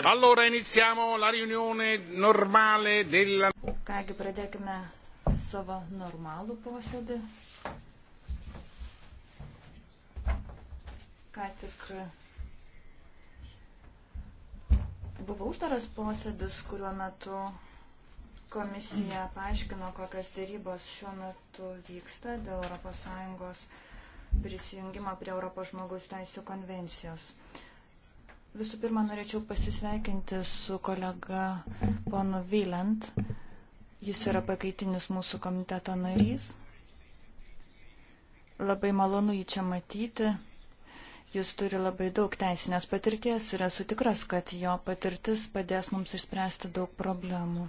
Allora iniziamo la riunione normale della... Kągi, pradėkime savo normalų posėdį. Ką tik buvo uždaras posėdis, kuriuo metu komisija paaiškino, kokios dėrybos šiuo metu vyksta dėl ES prisijungimo prie Europos žmogaus teisų konvencijos. Visų pirma, norėčiau pasisveikinti su kolega ponu Vyland. Jis yra pakaitinis mūsų komiteto narys. Labai malonu jį čia matyti. Jis turi labai daug teisinės patirties ir esu tikras, kad jo patirtis padės mums išspręsti daug problemų.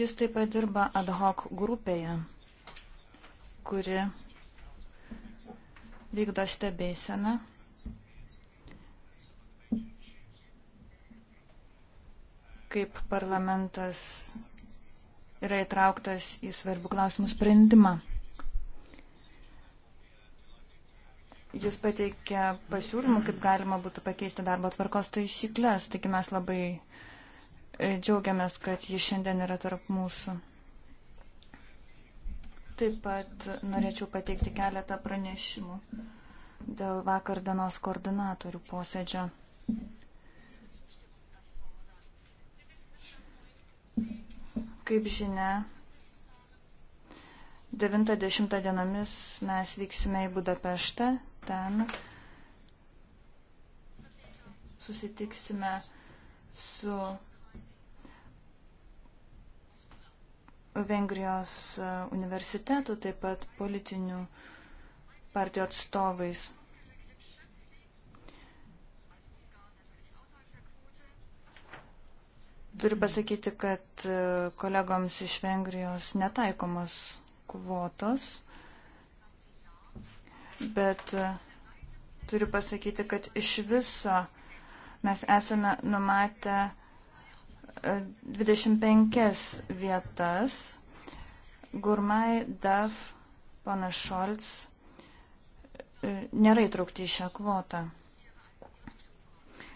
Jis taip pat dirba ad hoc grupėje, kuri vykdo stebėseną kaip parlamentas yra įtrauktas į svarbių klausimų sprendimą. Jis pateikė pasiūlymų, kaip galima būtų pakeisti darbo tvarkos taisyklės, taigi mes labai e, džiaugiamės, kad jis šiandien yra tarp mūsų. Taip pat norėčiau pateikti keletą pranešimų dėl vakar dienos koordinatorių posėdžio. Kaip žinia, 9-10 dienomis mes vyksime į Budapeštą, ten susitiksime su Vengrijos e, universitetu, taip pat politinių partijų atstovais. Turiu pasakyti, kad e, kolegoms iš Vengrijos netaikomos kvotos, bet e, turiu pasakyti, kad iš viso mes esame numatę 25 e, vietas. Gurmai, DAF, panas Šolts nėra įtraukti į šią kvotą.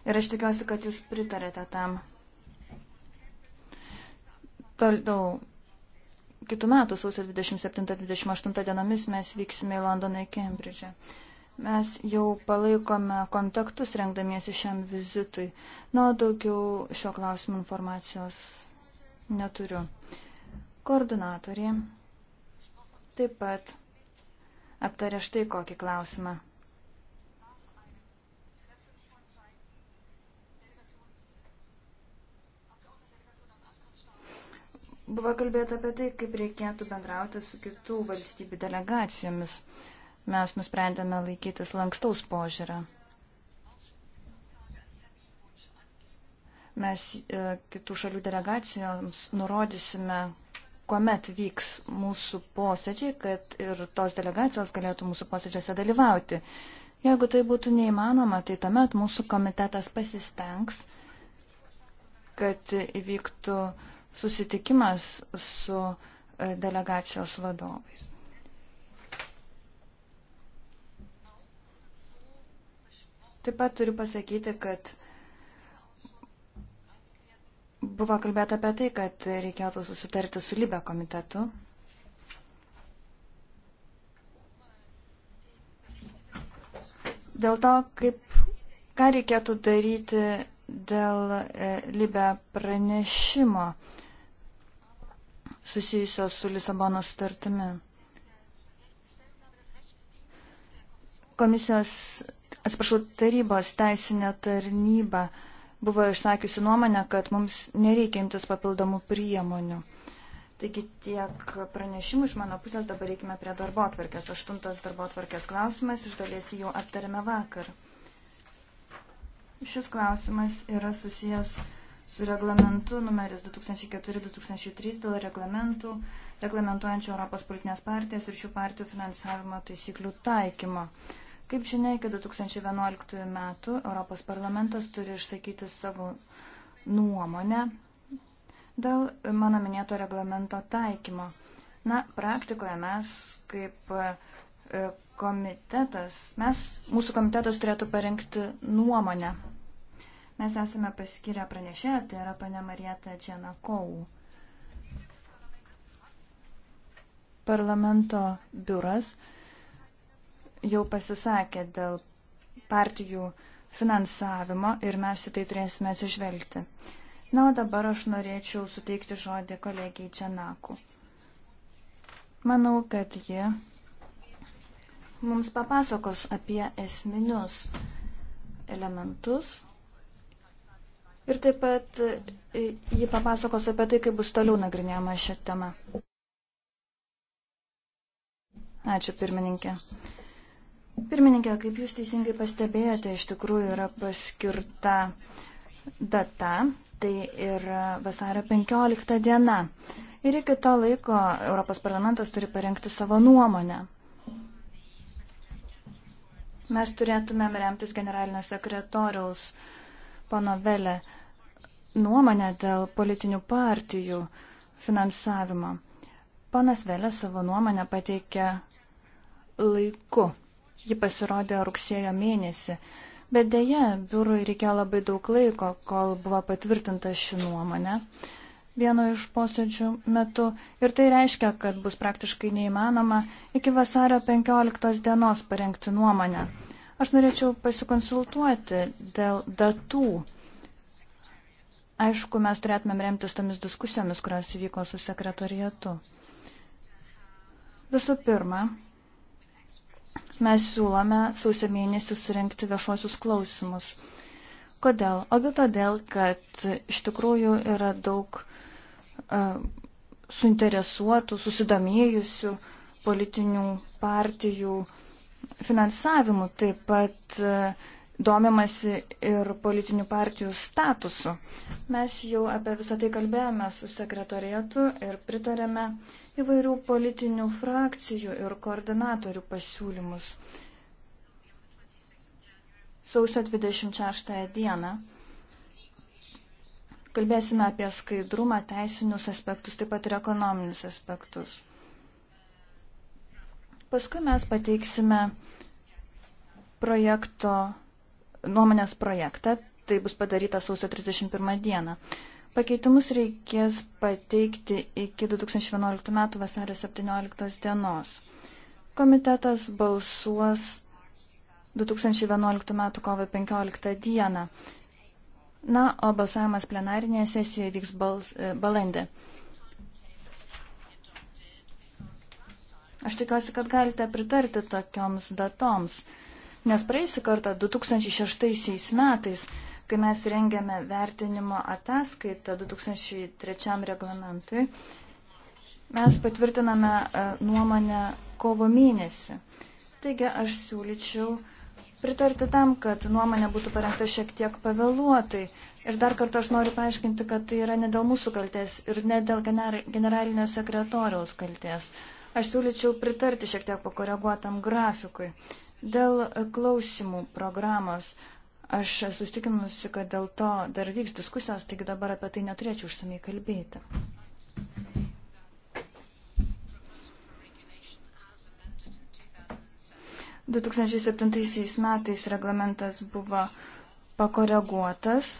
Ir aš tikiuosi, kad jūs pritarėte tam. Toliau, kitų metų sausio 27-28 dienomis mes vyksime į Londoną į Kembridžą. Mes jau palaikome kontaktus rengdamiesi šiam vizitui. Na, daugiau šio klausimo informacijos neturiu. Koordinatoriai taip pat aptarė štai kokį klausimą. Buvo kalbėta apie tai, kaip reikėtų bendrauti su kitų valstybių delegacijomis. Mes nusprendėme laikytis lankstaus požiūrio. Mes e, kitų šalių delegacijoms nurodysime, kuomet vyks mūsų posėdžiai, kad ir tos delegacijos galėtų mūsų posėdžiuose dalyvauti. Jeigu tai būtų neįmanoma, tai tuomet mūsų komitetas pasistengs, kad įvyktų uh, susitikimas su e, delegacijos vadovais. Taip pat turiu pasakyti, kad buvo kalbėta apie tai, kad reikėtų susitarti su Libe komitetu. Dėl to, kaip, ką reikėtų daryti dėl e, Libė pranešimo susijusios su Lisabono sutartimi. Komisijos, atsiprašau, tarybos teisinė tarnyba buvo išsakiusi nuomonę, kad mums nereikia imtis papildomų priemonių. Taigi tiek pranešimų iš mano pusės, dabar reikime prie darbo atvarkės. Aštuntas darbo atvarkės klausimas, iš dalies jau aptarėme vakar. Šis klausimas yra susijęs su reglamentu numeris 2004-2003 dėl reglamentų, reglamentuojančio Europos politinės partijas ir šių partijų finansavimo taisyklių taikymo. Kaip žinia, iki 2011 metų Europos parlamentas turi išsakyti savo nuomonę dėl mano minėto reglamento taikymo. Na, praktikoje mes kaip e, komitetas, mes, mūsų komitetas turėtų parengti nuomonę. Mes esame paskyrę pranešėją, tai yra pane Marieta Čianakovų. Parlamento biuras jau pasisakė dėl partijų finansavimo ir mes į tai turėsime atsižvelgti. Na, o dabar aš norėčiau suteikti žodį kolegijai Čianaku. Manau, kad ji mums papasakos apie esminius elementus. Ir taip pat e, ji papasakos apie tai, kaip bus toliau nagrinėjama šią temą. Ačiū pirmininkė. Pirmininkė, kaip jūs teisingai pastebėjote, iš tikrųjų yra paskirta data, tai yra vasario 15 diena. Ir iki to laiko Europos parlamentas turi parengti savo nuomonę. Mes turėtumėm remtis generalinio sekretoriaus pono Velė nuomonę dėl politinių partijų finansavimo. Ponas Velė savo nuomonę pateikė laiku. Ji pasirodė rugsėjo mėnesį, bet dėje biurui reikėjo labai daug laiko, kol buvo patvirtinta ši nuomonė. Uh, vieno iš posėdžių metu ir tai reiškia, kad bus praktiškai neįmanoma iki vasario 15 dienos parengti nuomonę. Aš norėčiau pasikonsultuoti dėl datų. Aišku, mes turėtumėm remtis tomis diskusijomis, kurios įvyko su sekretorijatu. Visų pirma, mes siūlome sausio mėnesį surinkti viešuosius klausimus. Kodėl? Ogi todėl, kad iš tikrųjų yra daug suinteresuotų, susidomėjusių politinių partijų finansavimu, taip pat domimasi ir politinių partijų statusu. Mes jau apie visą tai kalbėjome su sekretorietu ir pritarėme įvairių politinių frakcijų ir koordinatorių pasiūlymus. Sausio 26 dieną Kalbėsime apie skaidrumą, teisinius aspektus, taip pat ir ekonominius aspektus. Paskui mes pateiksime projekto, nuomonės projektą, tai bus padaryta sausio 31 dieną. Pakeitimus reikės pateikti iki 2011 m. vasario 17 dienos. Komitetas balsuos 2011 m. kovo 15 dieną. Na, o balsavimas plenarinėje sesijoje vyks bals, e, balandį. Aš tikiuosi, kad galite pritarti tokioms datoms, nes praėjusį kartą 2006 metais, kai mes rengėme vertinimo ataskaitą 2003 reglamentui, mes patvirtiname e, nuomonę kovo mėnesį. Taigi aš siūlyčiau pritarti tam, kad nuomonė būtų parengta šiek tiek pavėluotai. Ir dar kartą aš noriu paaiškinti, kad tai yra ne dėl mūsų kalties ir ne dėl generalinio sekretoriaus kalties. Aš siūlyčiau pritarti šiek tiek pakoreguotam grafikui. Dėl klausimų programos aš sustikinusi, kad dėl to dar vyks diskusijos, taigi dabar apie tai neturėčiau užsamei kalbėti. 2007 metais reglamentas buvo pakoreguotas,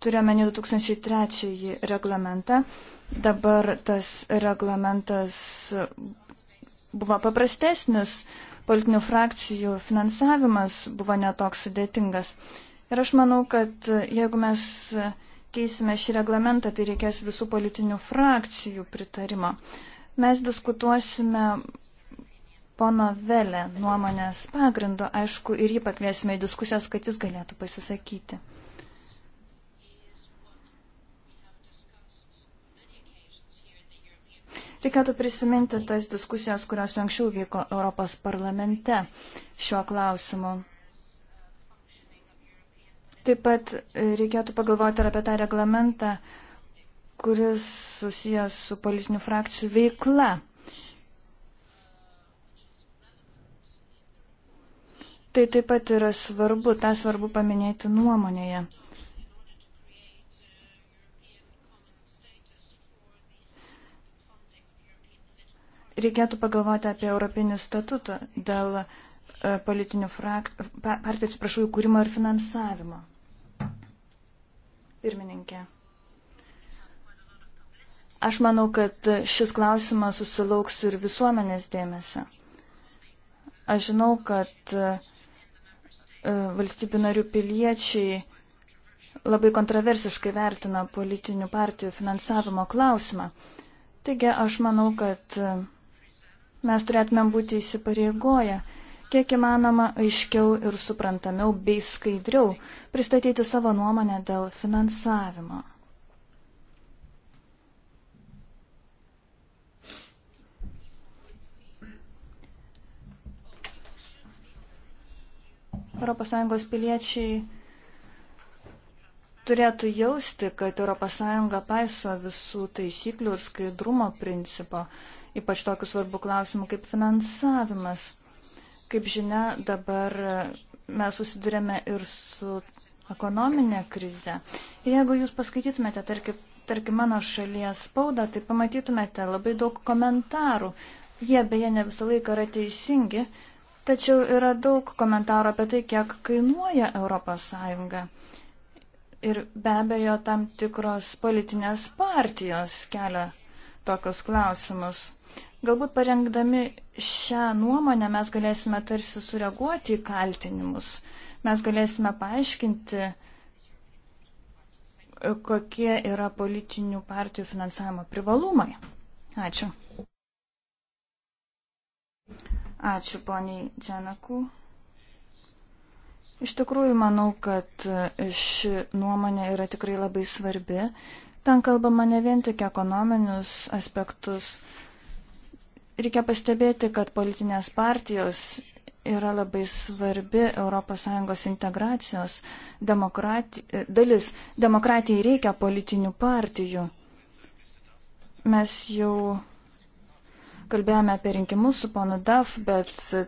turiuomenį 2003 reglamentą. Dabar tas reglamentas buvo paprastesnis, politinių frakcijų finansavimas buvo netoks sudėtingas. Ir aš manau, kad jeigu mes keisime šį reglamentą, tai reikės visų politinių frakcijų pritarimo. Mes diskutuosime pono Velė nuomonės pagrindu. Aišku, ir jį pakviesime į diskusijas, kad jis galėtų pasisakyti. Reikėtų prisiminti tas diskusijas, kurios anksčiau vyko Europos parlamente šiuo klausimu. Taip pat reikėtų pagalvoti ir apie tą reglamentą, kuris susijęs su politinių frakcijų veikla. Tai taip pat yra svarbu, tą svarbu paminėti nuomonėje. Reikėtų pagalvoti apie Europinį statutą dėl e, politinių frakt... partijų, atsiprašau, įkūrimo ir finansavimo. Pirmininkė. Aš manau, kad šis klausimas susilauks ir visuomenės dėmesio. Aš žinau, kad uh, E, valstybių narių piliečiai labai kontroversiškai vertina politinių partijų finansavimo klausimą. Taigi aš manau, kad e, mes turėtumėm būti įsipareigoję kiek įmanoma aiškiau ir suprantamiau bei skaidriau pristatyti savo nuomonę dėl finansavimo. ES piliečiai turėtų jausti, kad ES paiso visų taisyklių ir skaidrumo principo, ypač tokių svarbių klausimų kaip finansavimas. Kaip žinia, dabar mes susidurėme ir su ekonominė krize. Ir jeigu jūs paskaitytumėte, tarkim, tarkim mano šalies spaudą, tai pamatytumėte labai daug komentarų. Jie beje ne visą laiką yra teisingi, Tačiau yra daug komentarų apie tai, kiek kainuoja ES. Ir be abejo, tam tikros politinės partijos kelia tokius klausimus. Galbūt parengdami šią nuomonę mes galėsime tarsi sureaguoti į kaltinimus. Mes galėsime paaiškinti, kokie yra politinių partijų finansavimo privalumai. Ačiū. Ačiū poniai Dženakų. Iš tikrųjų, manau, kad ši nuomonė yra tikrai labai svarbi. Ten kalbama ne vien tik ekonominius aspektus. Reikia pastebėti, kad politinės partijos yra labai svarbi ES integracijos demokrati, dalis. Demokratijai reikia politinių partijų. Mes jau Kalbėjome apie rinkimus su ponu Daf, bet e,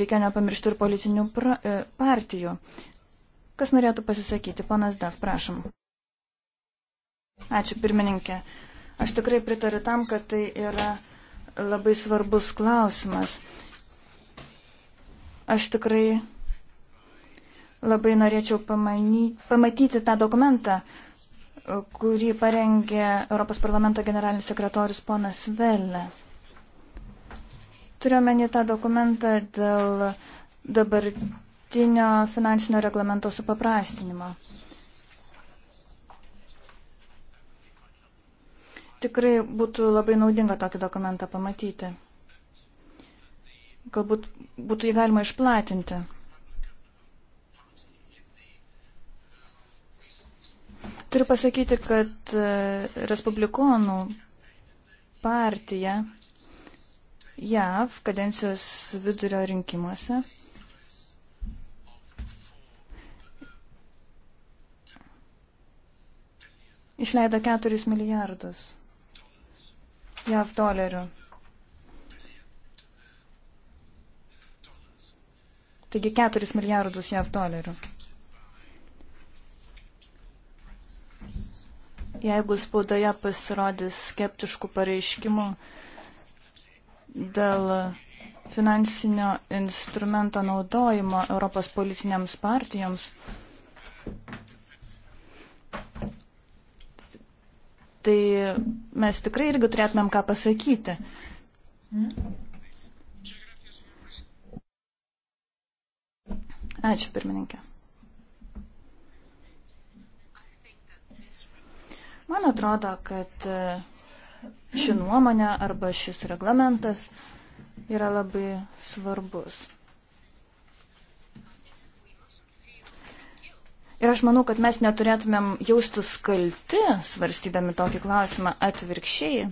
reikia nepamiršti ir politinių pra, e, partijų. Kas norėtų pasisakyti? Ponas Daf, prašom. Ačiū pirmininkė. Aš tikrai pritariu tam, kad tai yra labai svarbus klausimas. Aš tikrai labai norėčiau pamany, pamatyti tą dokumentą, kurį parengė Europos parlamento generalinis sekretorius ponas Velle. Turiuomenį tą dokumentą dėl dabartinio finansinio reglamento supaprastinimo. Tikrai būtų labai naudinga tokį dokumentą pamatyti. Galbūt būtų jį galima išplatinti. Turiu pasakyti, kad e, Respublikonų partija JAV kadencijos vidurio rinkimuose. Išleido 4 milijardus JAV dolerių. Taigi 4 milijardus JAV dolerių. Jeigu spaudoje pasirodys skeptiškų pareiškimų dėl finansinio instrumento naudojimo Europos politinėms partijoms. Tai mes tikrai irgi turėtumėm ką pasakyti. Ačiū, pirmininkė. Man atrodo, kad ši nuomonė arba šis reglamentas yra labai svarbus. Ir aš manau, kad mes neturėtumėm jaustis kalti, svarstydami tokį klausimą atvirkščiai.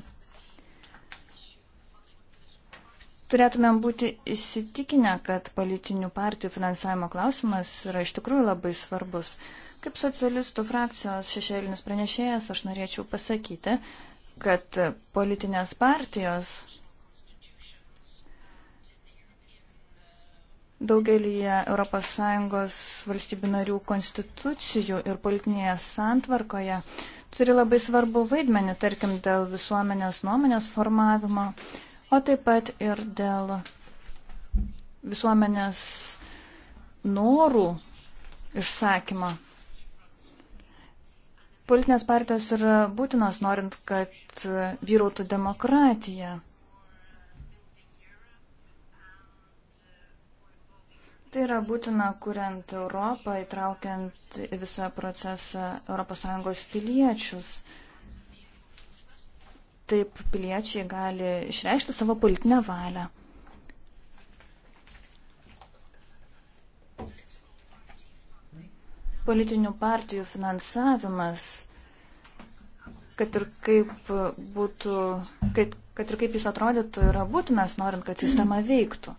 Turėtumėm būti įsitikinę, kad politinių partijų finansavimo klausimas yra iš tikrųjų labai svarbus. Kaip socialistų frakcijos šešėlinis pranešėjas aš norėčiau pasakyti, kad politinės partijos daugelį ES valstybių narių konstitucijų ir politinėje santvarkoje turi labai svarbu vaidmenį, tarkim, dėl visuomenės nuomonės formavimo, o taip pat ir dėl visuomenės norų išsakymo. Politinės partijos yra būtinos norint, kad vyrautų demokratija. Tai yra būtina, kuriant Europą, įtraukiant į visą procesą ES piliečius. Taip piliečiai gali išreikšti savo politinę valią. politinių partijų finansavimas, kad ir kaip būtų, kad, kad ir kaip jis atrodytų, yra būtinas, norint, kad sistema veiktų.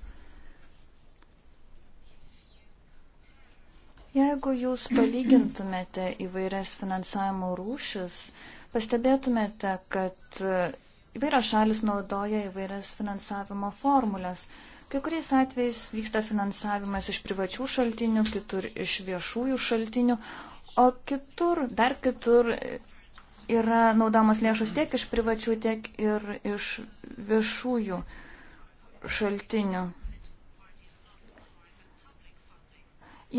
Jeigu jūs palygintumėte įvairias finansavimo rūšis, pastebėtumėte, kad įvairios šalis naudoja įvairias finansavimo formulės. Kai kuriais atvejais vyksta finansavimas iš privačių šaltinių, kitur iš viešųjų šaltinių, o kitur, dar kitur yra naudamos lėšos tiek iš privačių, tiek ir iš viešųjų šaltinių.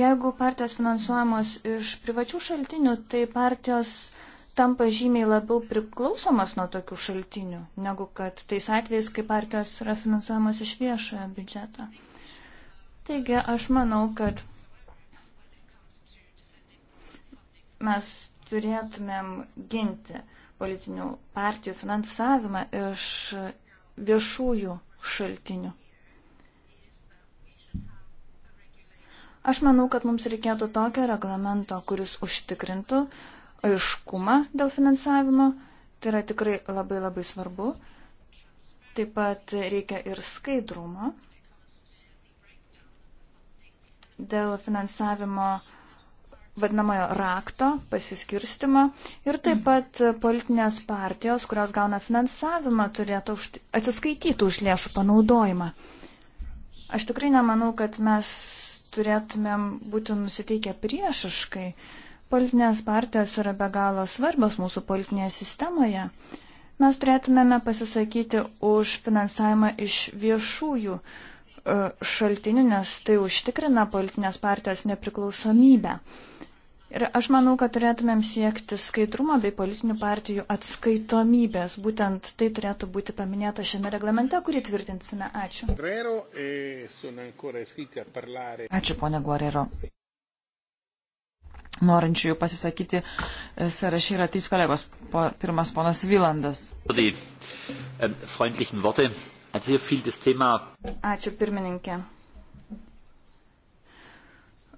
Jeigu partijos finansuojamos iš privačių šaltinių, tai partijos uh, tampa žymiai labiau priklausomas nuo tokių šaltinių, negu kad tais atvejais, kai partijos yra finansuojamas iš viešojo biudžeto. Taigi aš manau, kad mes turėtumėm ginti politinių partijų finansavimą iš viešųjų šaltinių. Aš manau, kad mums reikėtų tokio reglamento, kuris užtikrintų, aiškumą dėl finansavimo. Tai yra tikrai labai labai svarbu. Taip pat reikia ir skaidrumo dėl finansavimo vadinamojo rakto pasiskirstimo ir taip pat politinės partijos, kurios gauna finansavimą, turėtų už, atsiskaityti už lėšų panaudojimą. Aš tikrai nemanau, kad mes turėtumėm būti nusiteikę priešiškai uh, Politinės partijos yra be galo svarbios mūsų politinėje sistemoje. Mes turėtumėme pasisakyti už finansavimą iš viešųjų e, šaltinių, nes tai užtikrina politinės partijos nepriklausomybę. Ir aš manau, kad turėtumėm siekti skaidrumo bei politinių partijų atskaitomybės. Būtent tai turėtų būti paminėta šiame reglamente, kurį tvirtinsime. Ačiū. E, Ačiū, ponia Guerrero. Norinčiųjų pasisakyti e, sąrašy yra trys kolegos. Po, pirmas ponas Vylandas. Ähm, Ačiū pirmininkė.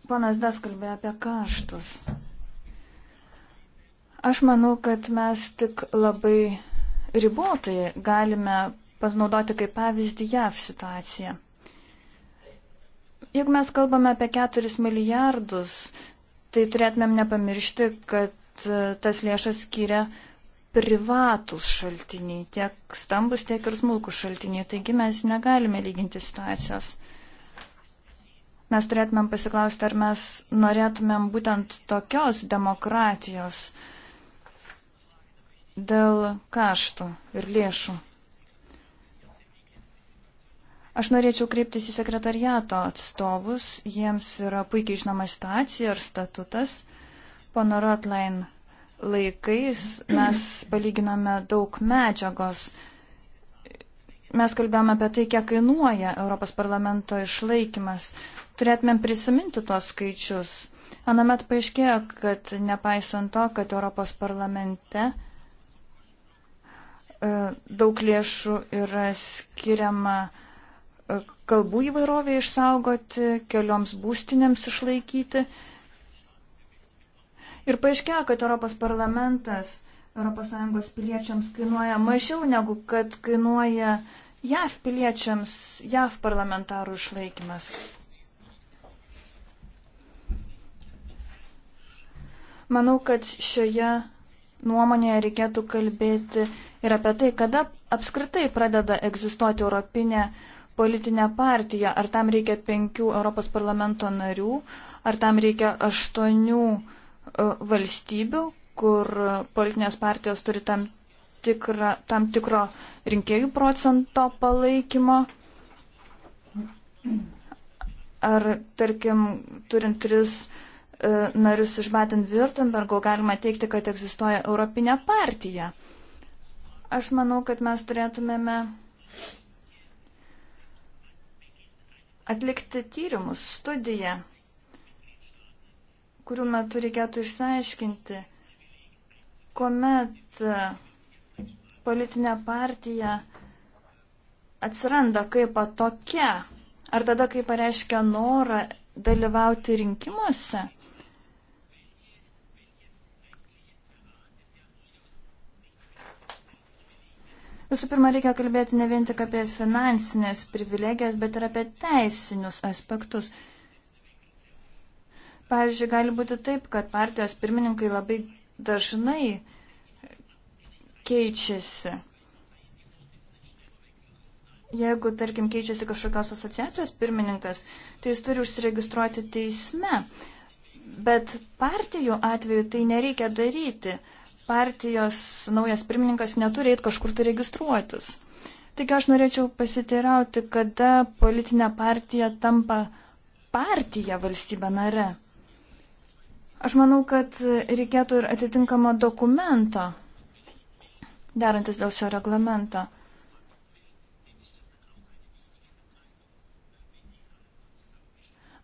Ponas Daf kalbėjo apie kaštus. Aš manau, kad mes tik labai ribotai galime pasinaudoti kaip pavyzdį JAV situaciją. Jeigu mes kalbame apie 4 milijardus, tai turėtumėm nepamiršti, kad e, tas lėšas skiria privatus šaltiniai, tiek stambus, tiek ir smulkus šaltiniai. Taigi mes negalime lyginti situacijos. Mes turėtumėm pasiklausti, ar mes norėtumėm būtent tokios demokratijos dėl kaštų ir lėšų. Aš norėčiau kreiptis į sekretariato atstovus, jiems yra puikiai žinoma situacija ir statutas. Pono Rotlein laikais mes palyginome daug medžiagos. Mes kalbėjome apie tai, kiek kainuoja Europos parlamento išlaikymas. Turėtumėm prisiminti tuos skaičius. Anamet paaiškėjo, kad nepaisant to, kad Europos parlamente e, daug lėšų yra skiriama kalbų įvairovę išsaugoti, kelioms būstinėms išlaikyti. Ir paaiškėjo, kad Europos parlamentas ES piliečiams kainuoja mažiau negu kad kainuoja JAV piliečiams, JAV parlamentarų išlaikymas. Manau, kad šioje nuomonėje reikėtų kalbėti ir apie tai, kada apskritai pradeda egzistuoti europinė uh, politinę partiją, ar tam reikia penkių Europos parlamento narių, ar tam reikia aštuonių e, valstybių, kur politinės partijos turi tam, tikra, tam tikro rinkėjų procento palaikymo. Ar, tarkim, turint tris e, narius iš Baden-Württembergo galima teikti, kad egzistuoja Europinė partija. Aš manau, kad mes turėtumėme atlikti tyrimus, studiją, kurių metu reikėtų išsiaiškinti, kuomet e, politinė partija atsiranda kaip tokia, ar tada, kai pareiškia norą dalyvauti rinkimuose, Visų pirma, reikia kalbėti ne vien tik apie finansinės privilegijas, bet ir apie teisinius aspektus. Pavyzdžiui, gali būti taip, kad partijos pirmininkai labai dažnai keičiasi. Jeigu, tarkim, keičiasi kažkokios asociacijos pirmininkas, tai jis turi užsiregistruoti teisme. Bet partijų atveju tai nereikia daryti partijos naujas pirmininkas neturi eiti kažkur tai registruotis. Tik aš norėčiau pasiteirauti, kada politinė partija tampa partija valstybė nare. Aš manau, kad reikėtų ir atitinkamo dokumento, derantis dėl šio reglamento.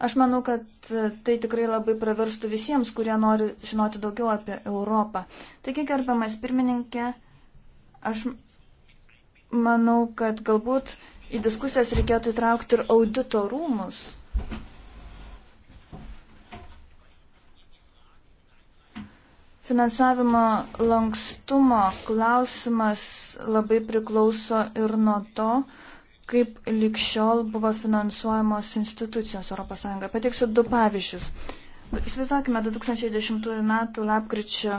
Aš manau, kad e, tai tikrai labai praverstų visiems, kurie nori žinoti daugiau apie Europą. Taigi, gerbiamas pirmininkė, aš manau, kad galbūt į diskusijas reikėtų įtraukti ir audito rūmus. Finansavimo lankstumo klausimas labai priklauso ir nuo to, kaip likščiol buvo finansuojamos institucijos ES. Pateiksiu du pavyzdžius. Nu, įsivaizduokime, 2010 m. lapkričio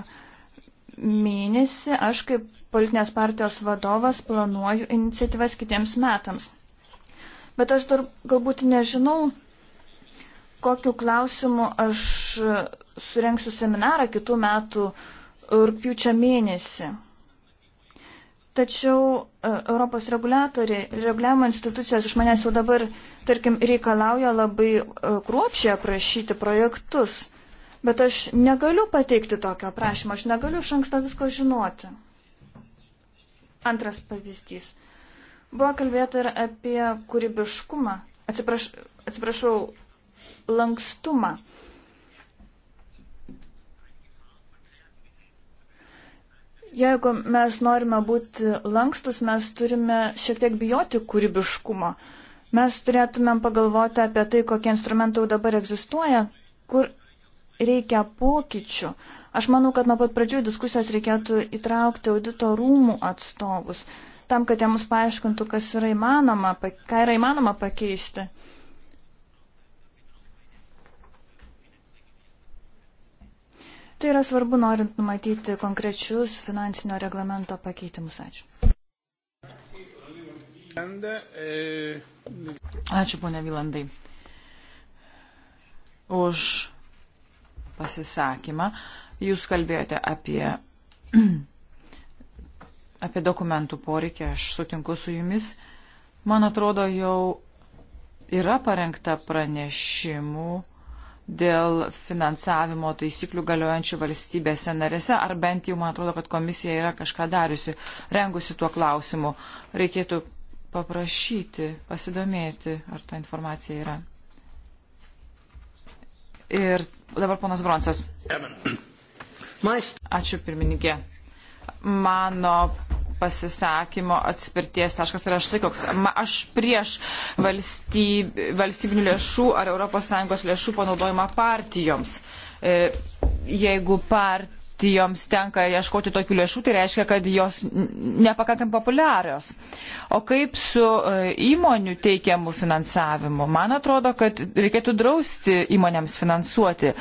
mėnesį aš kaip politinės partijos vadovas planuoju iniciatyvas kitiems metams. Bet aš dar galbūt nežinau, kokiu klausimu aš surenksiu seminarą kitų metų rūpiučio mėnesį. Tačiau e, Europos reguliatoriai, reguliavimo institucijos iš manęs jau dabar, tarkim, reikalauja labai e, kruopšiai aprašyti projektus. Bet aš negaliu pateikti tokio prašymo, aš negaliu iš anksto visko žinoti. Antras pavyzdys. Buvo kalbėta ir apie kūrybiškumą, atsipraš, atsiprašau, lankstumą. Uh, Jeigu mes norime būti lankstus, mes turime šiek tiek bijoti kūrybiškumo. Mes turėtumėm pagalvoti apie tai, kokie instrumentai jau dabar egzistuoja, kur reikia pokyčių. Aš manau, kad nuo pat pradžių diskusijos reikėtų įtraukti audito rūmų atstovus, tam, kad jie mus paaiškintų, kas yra įmanoma, ką yra įmanoma pakeisti. Tai yra svarbu, norint numatyti konkrečius finansinio reglamento pakeitimus. Ačiū. Ačiū, ponia Vilandai, už pasisakymą. Jūs kalbėjote apie, apie dokumentų poreikį, aš sutinku su jumis. Man atrodo, jau yra parengta pranešimų dėl finansavimo taisyklių galiojančių valstybėse narėse, ar bent jau man atrodo, kad komisija yra kažką dariusi, rengusi tuo klausimu. Reikėtų paprašyti, pasidomėti, ar ta informacija yra. Ir dabar ponas Bronsas. Ačiū pirmininkė. Mano pasisakymo atspirties taškas yra štai koks. Aš prieš valstyb, valstybinių lėšų ar ES lėšų panaudojimą partijoms. E, jeigu partijoms tenka ieškoti tokių lėšų, tai reiškia, kad jos nepakankam populiarios. O kaip su e, įmonių teikiamu finansavimu? Man atrodo, kad reikėtų drausti įmonėms finansuoti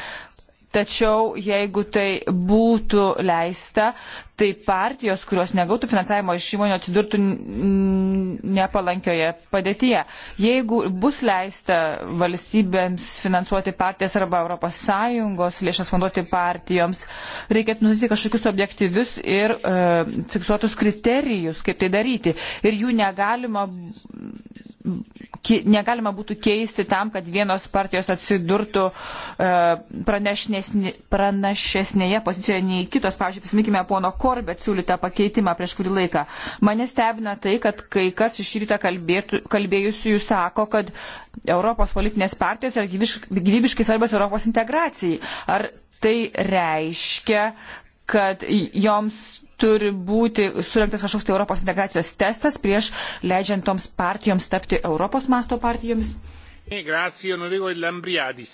Tačiau jeigu tai būtų leista, tai partijos, kurios negautų finansavimo iš įmonių, atsidurtų nepalankioje padėtyje. Jeigu bus leista valstybėms finansuoti partijas arba ES lėšas fonduoti partijoms, reikėtų nusisyti kažkokius objektyvius ir e, fiksuotus kriterijus, kaip tai daryti. Ir jų negalima, ki, negalima būtų keisti tam, kad vienos partijos atsidurtų e, pranešinė pranašesnė, pranašesnėje pozicijoje nei kitos. Pavyzdžiui, prisiminkime pono Korbet siūlytą pakeitimą prieš kurį laiką. Mane stebina tai, kad kai kas iš ryto kalbėjusių jų sako, kad Europos politinės partijos yra gyvybiškai, gyvybiškai svarbios Europos integracijai. Ar tai reiškia, kad joms turi būti surinktas kažkoks tai Europos integracijos testas prieš leidžiant toms partijoms tapti Europos masto partijomis? Grazie, onorevole Lambriadis.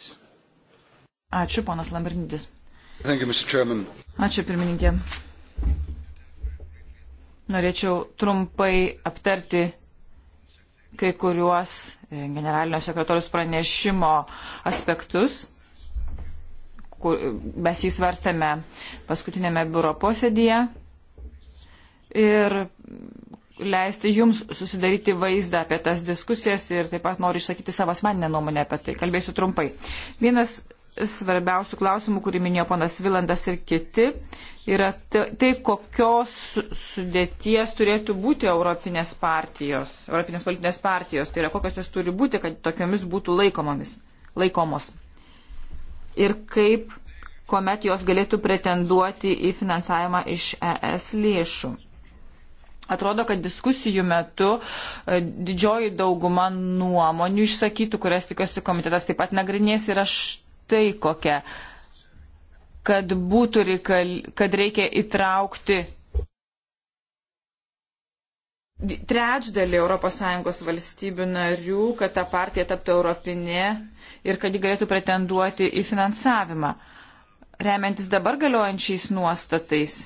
Ačiū, ponas Lambrinidis. Ačiū, pirmininkė. Norėčiau trumpai aptarti kai kuriuos e, generalinio sekretorius pranešimo aspektus. Kur, e, mes jį svarstėme paskutinėme biuro posėdėje ir leisti jums susidaryti vaizdą apie tas diskusijas ir taip pat noriu išsakyti savo asmeninę nuomonę apie tai. Kalbėsiu trumpai. Vienas svarbiausių klausimų, kurį minėjo ponas Vilandas ir kiti, yra tai, kokios sudėties turėtų būti Europinės partijos, Europinės politinės partijos, tai yra kokios jos turi būti, kad tokiomis būtų laikomomis, laikomos. Ir kaip, kuomet jos galėtų pretenduoti į finansavimą iš ES lėšų. Atrodo, kad diskusijų metu e, didžioji dauguma nuomonių išsakytų, kurias tikiuosi komitetas taip pat nagrinės, yra štai štai kokia, kad būtų reikal, kad reikia įtraukti trečdalį ES valstybių narių, kad ta partija taptų europinė ir kad ji galėtų pretenduoti į finansavimą. Remiantis dabar galiojančiais nuostatais,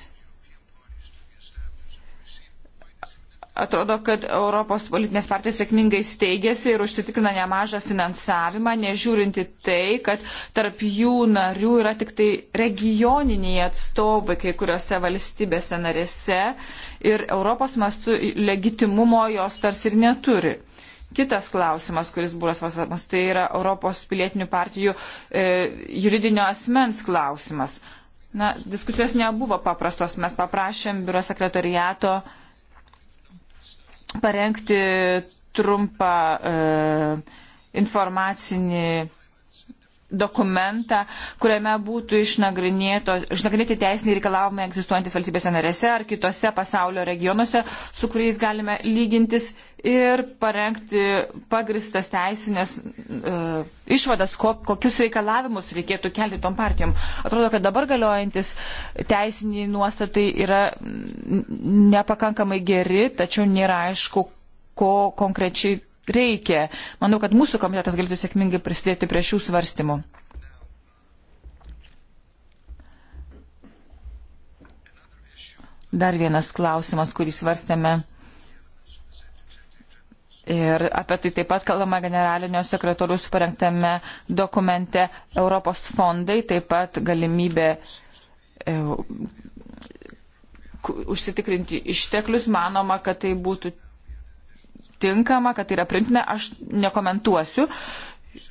Atrodo, kad Europos politinės partijos sėkmingai steigėsi ir užsitikrina nemažą finansavimą, nežiūrinti tai, kad tarp jų narių yra tik tai regioniniai atstovai kai kuriuose valstybėse narėse ir Europos mastu legitimumo jos tarsi ir neturi. Kitas klausimas, kuris buvo svarstamas, tai yra Europos pilietinių partijų e, juridinio asmens klausimas. Na, diskusijos nebuvo paprastos, mes paprašėm biuro sekretariato parengti trumpą e, informacinį dokumentą, kuriame būtų išnagrinėti teisiniai reikalavimai egzistuojantis valstybėse narėse ar kitose pasaulio regionuose, su kuriais galime lygintis ir parengti pagristas teisinės e, išvadas, ko, kokius reikalavimus reikėtų kelti tom partijom. Atrodo, kad dabar galiojantis teisiniai nuostatai yra nepakankamai geri, tačiau nėra aišku, ko konkrečiai reikia. Manau, kad mūsų komitetas galėtų sėkmingai prisidėti prie šių svarstymų. Dar vienas klausimas, kurį svarstėme. Ir apie tai taip pat kalbama generalinio sekretorius parengtame dokumente Europos fondai, taip pat galimybė e, užsitikrinti išteklius. Manoma, kad tai būtų tinkama, kad tai yra primtina, aš nekomentuosiu.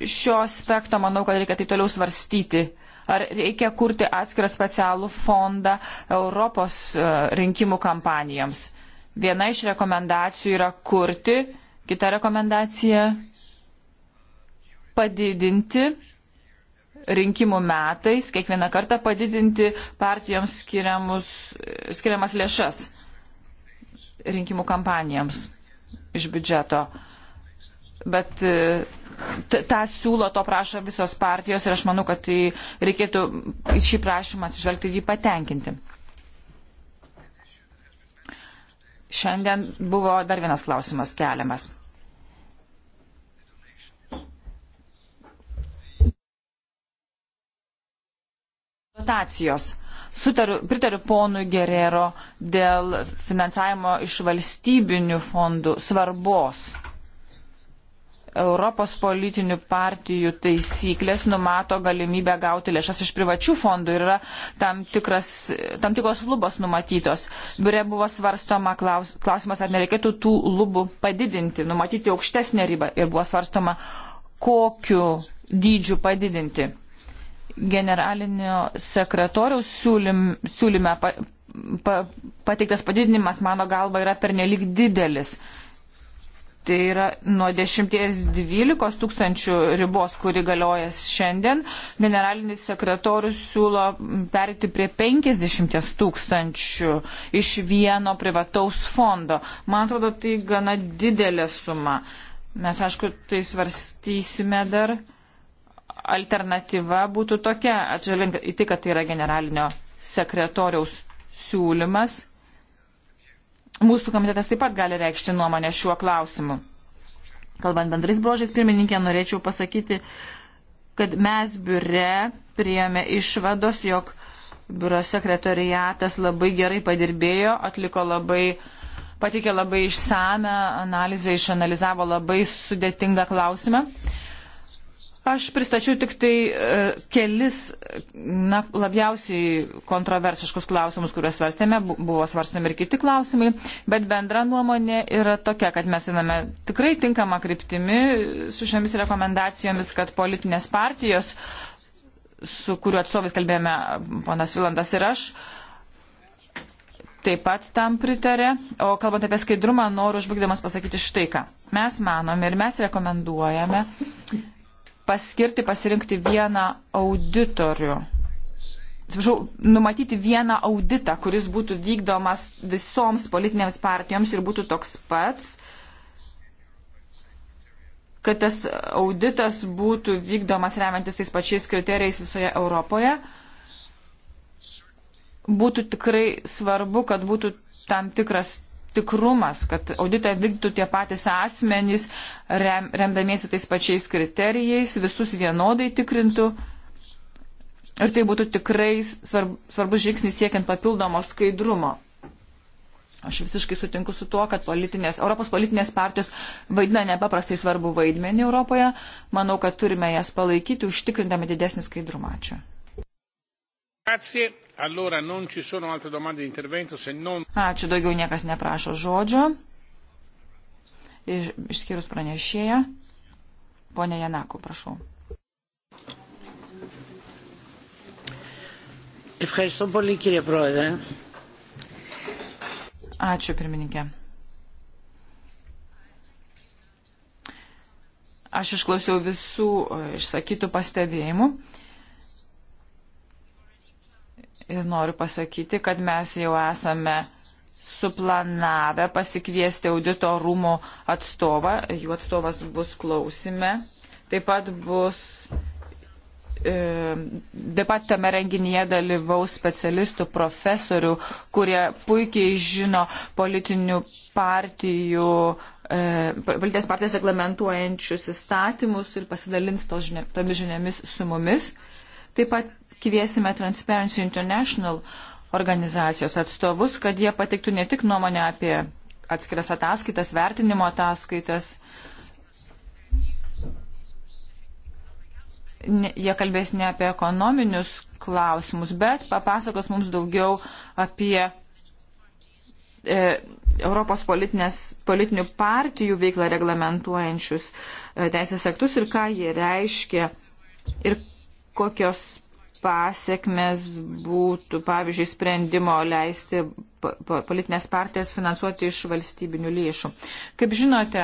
Šio aspekto manau, kad reikia tai toliau svarstyti. Ar reikia kurti atskirą specialų fondą Europos e, rinkimų kampanijoms? Viena iš rekomendacijų yra kurti, kita rekomendacija padidinti rinkimų metais, kiekvieną kartą padidinti partijoms e, skiriamas lėšas rinkimų kampanijoms iš biudžeto. Bet e, tą siūlo, to prašo visos partijos ir aš manau, kad tai reikėtų šį prašymą atsižvelgti ir jį patenkinti. Šiandien buvo dar vienas klausimas keliamas. Dotacijos. Sutariu, pritariu ponui Gerero dėl finansavimo iš valstybinių fondų svarbos. Europos politinių partijų taisyklės numato galimybę gauti lėšas iš privačių fondų ir yra tam, tikras, tam tikros lubos numatytos. Biure buvo svarstoma klaus, klausimas, ar nereikėtų tų lubų padidinti, numatyti aukštesnę ribą ir buvo svarstoma, kokiu dydžiu padidinti generalinio sekretoriaus siūlym, siūlyme pa, pa, pateiktas padidinimas, mano galva, yra pernelik didelis. Tai yra nuo 10-12 tūkstančių ribos, kuri galioja šiandien. Generalinis sekretorius siūlo perėti prie 50 tūkstančių iš vieno privataus fondo. Man atrodo, tai gana didelė suma. Mes, aišku, tai svarstysime dar alternatyva būtų tokia, atžvelgiant į tai, kad tai yra generalinio sekretoriaus siūlymas. Mūsų komitetas taip pat gali reikšti nuomonę šiuo klausimu. Kalbant bendrais brožiais, pirmininkė, norėčiau pasakyti, kad mes biure priėmė išvados, jog biuro sekretoriatas labai gerai padirbėjo, atliko labai, patikė labai išsame analizę, išanalizavo labai sudėtingą klausimą. Aš pristačiau tik tai e, kelis na, labiausiai kontroversiškus klausimus, kuriuos svarstėme, buvo svarstami ir kiti klausimai, bet bendra nuomonė yra tokia, kad mes einame tikrai tinkamą kryptimi su šiomis rekomendacijomis, kad politinės partijos, su kuriuo atstovais kalbėjome ponas Vilandas ir aš, taip pat tam pritarė. O kalbant apie skaidrumą, noriu užbaigdamas pasakyti štai ką. Mes manome ir mes rekomenduojame paskirti, pasirinkti vieną auditorių. Atsiprašau, numatyti vieną auditą, kuris būtų vykdomas visoms politinėms partijoms ir būtų toks pats, kad tas auditas būtų vykdomas remiantis tais pačiais kriterijais visoje Europoje. Būtų tikrai svarbu, kad būtų tam tikras tikrumas, kad auditą vykdytų tie patys asmenys, rem, remdamiesi tais pačiais kriterijais, visus vienodai tikrintų. Ir tai būtų tikrai svarb, svarbus žingsnis siekiant papildomo skaidrumo. Aš visiškai sutinku su tuo, kad politinės, Europos politinės partijos vaidina nepaprastai svarbu vaidmenį Europoje. Manau, kad turime jas palaikyti, užtikrindami didesnį skaidrumą. Ačiū. Ačiū, daugiau niekas neprašo žodžio. Išskyrus pranešėją. Pone Janaku, prašau. Ευχαριστώ πολύ κύριε Πρόεδρε. Ačiū pirmininkė. Aš išklausiau visų e, išsakytų pastebėjimų. Ir noriu pasakyti, kad mes jau esame suplanavę pasikviesti audito rūmų atstovą. Jų atstovas bus klausime. Taip pat bus. E, taip pat tame renginyje dalyvaus specialistų, profesorių, kurie puikiai žino politinių partijų, e, politinės partijas reglamentuojančius įstatymus ir pasidalins tos žiniomis, tomis žiniomis su mumis. Taip pat kviesime Transparency International organizacijos atstovus, kad jie patiktų ne tik nuomonę apie atskiras ataskaitas, vertinimo ataskaitas. Jie kalbės ne apie ekonominius klausimus, bet papasakos mums daugiau apie e, Europos politinių partijų veiklą reglamentuojančius e, teisės aktus ir ką jie reiškia ir kokios pasiekmes būtų, pavyzdžiui, sprendimo leisti politinės partijas finansuoti iš valstybinių lėšų. Kaip žinote,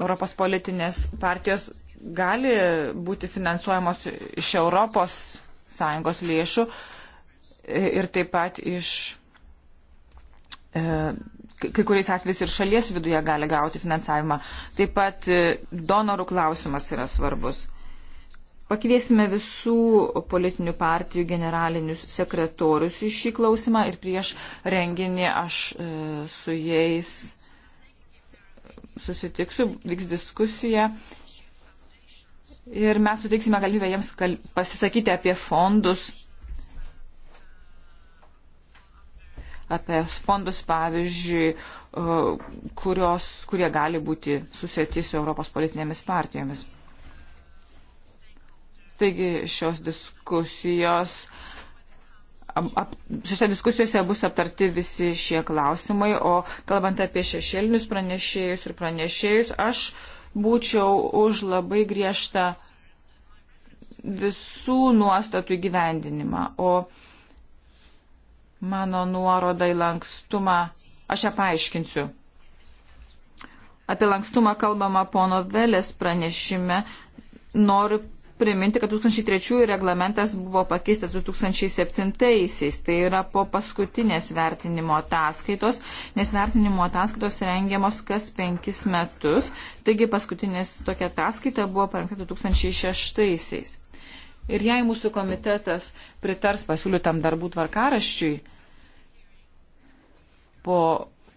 Europos politinės partijos gali būti finansuojamos iš Europos Sąjungos lėšų e, ir taip pat iš e, kai kuriais atvejais ir šalies viduje gali gauti finansavimą. Taip pat e, donorų klausimas yra svarbus. Pakviesime visų politinių partijų generalinius sekretorius į šį klausimą ir prieš renginį aš e, su jais susitiksiu, vyks diskusija. Ir mes suteiksime galimybę jiems kal pasisakyti apie fondus, apie fondus, pavyzdžiui, e, kurios, kurie gali būti susėti su Europos politinėmis partijomis. Taigi šios diskusijos, ap, šiose diskusijose bus aptarti visi šie klausimai, o kalbant apie šešėlinius pranešėjus ir pranešėjus, aš būčiau už labai griežtą visų nuostatų įgyvendinimą, o mano nuoroda į lankstumą aš ją paaiškinsiu. Apie lankstumą kalbama pono Velės pranešime. Noriu priminti, kad 2003 reglamentas buvo pakeistas 2007-aisiais. Tai yra po paskutinės vertinimo ataskaitos, nes vertinimo ataskaitos rengiamos kas penkis metus. Taigi paskutinės tokia ataskaita buvo parengta 2006-aisiais. Ir jei mūsų komitetas pritars pasiūlytam darbų tvarkaraščiui, po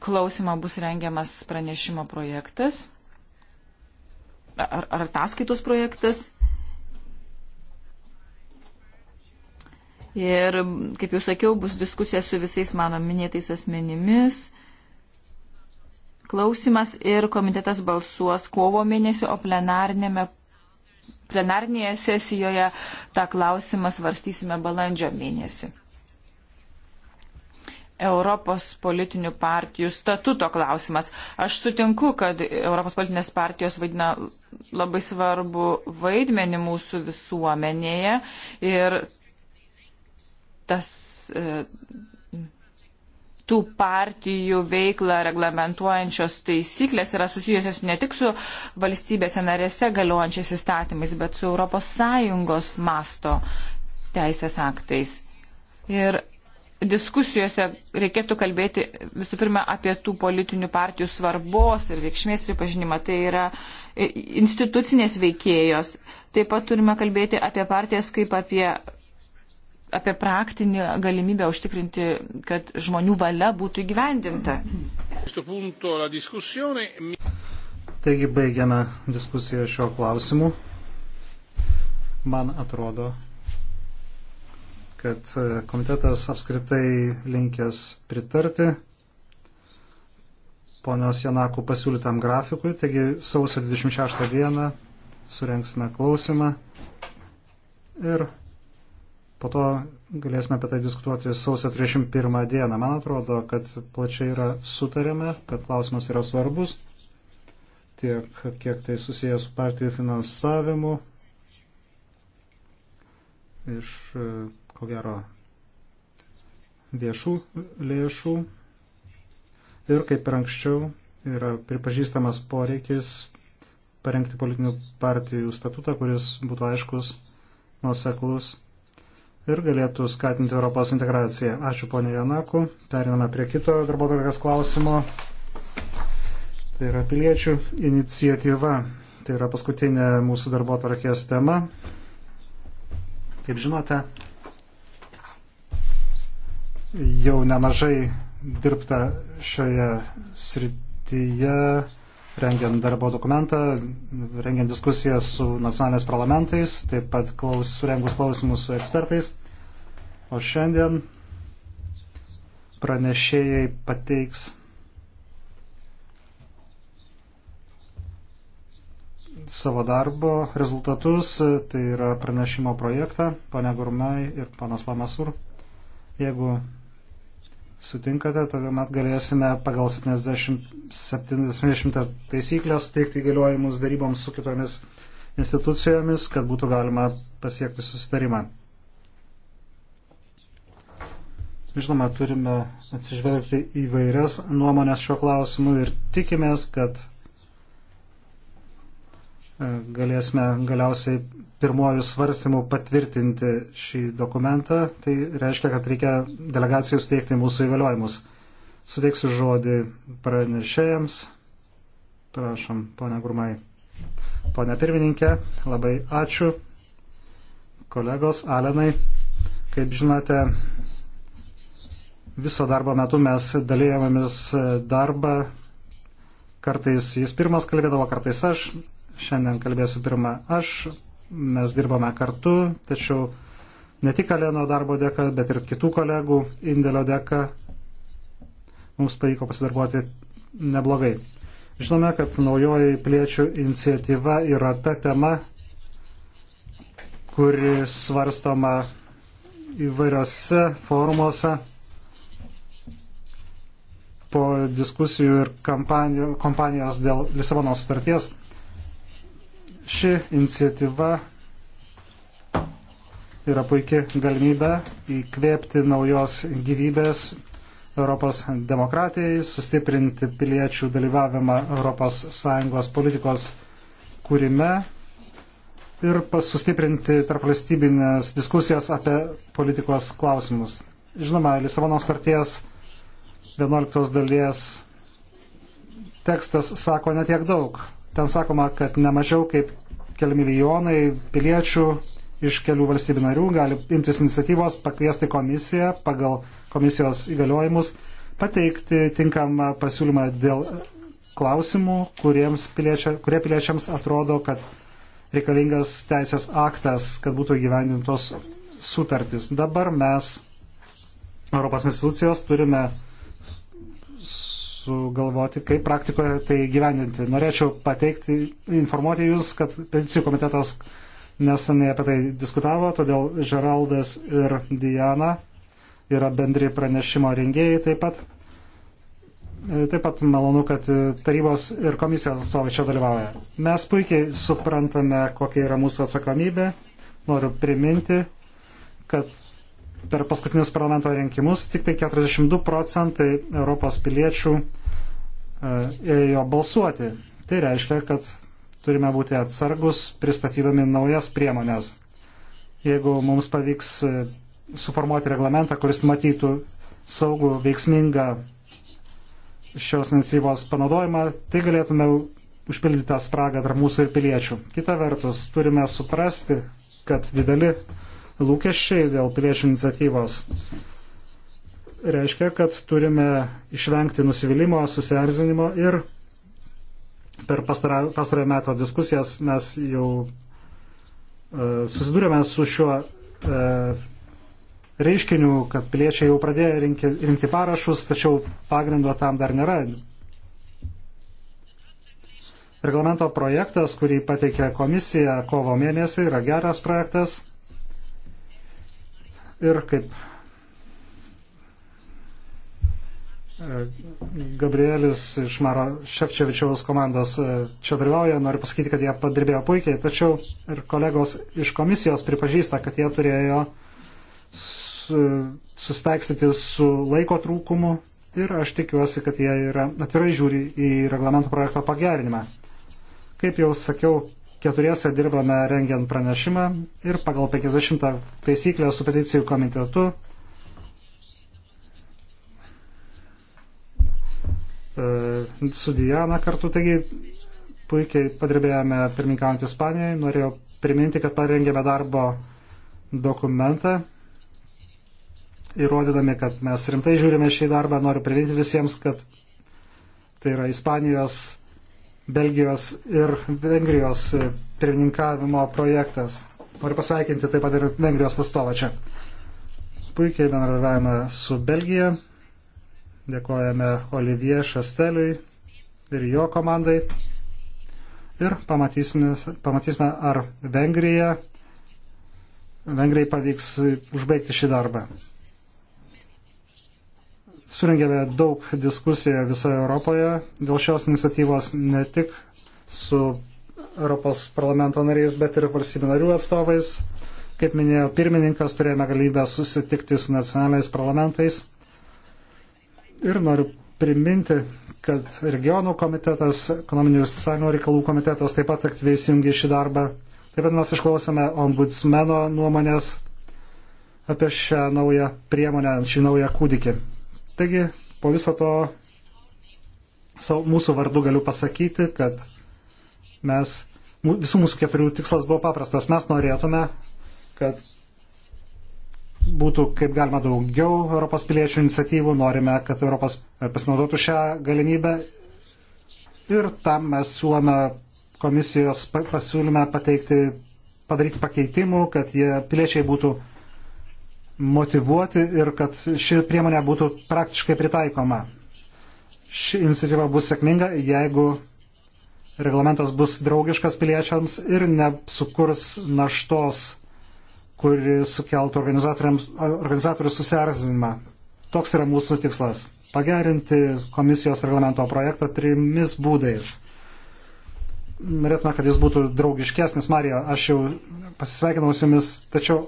klausimą bus rengiamas pranešimo projektas ar ataskaitos projektas Ir, kaip jau sakiau, bus diskusija su visais mano minėtais asmenimis, klausimas ir komitetas balsuos kovo mėnesį, o plenarnėme plenarnėje sesijoje tą klausimą svarstysime balandžio mėnesį. Europos politinių partijų statuto klausimas. Aš sutinku, kad Europos politinės partijos vaidina labai svarbu vaidmenį mūsų visuomenėje ir tas, e, tų partijų veiklą reglamentuojančios taisyklės yra susijusios ne tik su valstybėse narėse galiojančiais įstatymais, bet su ES masto teisės aktais. Ir diskusijose reikėtų kalbėti visų pirma apie tų politinių partijų svarbos ir reikšmės pripažinimą. Tai yra institucinės veikėjos. Taip pat turime kalbėti apie partijas kaip apie apie praktinį galimybę užtikrinti, kad žmonių valia būtų įgyvendinta. Taigi baigiame diskusiją šio klausimu. Man atrodo, kad komitetas apskritai linkęs pritarti ponios Janakų pasiūlytam grafikui. Taigi sausio 26 dieną surenksime klausimą ir Po to galėsime apie tai diskutuoti sausio 31 dieną. Man atrodo, kad plačiai yra sutarėme, kad klausimas yra svarbus, tiek kiek tai susijęs su partijų finansavimu. Iš, e, ko gero, viešų lėšų ir kaip ir anksčiau yra pripažįstamas poreikis parengti politinių partijų statutą, kuris būtų aiškus, nuoseklus ir galėtų skatinti Europos integraciją. Ačiū ponė Janaku. Periname prie kito darbo tvarkės klausimo. Tai yra piliečių iniciatyva. Tai yra paskutinė mūsų darbo tvarkės tema. Kaip žinote, jau nemažai dirbta šioje srityje rengiant darbo dokumentą, rengiant diskusijas su nacionalinės parlamentais, taip pat klaus, rengus klausimus su ekspertais. O šiandien pranešėjai pateiks savo darbo rezultatus, tai yra pranešimo projektą, pane Gurmai ir panas Lamasur. Jeigu sutinkate, tada met galėsime pagal 70 taisyklę suteikti įgaliojimus daryboms su kitomis institucijomis, kad būtų galima pasiekti susitarimą. Žinoma, turime atsižvelgti į vairias nuomonės šiuo klausimu ir tikimės, kad E, galėsime galiausiai pirmojų svarstymų patvirtinti šį dokumentą. Tai reiškia, kad reikia delegacijų steigti mūsų įgaliojimus. Suteiksiu žodį pranešėjams. Prašom, ponia Gurmai. Pone pirmininkė, labai ačiū. Kolegos, Alenai, kaip žinote, viso darbo metu mes dalyjomėmis darbą. Kartais jis pirmas kalbėdavo, kartais aš. Šiandien kalbėsiu pirmą aš, mes dirbame kartu, tačiau ne tik Aleno darbo dėka, bet ir kitų kolegų indėlio dėka mums pavyko pasidarbuoti neblogai. Žinome, kad naujoji piliečių iniciatyva yra ta tema, kuri svarstoma įvairiose formuose po diskusijų ir kompanijos dėl Lisabono sutarties Ši iniciatyva yra puikia galimybė įkvėpti naujos gyvybės Europos demokratijai, sustiprinti piliečių dalyvavimą ES politikos kūrime ir sustiprinti tarpvalstybinės diskusijas apie politikos klausimus. Žinoma, Lisabono starties 11 dalies tekstas sako netiek daug. Ten sakoma, kad nemažiau kaip keli milijonai piliečių iš kelių valstybių narių gali imtis iniciatyvos pakviesti komisiją pagal komisijos įgaliojimus pateikti tinkamą pasiūlymą dėl klausimų, piliečia, kurie piliečiams atrodo, kad reikalingas teisės aktas, kad būtų įgyvendintos sutartys. Dabar mes, Europos institucijos, turime sugalvoti, kaip praktikoje tai gyveninti. Norėčiau pateikti, informuoti Jūs, kad peticijų komitetas nesanai apie tai diskutavo, todėl Žeraldas ir Diana yra bendri pranešimo rengėjai taip pat. E, taip pat malonu, kad tarybos ir komisijos atstovai čia dalyvauja. Mes puikiai suprantame, kokia yra mūsų atsakomybė. Noriu priminti, kad per paskutinius parlamento rinkimus tik tai 42 procentai Europos piliečių e, ėjo balsuoti. Tai reiškia, kad turime būti atsargus pristatydami naujas priemonės. Jeigu mums pavyks e, suformuoti reglamentą, kuris matytų saugų, veiksmingą šios iniciatyvos panaudojimą, tai galėtume užpildyti tą spragą tarp mūsų ir piliečių. Kita vertus, turime suprasti, kad dideli lūkesčiai dėl piliečių iniciatyvos reiškia, kad turime išvengti nusivylimų, susierzinimo ir per pastarąją metą diskusijas mes jau uh, susidūrėme su šiuo uh, reiškiniu, kad piliečiai jau pradėjo rinkti, rinkti parašus, tačiau pagrindo tam dar nėra. Reglamento projektas, kurį pateikė komisija kovo mėnesį, yra geras projektas Ir kaip e, Gabrielis iš Maro Šepčiovičiaus komandos e, čia dalyvauja, noriu pasakyti, kad jie padirbėjo puikiai, tačiau ir kolegos iš komisijos pripažįsta, kad jie turėjo susitaikstyti su laiko trūkumu ir aš tikiuosi, kad jie yra atvirai žiūri į reglamento projekto pagerinimą. Kaip jau sakiau, keturiese dirbame rengiant pranešimą ir pagal 50 taisyklę su peticijų komitetu e, su Diana kartu, taigi puikiai padirbėjome pirmininkaujant Ispanijai. Norėjau priminti, kad parengėme darbo dokumentą, įrodydami, kad mes rimtai žiūrime šį darbą. Noriu priminti visiems, kad tai yra Ispanijos Belgijos ir Vengrijos pirmininkavimo projektas. Noriu pasveikinti taip pat ir Vengrijos atstovą čia. Puikiai bendradarbiavame su Belgija. Dėkojame Olivier Šasteliui ir jo komandai. Ir pamatysime, pamatysime ar Vengrija, Vengrijai pavyks užbaigti šį darbą. Surengėme daug diskusiją visoje Europoje dėl šios iniciatyvos ne tik su Europos parlamento nariais, bet ir valstybių narių atstovais. Kaip minėjo pirmininkas, turėjome galimybę susitikti su nacionaliais parlamentais. Ir noriu priminti, kad regionų komitetas, ekonominių ir socialinių reikalų komitetas taip pat aktyviai įsijungė šį darbą. Taip pat mes išklausėme ombudsmeno nuomonės apie šią naują priemonę, šį naują kūdikį. Taigi, po viso to mūsų vardu galiu pasakyti, kad mes, visų mūsų keturių tikslas buvo paprastas. Mes norėtume, kad būtų kaip galima daugiau Europos piliečių iniciatyvų, norime, kad Europas pasinaudotų šią galimybę ir tam mes siūlome komisijos pasiūlyme pateikti, padaryti pakeitimų, kad jie piliečiai būtų motivuoti ir kad ši priemonė būtų praktiškai pritaikoma. Ši iniciatyva bus sėkminga, jeigu reglamentas bus draugiškas piliečiams ir nesukurs naštos, kuri sukeltų organizatorių susierzinimą. Toks yra mūsų tikslas - pagerinti komisijos reglamento projektą trimis būdais norėtume, kad jis būtų draugiškesnis. Marija, aš jau pasisveikinau su jumis, tačiau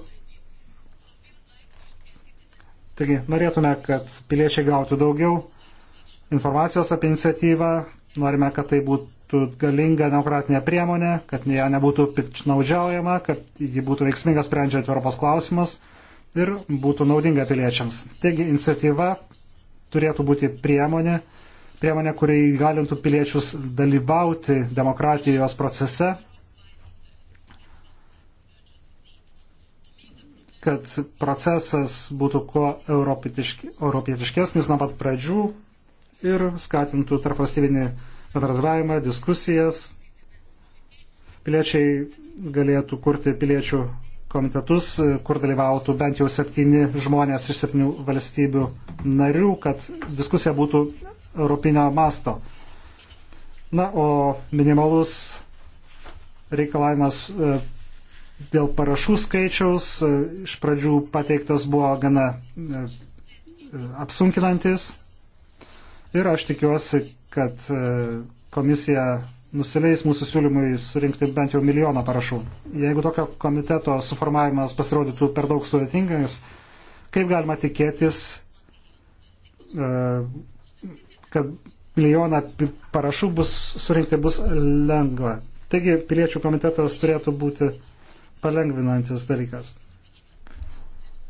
Taigi norėtume, kad piliečiai gautų daugiau informacijos apie iniciatyvą, norime, kad tai būtų galinga demokratinė priemonė, kad ją nebūtų piknaudžiaujama, kad ji būtų veiksminga sprendžiant Europos klausimus ir būtų naudinga piliečiams. Taigi iniciatyva turėtų būti priemonė, priemonė, kuri įgalintų piliečius dalyvauti demokratijos procese kad procesas būtų kuo europietiškesnis nuo pat pradžių ir skatintų tarpvalstybinį bendradarbiavimą, diskusijas. Piliečiai galėtų kurti piliečių komitetus, kur dalyvautų bent jau septyni žmonės iš septynių valstybių narių, kad diskusija būtų europinio masto. Na, o minimalus reikalavimas e, Dėl parašų skaičiaus e, iš pradžių pateiktas buvo gana e, apsunkinantis ir aš tikiuosi, kad e, komisija nusileis mūsų siūlymui surinkti bent jau milijoną parašų. Jeigu tokio komiteto suformavimas pasirodytų per daug sudėtingas, kaip galima tikėtis, kad milijoną parašų bus surinkti bus lengva. Taigi piliečių komitetas turėtų būti palengvinantis dalykas.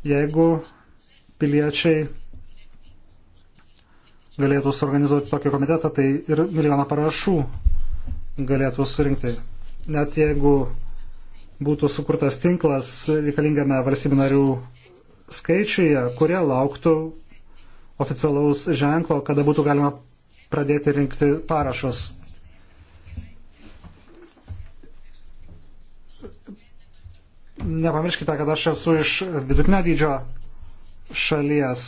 Jeigu piliečiai galėtų suorganizuoti tokį komitetą, tai ir milijoną parašų galėtų surinkti. Net jeigu būtų sukurtas tinklas reikalingame valstybių narių skaičiuje, kurie lauktų oficialaus ženklo, kada būtų galima pradėti rinkti parašus. nepamirškite, kad aš esu iš vidutinio dydžio šalies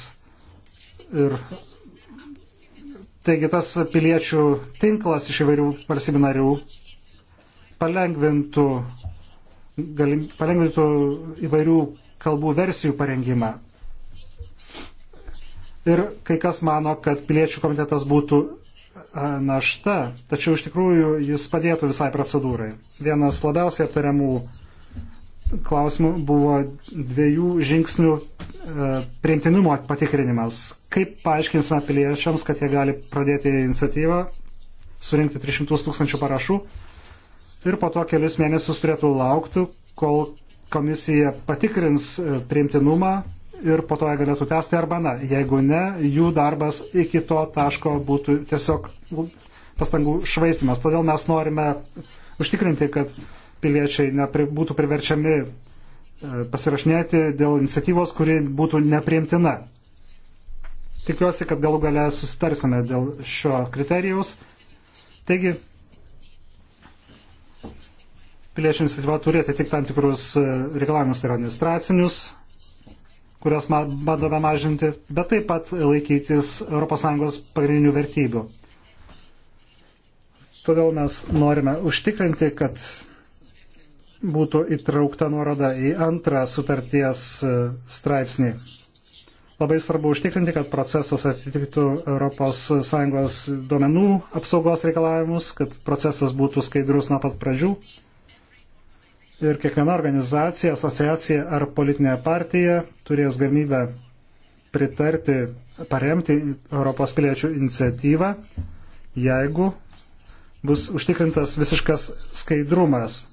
ir taigi tas piliečių tinklas iš įvairių valstybių narių palengvintų, galim, palengvintų įvairių kalbų versijų parengimą. Ir kai kas mano, kad piliečių komitetas būtų našta, tačiau iš tikrųjų jis padėtų visai procedūrai. Vienas labiausiai aptariamų klausimų buvo dviejų žingsnių e, priimtinumo patikrinimas. Kaip paaiškinsime piliečiams, kad jie gali pradėti iniciatyvą, surinkti 300 tūkstančių parašų ir po to kelius mėnesius turėtų laukti, kol komisija patikrins e, priimtinumą ir po to jie galėtų tęsti arba ne. Jeigu ne, jų darbas iki to taško būtų tiesiog pastangų švaistimas. Todėl mes norime užtikrinti, kad piliečiai nepri, būtų priverčiami e, pasirašinėti dėl iniciatyvos, kuri būtų nepriimtina. Tikiuosi, kad galų gale susitarsime dėl šio kriterijaus. Taigi, piliečių iniciatyva turi atitikti tam tikrus e, reikalavimus, tai yra administracinius, kurias bandome mažinti, bet taip pat laikytis ES pagrindinių vertybių. Todėl mes norime užtikrinti, kad būtų įtraukta nuoroda į antrą sutarties e, straipsnį. Labai svarbu užtikrinti, kad procesas atitiktų ES duomenų apsaugos reikalavimus, kad procesas būtų skaidrus nuo pat pradžių. Ir kiekviena organizacija, asociacija ar politinė partija turės galimybę pritarti, paremti Europos piliečių iniciatyvą, jeigu bus užtikrintas visiškas skaidrumas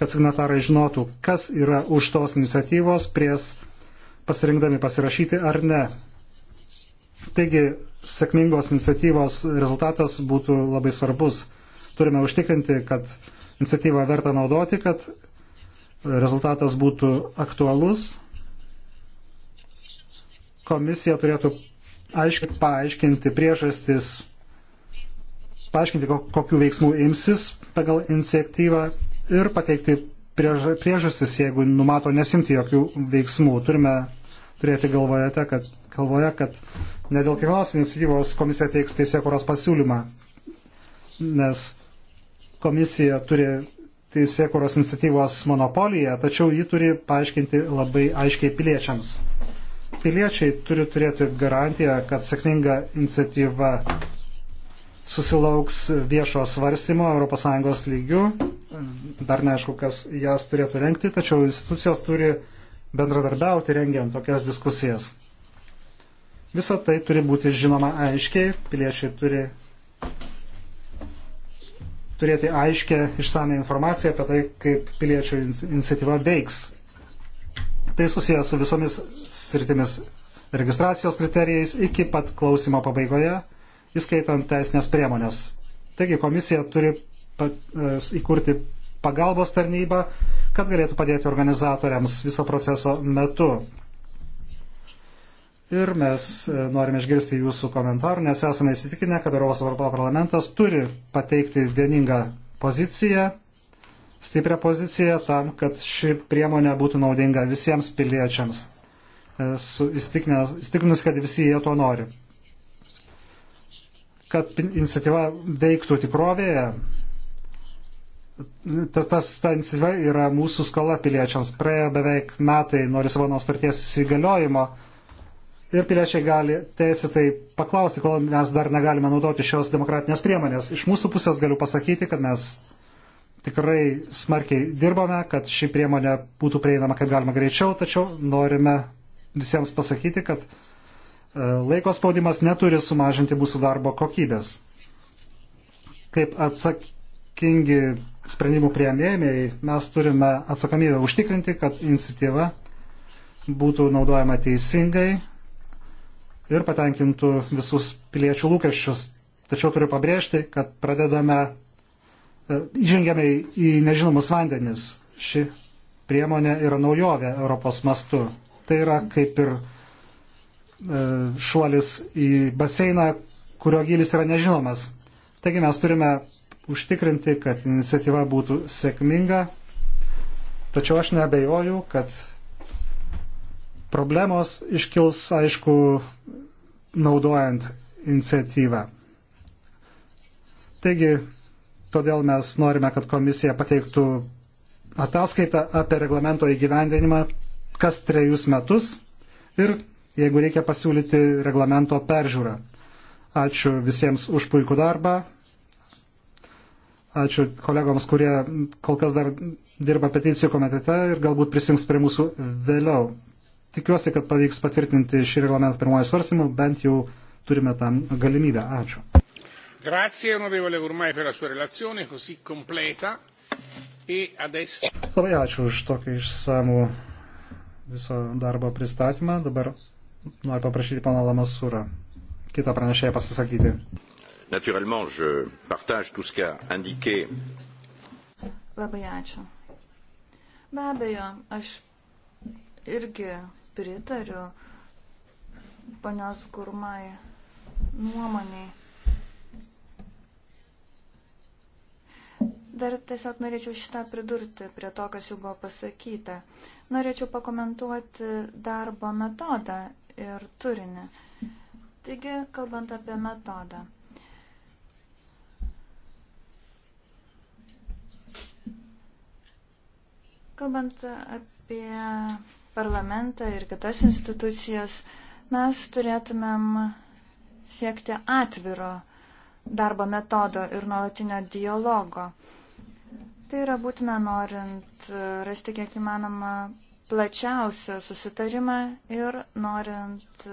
kad signatarai žinotų, kas yra už tos iniciatyvos prieš pasirinkdami pasirašyti ar ne. Taigi, sėkmingos iniciatyvos rezultatas būtų labai svarbus. Turime užtikrinti, kad iniciatyvą verta naudoti, kad rezultatas būtų aktualus. Komisija turėtų aiškiai paaiškinti priežastis, paaiškinti, kokiu veiksmu imsis pagal iniciatyvą ir pateikti priežastis, jeigu numato nesimti jokių veiksmų. Turime turėti galvoje, kad, galvoje, kad ne dėl kiekvienos iniciatyvos komisija teiks teisėkuros pasiūlymą, nes komisija turi teisėkuros iniciatyvos monopoliją, tačiau ji turi paaiškinti labai aiškiai piliečiams. Piliečiai turi turėti garantiją, kad sėkminga iniciatyva susilauks viešo svarstymo ES lygių dar neaišku, kas jas turėtų renkti, tačiau institucijos turi bendradarbiauti rengiant tokias diskusijas. Visa tai turi būti žinoma aiškiai, piliečiai turi turėti aiškę išsame informaciją apie tai, kaip piliečių iniciatyva veiks. Tai susijęs su visomis sritimis registracijos kriterijais iki pat klausimo pabaigoje, įskaitant teisinės priemonės. Taigi komisija turi pat, e, įkurti pagalbos tarnybą, kad galėtų padėti organizatoriams viso proceso metu. Ir mes e, norime išgirsti jūsų komentarų, nes esame įsitikinę, kad Europos parlamentas turi pateikti vieningą poziciją, stiprią poziciją tam, kad ši priemonė būtų naudinga visiems piliečiams. Esu įsitikinęs, kad visi jie to nori. Kad iniciatyva veiktų tikrovėje, tas, tas ta iniciatyva yra mūsų skola piliečiams. Praėjo beveik metai nuo Lisabonos starties įsigaliojimo ir piliečiai gali teisėtai paklausti, kol mes dar negalime naudoti šios demokratinės priemonės. Iš mūsų pusės galiu pasakyti, kad mes tikrai smarkiai dirbame, kad ši priemonė būtų prieinama kaip galima greičiau, tačiau norime visiems pasakyti, kad e, laiko spaudimas neturi sumažinti mūsų darbo kokybės. Kaip atsak atsakingi sprendimų prieėmėjai, mes turime atsakomybę užtikrinti, kad iniciatyva būtų naudojama teisingai ir patenkintų visus piliečių lūkesčius. Tačiau turiu pabrėžti, kad pradedame, e, įžengėme į nežinomus vandenis. Ši priemonė yra naujovė Europos mastu. Tai yra kaip ir e, šuolis į baseiną, kurio gilis yra nežinomas. Taigi mes turime užtikrinti, kad iniciatyva būtų sėkminga, tačiau aš nebejoju, kad problemos iškils, aišku, naudojant iniciatyvą. Taigi, todėl mes norime, kad komisija pateiktų ataskaitą apie reglamento įgyvendinimą kas trejus metus ir, jeigu reikia, pasiūlyti reglamento peržiūrą. Ačiū visiems už puikų darbą. Ačiū kolegoms, kurie kol kas dar dirba peticijų komitete ir galbūt prisijungs prie mūsų vėliau. Tikiuosi, kad pavyks patvirtinti šį reglamentą pirmojo svarstymu, bent jau turime tam galimybę. Ačiū. Grazie, onorevole Gurmai, per la sua relazione così completa. E adesso... Labai ačiū už tokį išsamų viso darbo pristatymą. Dabar noriu paprašyti pana Lamasurą kitą pranešėją pasisakyti. Naturellement, je partage tout ce qu'a indiqué. Labai ačiū. Be abejo, aš irgi pritariu ponios gurmai nuomoniai. Dar tiesiog norėčiau šitą pridurti prie to, kas jau buvo pasakyta. Norėčiau pakomentuoti darbo metodą ir turinį. Taigi, kalbant apie metodą. Kalbant apie parlamentą ir kitas institucijas, mes turėtumėm siekti atviro darbo metodo ir nuolatinio dialogo. Tai yra būtina norint rasti kiek įmanoma plačiausią susitarimą ir norint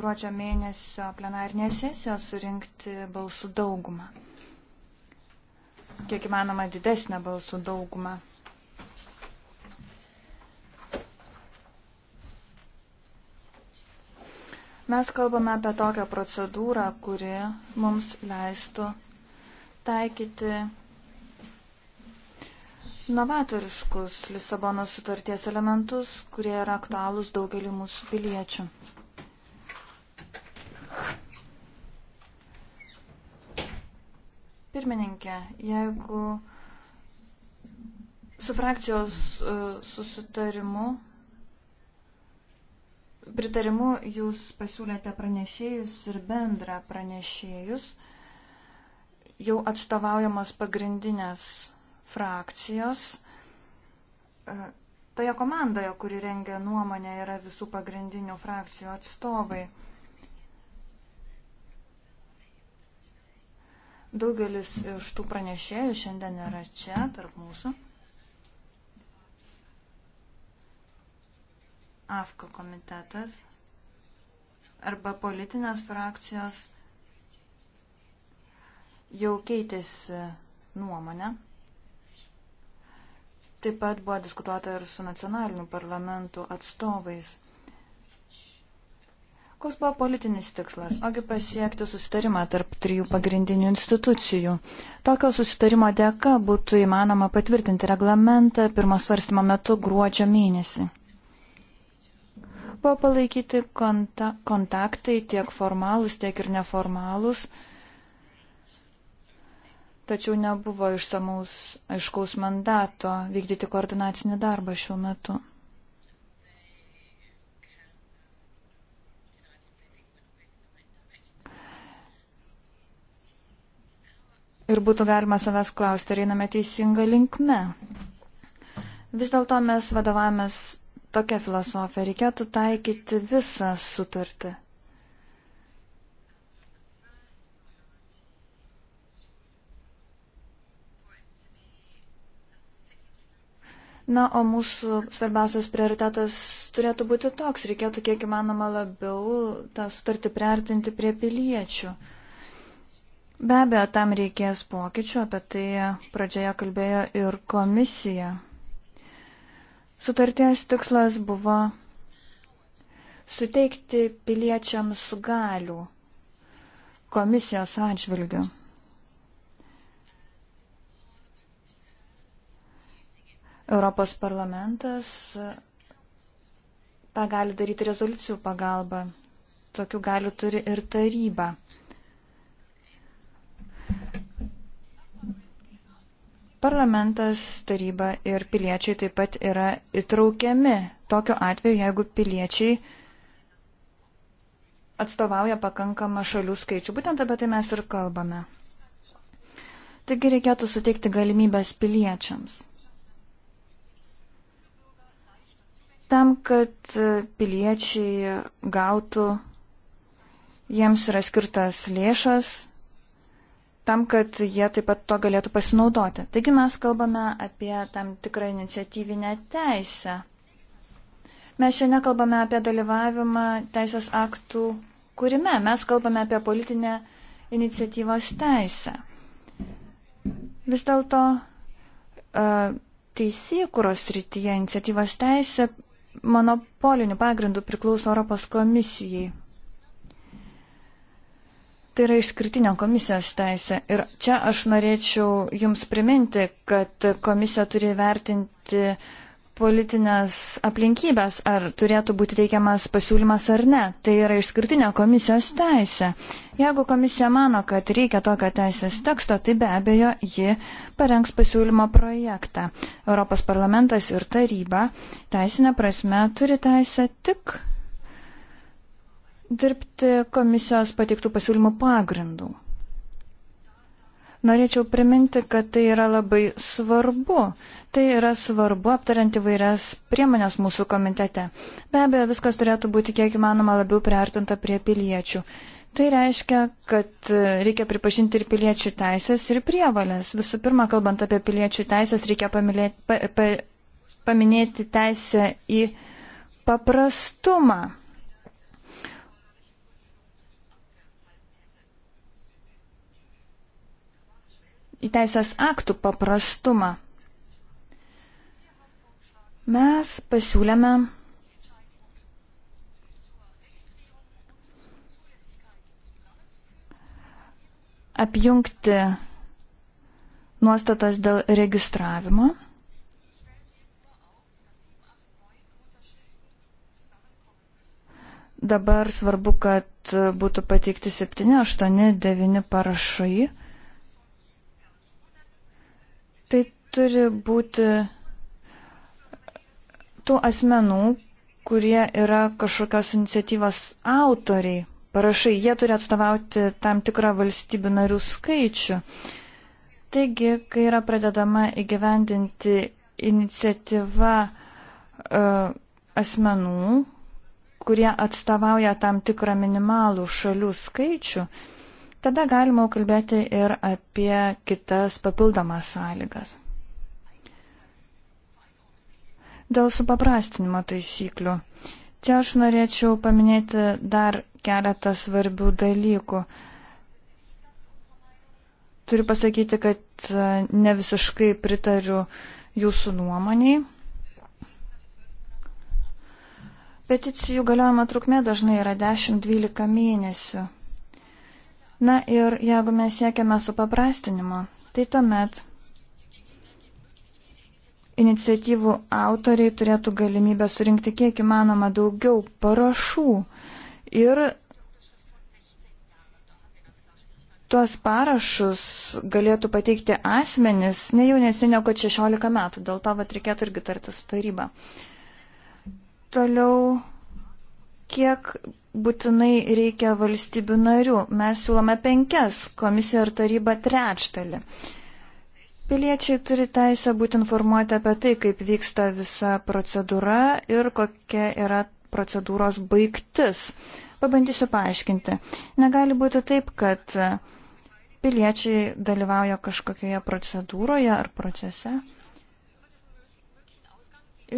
gruodžio mėnesio plenarinės sesijos surinkti balsų daugumą. Kiek įmanoma didesnę balsų daugumą. Mes kalbame apie tokią procedūrą, kuri mums leistų taikyti novatoriškus Lisabonos sutarties elementus, kurie yra aktualūs daugeliu mūsų piliečių. Pirmininkė, jeigu su frakcijos e, susitarimu pritarimu jūs pasiūlėte pranešėjus ir bendrą pranešėjus. Jau atstovaujamos pagrindinės frakcijos. E, toje komandoje, kuri rengia nuomonę, yra visų pagrindinių frakcijų atstovai. Daugelis iš tų pranešėjų šiandien yra čia, tarp mūsų. AFKO komitetas arba politinės frakcijos jau keitėsi nuomonę. Taip pat buvo diskutuota ir su nacionaliniu parlamentu atstovais. Koks buvo politinis tikslas? Ogi pasiekti susitarimą tarp trijų pagrindinių institucijų. Tokio susitarimo dėka būtų įmanoma patvirtinti reglamentą pirmo svarstymo metu gruodžio mėnesį. Buvo palaikyti konta kontaktai tiek formalūs, tiek ir neformalūs, tačiau nebuvo išsamaus aiškaus mandato vykdyti koordinacinį darbą šiuo metu. Ir būtų galima savęs klausti, ar einame teisinga linkme. Vis dėlto mes vadovavomės tokia filosofija. Reikėtų taikyti visą sutartį. Na, o mūsų svarbiausias prioritetas turėtų būti toks, reikėtų kiek įmanoma labiau tą sutartį priartinti prie piliečių. Be abejo, tam reikės pokyčių, apie tai pradžioje kalbėjo ir komisija. Sutarties tikslas buvo suteikti piliečiams galių komisijos atžvilgių. Europos parlamentas tą gali daryti rezoliucijų pagalba. Tokių galių turi ir taryba. Parlamentas, taryba ir piliečiai taip pat yra įtraukiami tokiu atveju, jeigu piliečiai atstovauja pakankamą šalių skaičių. Būtent apie tai mes ir kalbame. Taigi reikėtų suteikti galimybės piliečiams. Tam, kad piliečiai gautų jiems yra skirtas lėšas, tam, kad jie taip pat to galėtų pasinaudoti. Taigi mes kalbame apie tam tikrą iniciatyvinę teisę. Mes šiandien kalbame apie dalyvavimą teisės aktų kūrime, mes kalbame apie politinę iniciatyvos teisę. Vis dėlto e, teisėkuros rytyje iniciatyvos teisė monopolinių pagrindų priklauso Europos komisijai. Tai yra išskirtinė komisijos teisė. Ir čia aš norėčiau Jums priminti, kad komisija turi vertinti politinės aplinkybės, ar turėtų būti teikiamas pasiūlymas ar ne. Tai yra išskirtinė komisijos teisė. Jeigu komisija mano, kad reikia tokio teisės teksto, tai be abejo ji parengs pasiūlymo projektą. Europos parlamentas ir taryba teisinė prasme turi teisę tik dirbti komisijos pateiktų pasiūlymų pagrindų. Norėčiau priminti, kad tai yra labai svarbu. Tai yra svarbu aptariant įvairias priemonės mūsų komitete. Be abejo, viskas turėtų būti kiek įmanoma labiau priartinta prie piliečių. Tai reiškia, kad reikia pripažinti ir piliečių teisės, ir prievalės. Visų pirma, kalbant apie piliečių teisės, reikia pamilėti, pa, pa, paminėti teisę į paprastumą. į teisės aktų paprastumą. Mes pasiūlėme apjungti nuostatas dėl registravimo. Dabar svarbu, kad būtų pateikti 7, 8, 9 parašai. turi būti tų asmenų, kurie yra kažkokios iniciatyvos autoriai. Parašai, jie turi atstovauti tam tikrą valstybių narių skaičių. Taigi, kai yra pradedama įgyvendinti iniciatyva uh, asmenų, kurie atstovauja tam tikrą minimalų šalių skaičių, tada galima kalbėti ir apie kitas papildomas sąlygas. Dėl supaprastinimo taisyklių. Čia aš norėčiau paminėti dar keletą svarbių dalykų. Turiu pasakyti, kad e, ne visiškai pritariu jūsų nuomoniai. Peticijų galiojama trukmė dažnai yra 10-12 mėnesių. Na ir jeigu mes siekiame supaprastinimo, tai tuomet iniciatyvų autoriai turėtų galimybę surinkti kiek įmanoma daugiau parašų ir tuos parašus galėtų pateikti asmenys ne jaunesni negu 16 metų, dėl to vat reikėtų irgi tarti su taryba. Toliau, kiek būtinai reikia valstybių narių? Mes siūlome penkias, komisija ir taryba trečdalį. Uh, Piliečiai turi teisę būti informuoti apie tai, kaip vyksta visa procedūra ir kokia yra procedūros baigtis. Pabandysiu paaiškinti. Negali būti taip, kad piliečiai dalyvauja kažkokioje procedūroje ar procese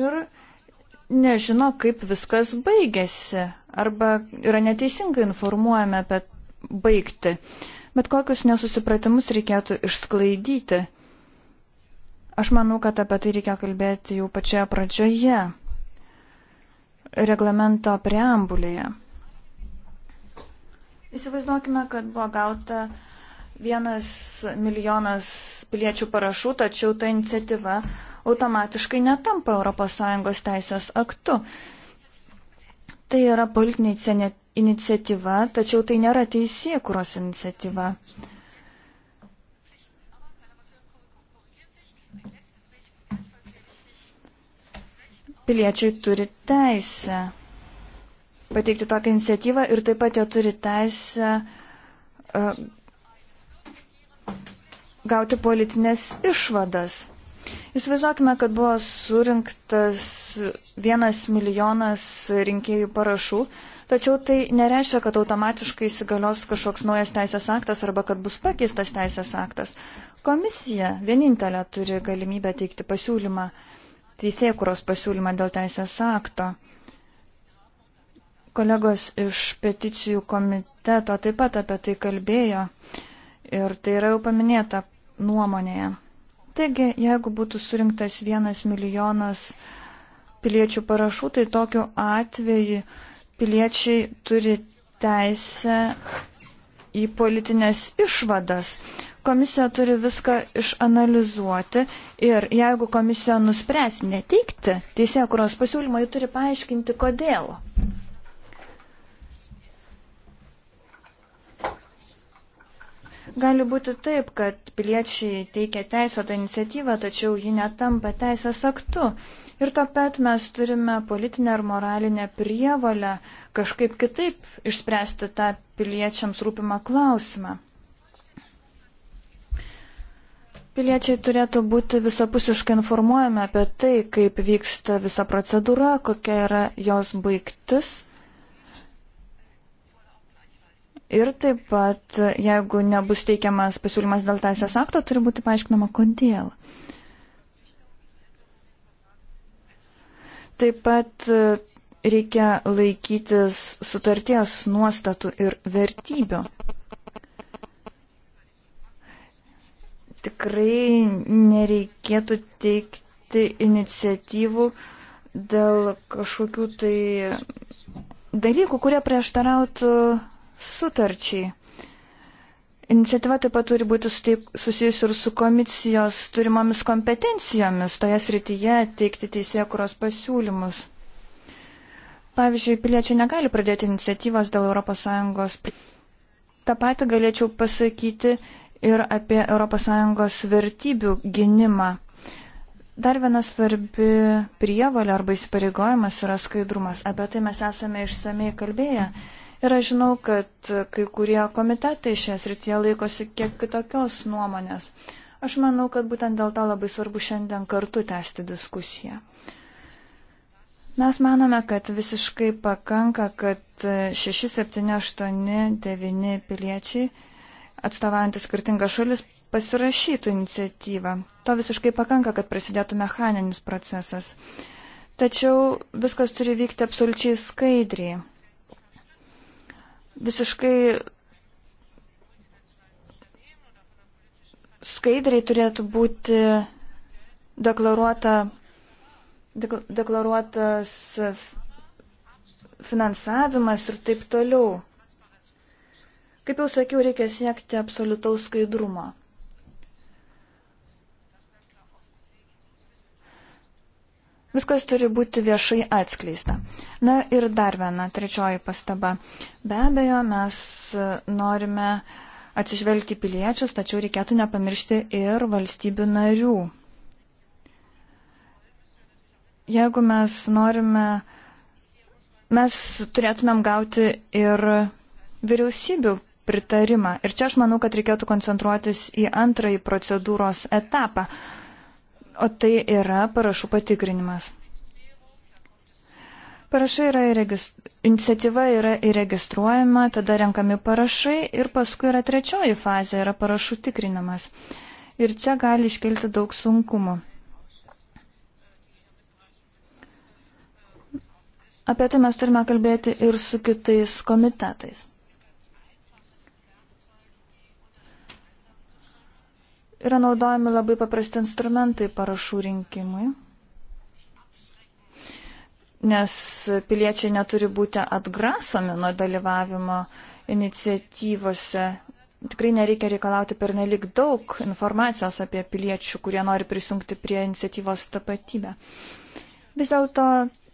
ir nežino, kaip viskas baigėsi arba yra neteisingai informuojami apie baigti. Bet kokius nesusipratimus reikėtų išsklaidyti. Aš manau, kad apie tai reikia kalbėti jau pačioje pradžioje, reglamento preambulėje. Įsivaizduokime, kad buvo gauta vienas milijonas piliečių parašų, tačiau ta iniciatyva automatiškai netampa ES teisės aktu. Tai yra politinė iniciatyva, tačiau tai nėra teisėkuros iniciatyva. iniciatyva piliečiai turi teisę pateikti tokią iniciatyvą ir taip pat jie turi teisę uh, gauti politinės išvadas. Įsivaizduokime, kad buvo surinktas vienas milijonas rinkėjų parašų, tačiau tai nereiškia, kad automatiškai įsigalios kažkoks naujas teisės aktas arba kad bus pakeistas teisės aktas. Komisija vienintelė turi galimybę teikti pasiūlymą. Uh, teisėkuros pasiūlymą dėl teisės akto. Kolegos iš peticijų komiteto taip pat apie tai kalbėjo ir tai yra jau paminėta nuomonėje. Taigi, jeigu būtų surinktas vienas milijonas piliečių parašų, tai tokiu atveju piliečiai turi teisę į politinės išvadas, Komisija turi viską išanalizuoti ir jeigu komisija nuspręs neteikti teisėjo kuros pasiūlymą, ji turi paaiškinti, kodėl. Gali būti taip, kad piliečiai teikia teisėtą iniciatyvą, tačiau ji netampa teisės aktu. Ir to pat mes turime politinę ar moralinę prievalę kažkaip kitaip išspręsti tą piliečiams rūpimą klausimą. Piliečiai turėtų būti visapusiškai informuojami apie tai, kaip vyksta visa procedūra, kokia yra jos baigtis. Ir taip pat, jeigu nebus teikiamas pasiūlymas dėl teisės akto, turi būti paaiškinama, kodėl. Taip pat e, reikia laikytis sutarties nuostatų ir vertybių. tikrai nereikėtų teikti iniciatyvų dėl kažkokių tai dalykų, kurie prieštarautų sutarčiai. Iniciatyva taip pat turi būti susijusi ir su komisijos turimomis kompetencijomis toje srityje teikti teisėkuros pasiūlymus. Pavyzdžiui, piliečiai negali pradėti iniciatyvos dėl ES. Ta pati galėčiau pasakyti ir apie ES vertybių gynimą. Dar viena svarbi prievalė arba įsipareigojimas yra skaidrumas. Apie tai mes esame išsamei kalbėję. Ir aš žinau, kad kai kurie komitetai šioje srityje laikosi kiek kitokios nuomonės. Aš manau, kad būtent dėl to labai svarbu šiandien kartu tęsti diskusiją. Mes manome, kad visiškai pakanka, kad 6, 7, 8, 9 piliečiai atstovaujantis skirtingas šalis pasirašytų iniciatyvą. To visiškai pakanka, kad prasidėtų mechaninis procesas. Tačiau viskas turi vykti absoliučiai skaidriai. Visiškai skaidriai turėtų būti deklaruota, deklaruotas finansavimas ir taip toliau. Kaip jau sakiau, reikia siekti absoliutaus skaidrumo. Viskas turi būti viešai atskleista. Na ir dar viena trečioji pastaba. Be abejo, mes norime atsižvelgti piliečius, tačiau reikėtų nepamiršti ir valstybių narių. Jeigu mes norime, mes turėtumėm gauti ir vyriausybių pritarimą. Ir čia aš manau, kad reikėtų koncentruotis į antrąjį procedūros etapą, o tai yra parašų patikrinimas. Parašai yra įregistruojama, iniciatyva yra įregistruojama, tada renkami parašai ir paskui yra trečioji fazė, yra parašų tikrinimas. Ir čia gali iškilti daug sunkumų. Apie tai mes turime kalbėti ir su kitais komitetais. yra naudojami labai paprasti instrumentai parašų rinkimui, nes piliečiai neturi būti atgrasomi nuo dalyvavimo iniciatyvose. Tikrai nereikia reikalauti per nelik daug informacijos apie piliečių, kurie nori prisijungti prie iniciatyvos tapatybę. Vis dėlto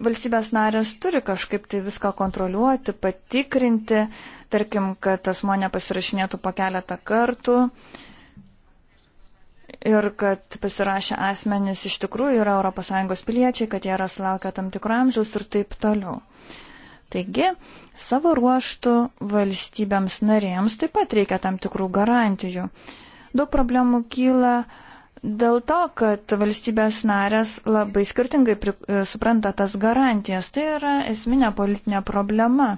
valstybės narės turi kažkaip tai viską kontroliuoti, patikrinti, tarkim, kad asmo nepasirašinėtų po keletą kartų, uh, ir kad pasirašę asmenys iš tikrųjų yra ES piliečiai, kad jie yra sulaukę tam tikro amžiaus ir taip toliau. Taigi, savo ruoštų valstybėms narėms taip pat reikia tam tikrų garantijų. Daug problemų kyla dėl to, kad valstybės narės labai skirtingai pri, e, supranta tas garantijas. Tai yra esminė politinė problema.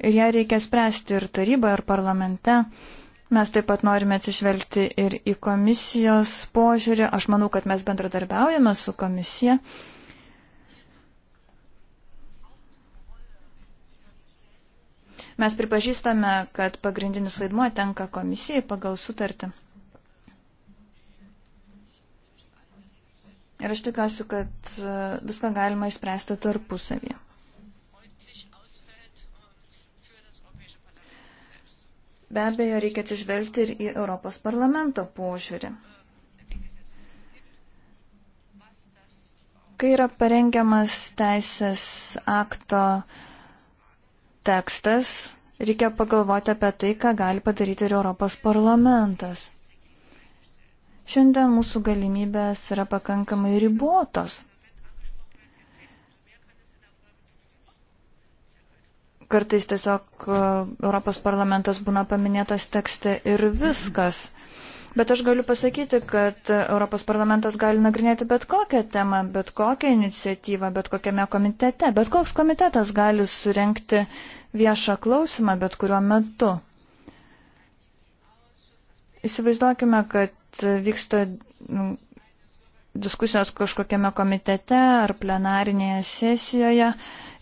Ir ją reikia spręsti ir taryboje, ir parlamente. Mes taip pat norime atsižvelgti ir į komisijos požiūrį. Aš manau, kad mes bendradarbiaujame su komisija. Mes pripažįstame, kad pagrindinis vaidmuo tenka komisijai pagal sutartį. Ir aš tikiuosi, kad e, viską galima išspręsti tarpusavyje. Be abejo, reikia atsižvelgti ir į Europos parlamento požiūrį. Kai yra parengiamas teisės akto tekstas, reikia pagalvoti apie tai, ką gali padaryti ir Europos parlamentas. Šiandien mūsų galimybės yra pakankamai ribotos. kartais tiesiog e, Europos parlamentas būna paminėtas tekste ir viskas. Bet aš galiu pasakyti, kad Europos parlamentas gali nagrinėti bet kokią temą, bet kokią iniciatyvą, bet kokiame komitete. Bet koks komitetas gali surenkti viešą klausimą bet kuriuo metu. Įsivaizduokime, kad vyksta diskusijos kažkokiame komitete ar plenarinėje sesijoje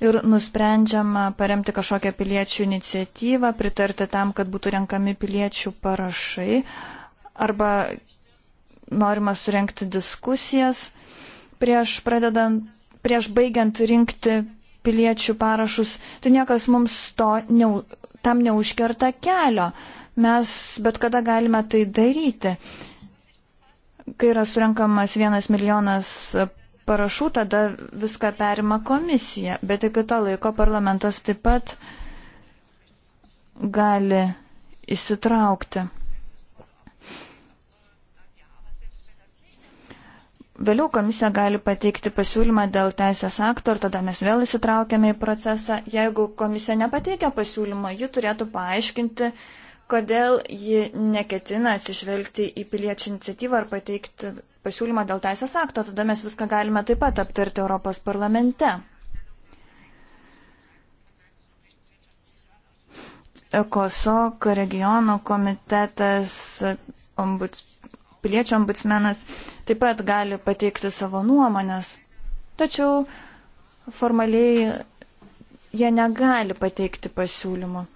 ir nusprendžiama paremti kažkokią piliečių iniciatyvą, pritarti tam, kad būtų renkami piliečių parašai arba norima surenkti diskusijas prieš, pradedant, prieš baigiant rinkti piliečių parašus, tai niekas mums to ne, tam neužkerta kelio. Mes bet kada galime tai daryti kai yra surinkamas vienas milijonas parašų, tada viską perima komisija, bet iki to laiko parlamentas taip pat gali įsitraukti. Vėliau komisija gali pateikti pasiūlymą dėl teisės akto ir tada mes vėl įsitraukiame į procesą. Jeigu komisija nepateikia pasiūlymą, ji turėtų paaiškinti, uh, kodėl ji neketina atsižvelgti į piliečių iniciatyvą ar pateikti pasiūlymą dėl teisės akto, tada mes viską galime taip pat aptarti Europos parlamente. Kosok regiono komitetas, ombuds, piliečio ombudsmenas taip pat gali pateikti savo nuomonės, tačiau formaliai jie negali pateikti pasiūlymų.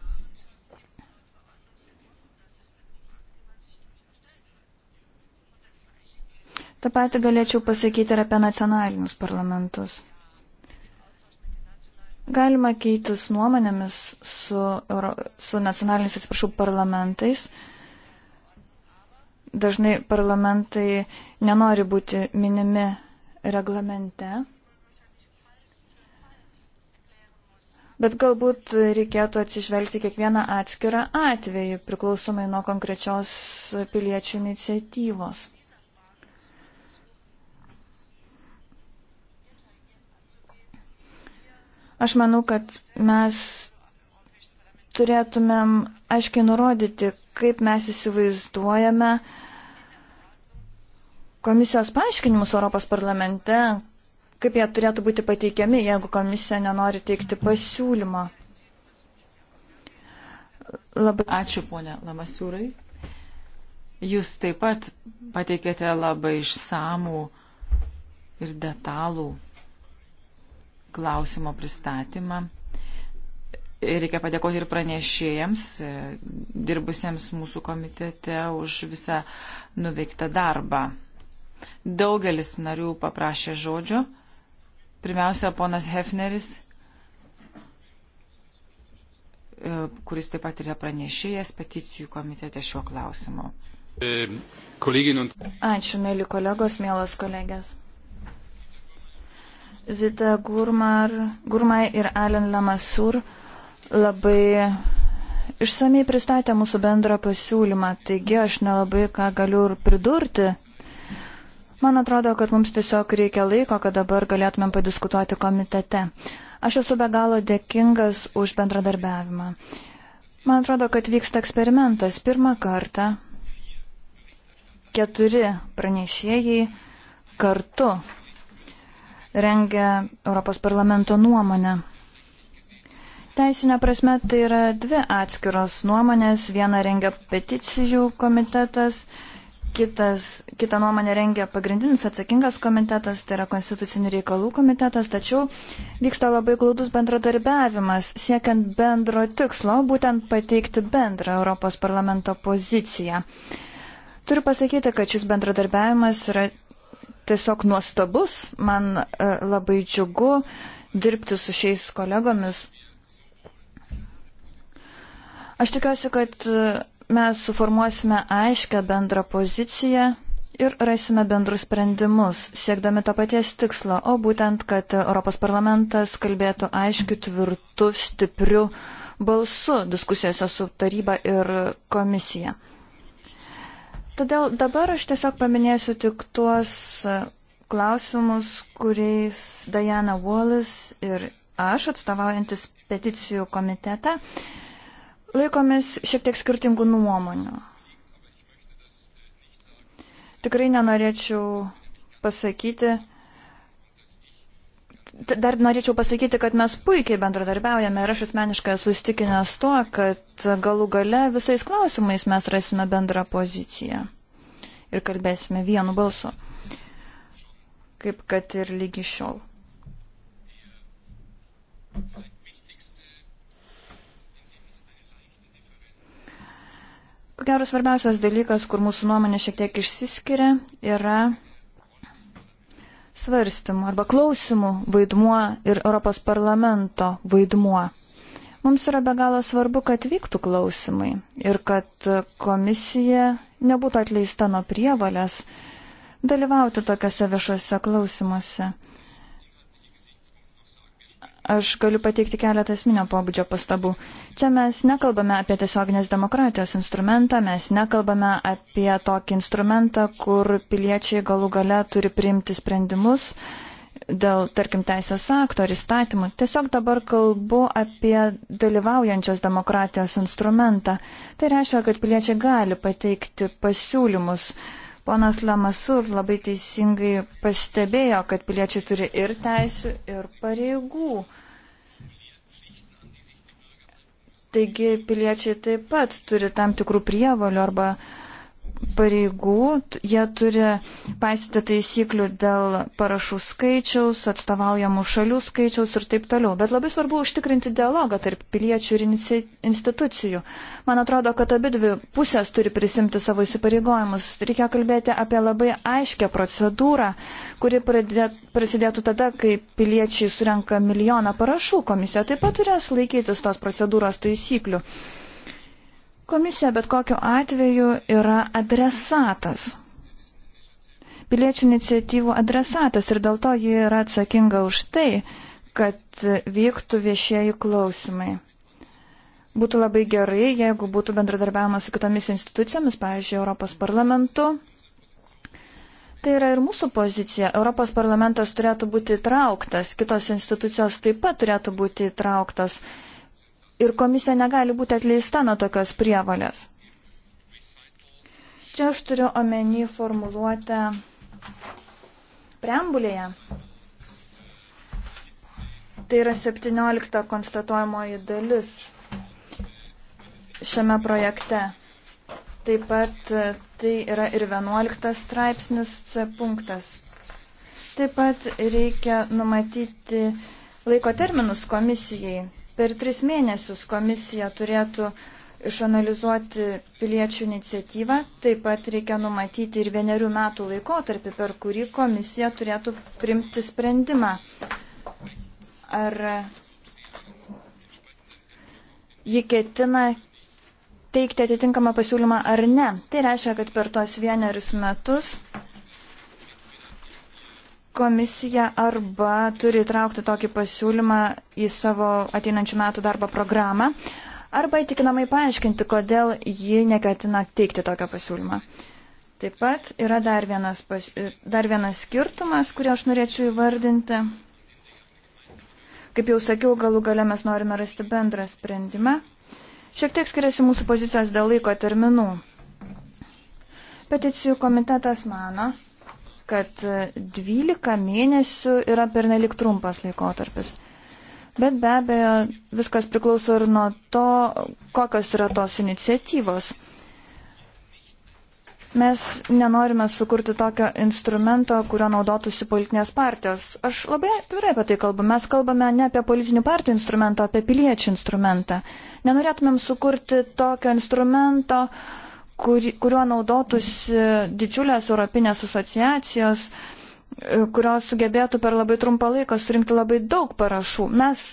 Ta pati galėčiau pasakyti ir apie nacionalinius parlamentus. Galima keitis nuomonėmis su, Euro, su nacionaliniais, atsiprašau, parlamentais. Dažnai parlamentai nenori būti minimi reglamente. Bet galbūt reikėtų atsižvelgti kiekvieną atskirą atvejį priklausomai nuo konkrečios piliečių iniciatyvos. Aš manau, kad mes turėtumėm aiškiai nurodyti, kaip mes įsivaizduojame komisijos paaiškinimus Europos parlamente, kaip jie turėtų būti pateikiami, jeigu komisija nenori teikti pasiūlymo. Labai ačiū, ponė Lamasiūrai. Jūs taip pat pateikėte labai išsamų ir detalų klausimo pristatymą. Reikia padėkoti ir pranešėjams, dirbusiems mūsų komitete už visą nuveiktą darbą. Daugelis narių paprašė žodžio. Pirmiausia, ponas Hefneris, e, kuris taip pat yra pranešėjas peticijų komitete šiuo klausimu. E, Ačiū, mėly kolegos, mielas kolegės. Zita Gurmar, Gurmai ir Alen Lamasur labai išsamei pristatė mūsų bendrą pasiūlymą, taigi aš nelabai ką galiu ir pridurti. Man atrodo, kad mums tiesiog reikia laiko, kad dabar galėtumėm padiskutuoti komitete. Aš esu be galo dėkingas už bendradarbiavimą. Man atrodo, kad vyksta eksperimentas. Pirmą kartą keturi pranešėjai kartu rengia Europos parlamento nuomonę. Teisinė prasme tai yra dvi atskiros nuomonės. Vieną rengia peticijų komitetas, kitas, kitą nuomonę rengia pagrindinis atsakingas komitetas, tai yra konstitucinių reikalų komitetas. Tačiau vyksta labai glaudus bendradarbiavimas, siekiant bendro tikslo, būtent pateikti bendrą Europos parlamento poziciją. Turiu pasakyti, kad šis bendradarbiavimas yra tiesiog nuostabus, man e, labai džiugu dirbti su šiais kolegomis. Aš tikiuosi, kad e, mes suformuosime aiškę bendrą poziciją ir rasime bendrus sprendimus, siekdami to paties tikslo, o būtent, kad Europos parlamentas kalbėtų aiškiu, tvirtu, stipriu balsu diskusijose su taryba ir komisija. Todėl dabar aš tiesiog paminėsiu tik tuos e, klausimus, kuriais Diana Wallis ir aš, atstovaujantis peticijų komitetą, laikomės šiek tiek skirtingų nuomonių. Tikrai nenorėčiau pasakyti, Dar norėčiau pasakyti, kad mes puikiai bendradarbiaujame ir aš asmeniškai esu įstikinęs tuo, kad galų gale visais klausimais mes rasime bendrą poziciją ir kalbėsime vienu balsu, kaip kad ir lygi šiol. Ko gero svarbiausias dalykas, kur mūsų nuomonė šiek tiek išsiskiria, yra svarstymų arba klausimų vaidmuo ir Europos parlamento vaidmuo. Mums yra be galo svarbu, kad vyktų klausimai ir kad komisija nebūtų atleista nuo prievalės dalyvauti tokiuose viešuose klausimuose. Aš galiu pateikti keletą esminio pobūdžio pastabų. Čia mes nekalbame apie tiesioginės demokratijos instrumentą, mes nekalbame apie tokį instrumentą, kur piliečiai galų gale turi priimti sprendimus dėl, tarkim, teisės akto ar įstatymų. Tiesiog dabar kalbu apie dalyvaujančios demokratijos instrumentą. Tai reiškia, kad piliečiai gali pateikti pasiūlymus, uh, Ponas Lamasur labai teisingai pastebėjo, kad piliečiai turi ir teisų, ir pareigų. Taigi piliečiai taip pat turi tam tikrų prievalių arba uh, pareigų, jie turi paisyti taisyklių dėl parašų skaičiaus, atstovaujamų šalių skaičiaus ir taip toliau. Bet labai svarbu užtikrinti dialogą tarp piliečių ir institucijų. Man atrodo, kad abi dvi pusės turi prisimti savo įsipareigojimus. Reikia kalbėti apie labai aiškę procedūrą, kuri prasidėtų tada, kai piliečiai surenka milijoną parašų. Komisija taip pat turės laikytis tos procedūros taisyklių. Komisija bet kokiu atveju yra adresatas. Piliečių iniciatyvų adresatas ir dėl to ji yra atsakinga už tai, kad vyktų viešieji klausimai. Būtų labai gerai, jeigu būtų bendradarbiavimas su kitomis institucijomis, pavyzdžiui, Europos parlamentu. Tai yra ir mūsų pozicija. Europos parlamentas turėtų būti įtrauktas, kitos institucijos taip pat turėtų būti įtrauktas ir komisija negali būti atleista nuo tokios prievalės. Čia aš turiu omeny formuluotę preambulėje. Tai yra 17 konstatuojamoji dalis šiame projekte. Taip pat tai yra ir 11 straipsnis C punktas. Taip pat reikia numatyti laiko terminus komisijai Per tris mėnesius komisija turėtų išanalizuoti piliečių iniciatyvą, taip pat reikia numatyti ir vienerių metų laikotarpį, per kurį komisija turėtų primti sprendimą. Ar ji ketina teikti atitinkamą pasiūlymą ar ne. Tai reiškia, kad per tos vienerius metus komisija arba turi įtraukti tokį pasiūlymą į savo ateinančių metų darbo programą, arba įtikinamai paaiškinti, kodėl ji neketina teikti tokio pasiūlymą. Taip pat yra dar vienas, pas, dar vienas skirtumas, kurį aš norėčiau įvardinti. Kaip jau sakiau, galų gale mes norime rasti bendrą sprendimą. Šiek tiek skiriasi mūsų pozicijos dėl laiko terminų. Peticijų komitetas mano, kad 12 mėnesių yra pernelik trumpas laikotarpis. Bet be abejo, viskas priklauso ir nuo to, kokios yra tos iniciatyvos. Mes nenorime sukurti tokio instrumento, kurio naudotųsi politinės partijos. Aš labai tvirtai apie tai kalbu. Mes kalbame ne apie politinių partijų instrumentą, apie piliečių instrumentą. Nenorėtumėm sukurti tokio instrumento, uh, kur, kuriuo naudotųsi e, didžiulės Europinės asociacijos, e, kurios sugebėtų per labai trumpą laiką surinkti labai daug parašų. Mes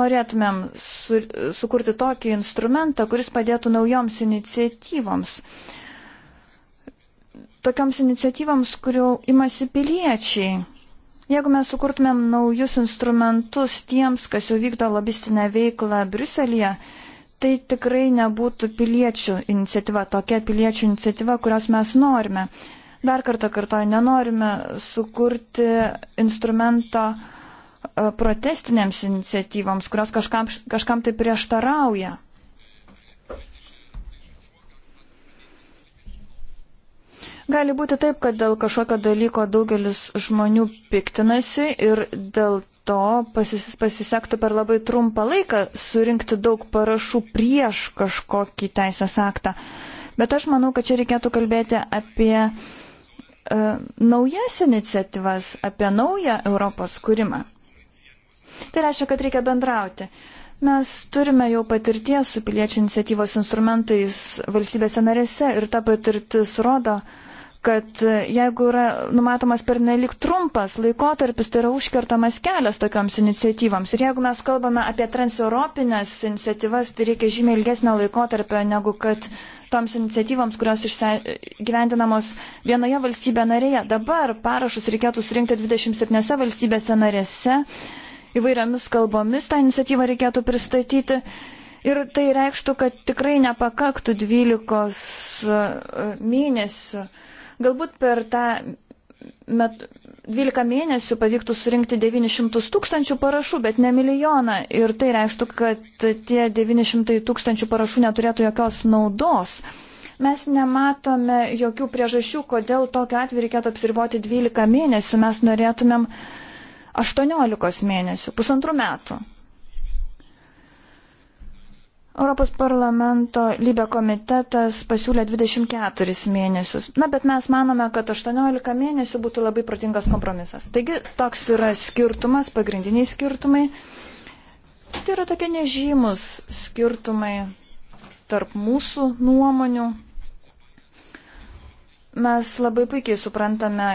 norėtumėm su, sukurti tokį instrumentą, kuris padėtų naujoms iniciatyvoms. Tokioms iniciatyvoms, kurių imasi piliečiai. Jeigu mes sukurtumėm naujus instrumentus tiems, kas jau vykdo lobistinę veiklą Briuselėje, tai tikrai nebūtų piliečių iniciatyva, tokia piliečių iniciatyva, kurios mes norime. Dar kartą kartoju, nenorime sukurti instrumento e, protestinėms iniciatyvoms, kurios kažkam, kažkam tai prieštarauja. Gali būti taip, kad dėl kažkokio dalyko daugelis žmonių piktinasi ir dėl to pasis, pasisektų per labai trumpą laiką surinkti daug parašų prieš kažkokį teisės aktą. Bet aš manau, kad čia reikėtų kalbėti apie e, naujas iniciatyvas, apie naują Europos kūrimą. Tai reiškia, kad reikia bendrauti. Mes turime jau patirties su piliečių iniciatyvos instrumentais valstybėse narėse ir ta patirtis rodo, e, kad e, jeigu yra numatomas per nelik trumpas laikotarpis, tai yra užkertamas kelias tokioms iniciatyvams. Ir jeigu mes kalbame apie transeuropinės iniciatyvas, tai reikia žymiai ilgesnio laikotarpio negu kad toms iniciatyvams, kurios gyventinamos vienoje valstybė narėje. Dabar parašus reikėtų surinkti 27 valstybėse narėse, įvairiomis kalbomis tą iniciatyvą reikėtų pristatyti. Ir tai reikštų, kad tikrai nepakaktų 12 e, mėnesių Galbūt per tą met, 12 mėnesių pavyktų surinkti 900 tūkstančių parašų, bet ne milijoną. Ir tai reikštų, kad tie 900 tūkstančių parašų neturėtų jokios naudos. Mes nematome jokių priežasčių, kodėl tokiu atveju reikėtų apsiriboti 12 mėnesių. Mes norėtumėm 18 mėnesių, pusantrų metų. Europos parlamento lybė komitetas pasiūlė 24 mėnesius. Na, bet mes manome, kad 18 mėnesių būtų labai protingas kompromisas. Taigi, toks yra skirtumas, pagrindiniai skirtumai. Tai yra tokie nežymus skirtumai tarp mūsų nuomonių. Mes labai puikiai suprantame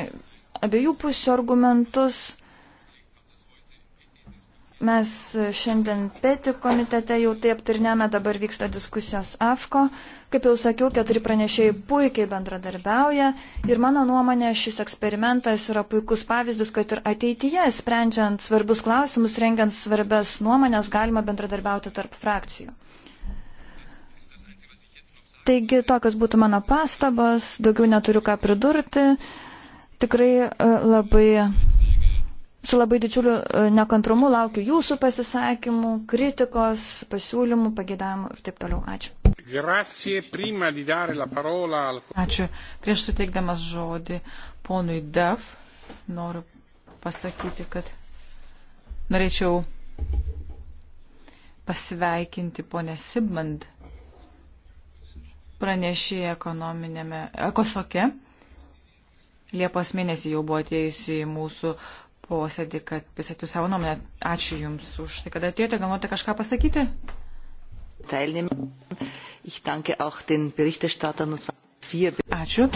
abiejų pusių argumentus. Mes šiandien peti komitete jau tai aptarnėme, dabar vyksta diskusijos AFKO. Kaip jau sakiau, keturi pranešėjai puikiai bendradarbiauja ir mano nuomonė šis eksperimentas yra puikus pavyzdys, kad ir ateityje, sprendžiant svarbius klausimus, rengiant svarbias nuomonės, galima bendradarbiauti tarp frakcijų. Taigi tokios būtų mano pastabos, daugiau neturiu ką pridurti. Tikrai e, labai Su labai didžiuliu e, nekantrumu laukiu jūsų pasisakymų, kritikos, pasiūlymų, pagėdavimų ir taip toliau. Ačiū. Grazie, parola... Ačiū. Prieš suteikdamas žodį ponui Def, noriu pasakyti, kad norėčiau pasveikinti ponę Sibmand pranešė ekonominėme ekosoke. Liepos mėnesį jau buvo atėjusi į mūsų posėdį, kad prisatytų savo nuomonę. Ačiū Jums už tai, kad atėjote. Galvote kažką pasakyti? Ačiū.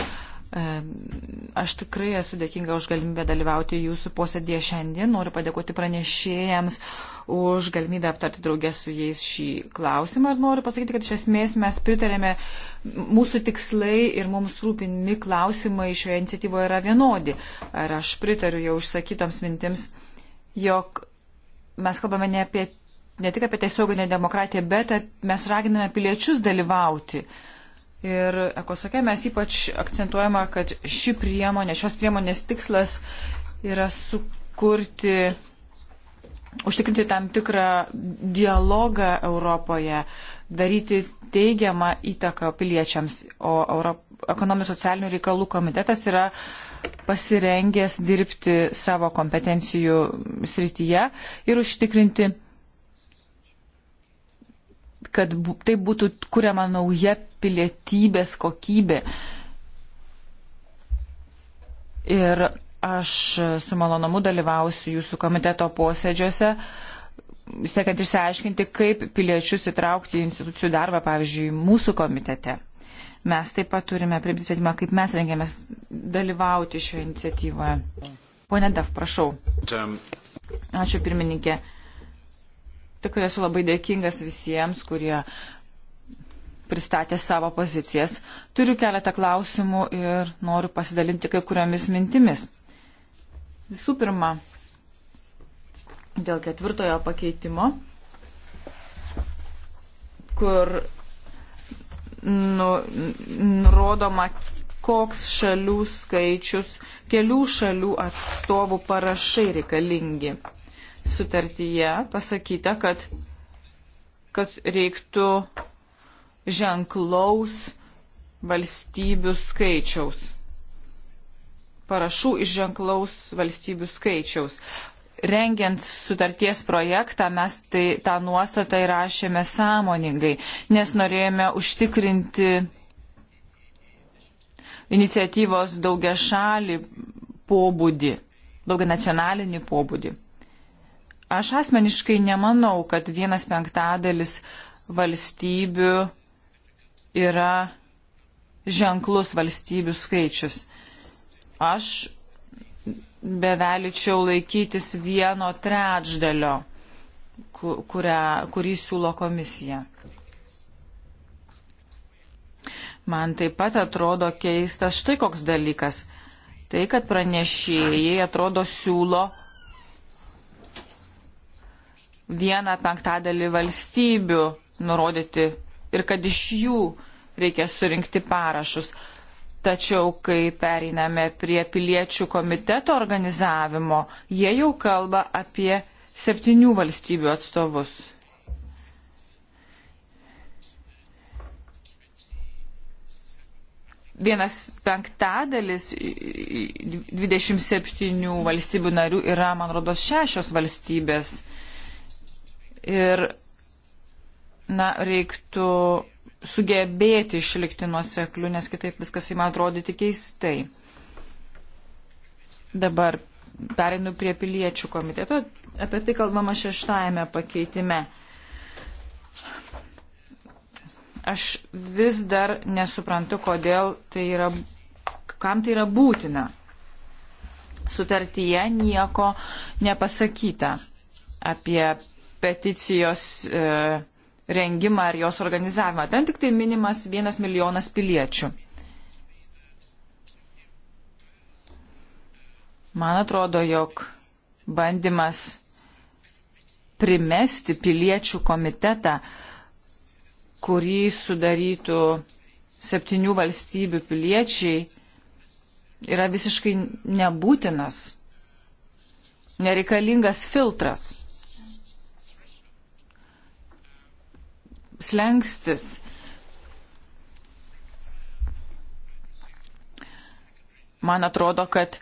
Aš tikrai esu dėkinga už galimybę dalyvauti jūsų posėdėje šiandien. Noriu padėkoti pranešėjams už galimybę aptarti draugę su jais šį klausimą. Ir noriu pasakyti, kad iš esmės mes pritarėme, mūsų tikslai ir mums rūpinimi klausimai šioje iniciatyvoje yra vienodi. Ir aš pritariu jau užsakytoms mintims, jog mes kalbame ne, apie, ne tik apie tiesioginę demokratiją, bet mes raginame piliečius dalyvauti. Uh, Ir ekosakė mes ypač akcentuojama, kad ši priemonė, šios priemonės tikslas yra sukurti, užtikrinti tam tikrą dialogą Europoje, daryti teigiamą įtaką piliečiams, o Europ... ekonominių socialinių reikalų komitetas yra pasirengęs dirbti savo kompetencijų srityje ir užtikrinti kad tai būtų kuriama nauja pilietybės kokybė. Ir aš su malonumu dalyvausiu jūsų komiteto posėdžiuose, siekiant išsiaiškinti, kaip piliečius įtraukti į institucijų darbą, pavyzdžiui, mūsų komitete. Mes taip pat turime priimti svetimą, kaip mes rengiamės dalyvauti šioje iniciatyvoje. Pone Daf, prašau. Ačiū pirmininkė tikrai esu labai dėkingas visiems, kurie pristatė savo pozicijas. Turiu keletą klausimų ir noriu pasidalinti kai kuriomis mintimis. Visų pirma, dėl ketvirtojo pakeitimo, kur nu, nurodoma, koks šalių skaičius, kelių šalių atstovų parašai reikalingi sutartyje pasakyta, kad, kad reiktų ženklaus valstybių skaičiaus. Parašų iš ženklaus valstybių skaičiaus. Rengiant sutarties projektą mes tai, tą nuostatą įrašėme sąmoningai, nes norėjome užtikrinti iniciatyvos daugia šalį pobūdį, daugia nacionalinį pobūdį. Aš asmeniškai nemanau, kad vienas penktadalis valstybių yra ženklus valstybių skaičius. Aš beveličiau laikytis vieno trečdalio, kurią, kurį siūlo komisija. Man taip pat atrodo keistas štai koks dalykas. Tai, kad pranešėjai atrodo siūlo vieną penktadalį valstybių nurodyti ir kad iš jų reikia surinkti parašus. Tačiau, kai pereiname prie piliečių komiteto organizavimo, jie jau kalba apie septynių valstybių atstovus. vienas penktadalis 27 valstybių narių yra, man rodos, šešios valstybės ir na, reiktų sugebėti išlikti nuoseklių, nes kitaip viskas įma atrodyti keistai. Dabar perinu prie piliečių komiteto. Apie tai kalbama šeštajame pakeitime. Aš vis dar nesuprantu, kodėl tai yra, kam tai yra būtina. Sutartyje nieko nepasakyta apie peticijos e, rengimą ir jos organizavimą. Ten tik tai minimas vienas milijonas piliečių. Man atrodo, jog bandymas primesti piliečių komitetą, kurį sudarytų septynių valstybių piliečiai, yra visiškai nebūtinas, nereikalingas filtras. slengstis. Man atrodo, kad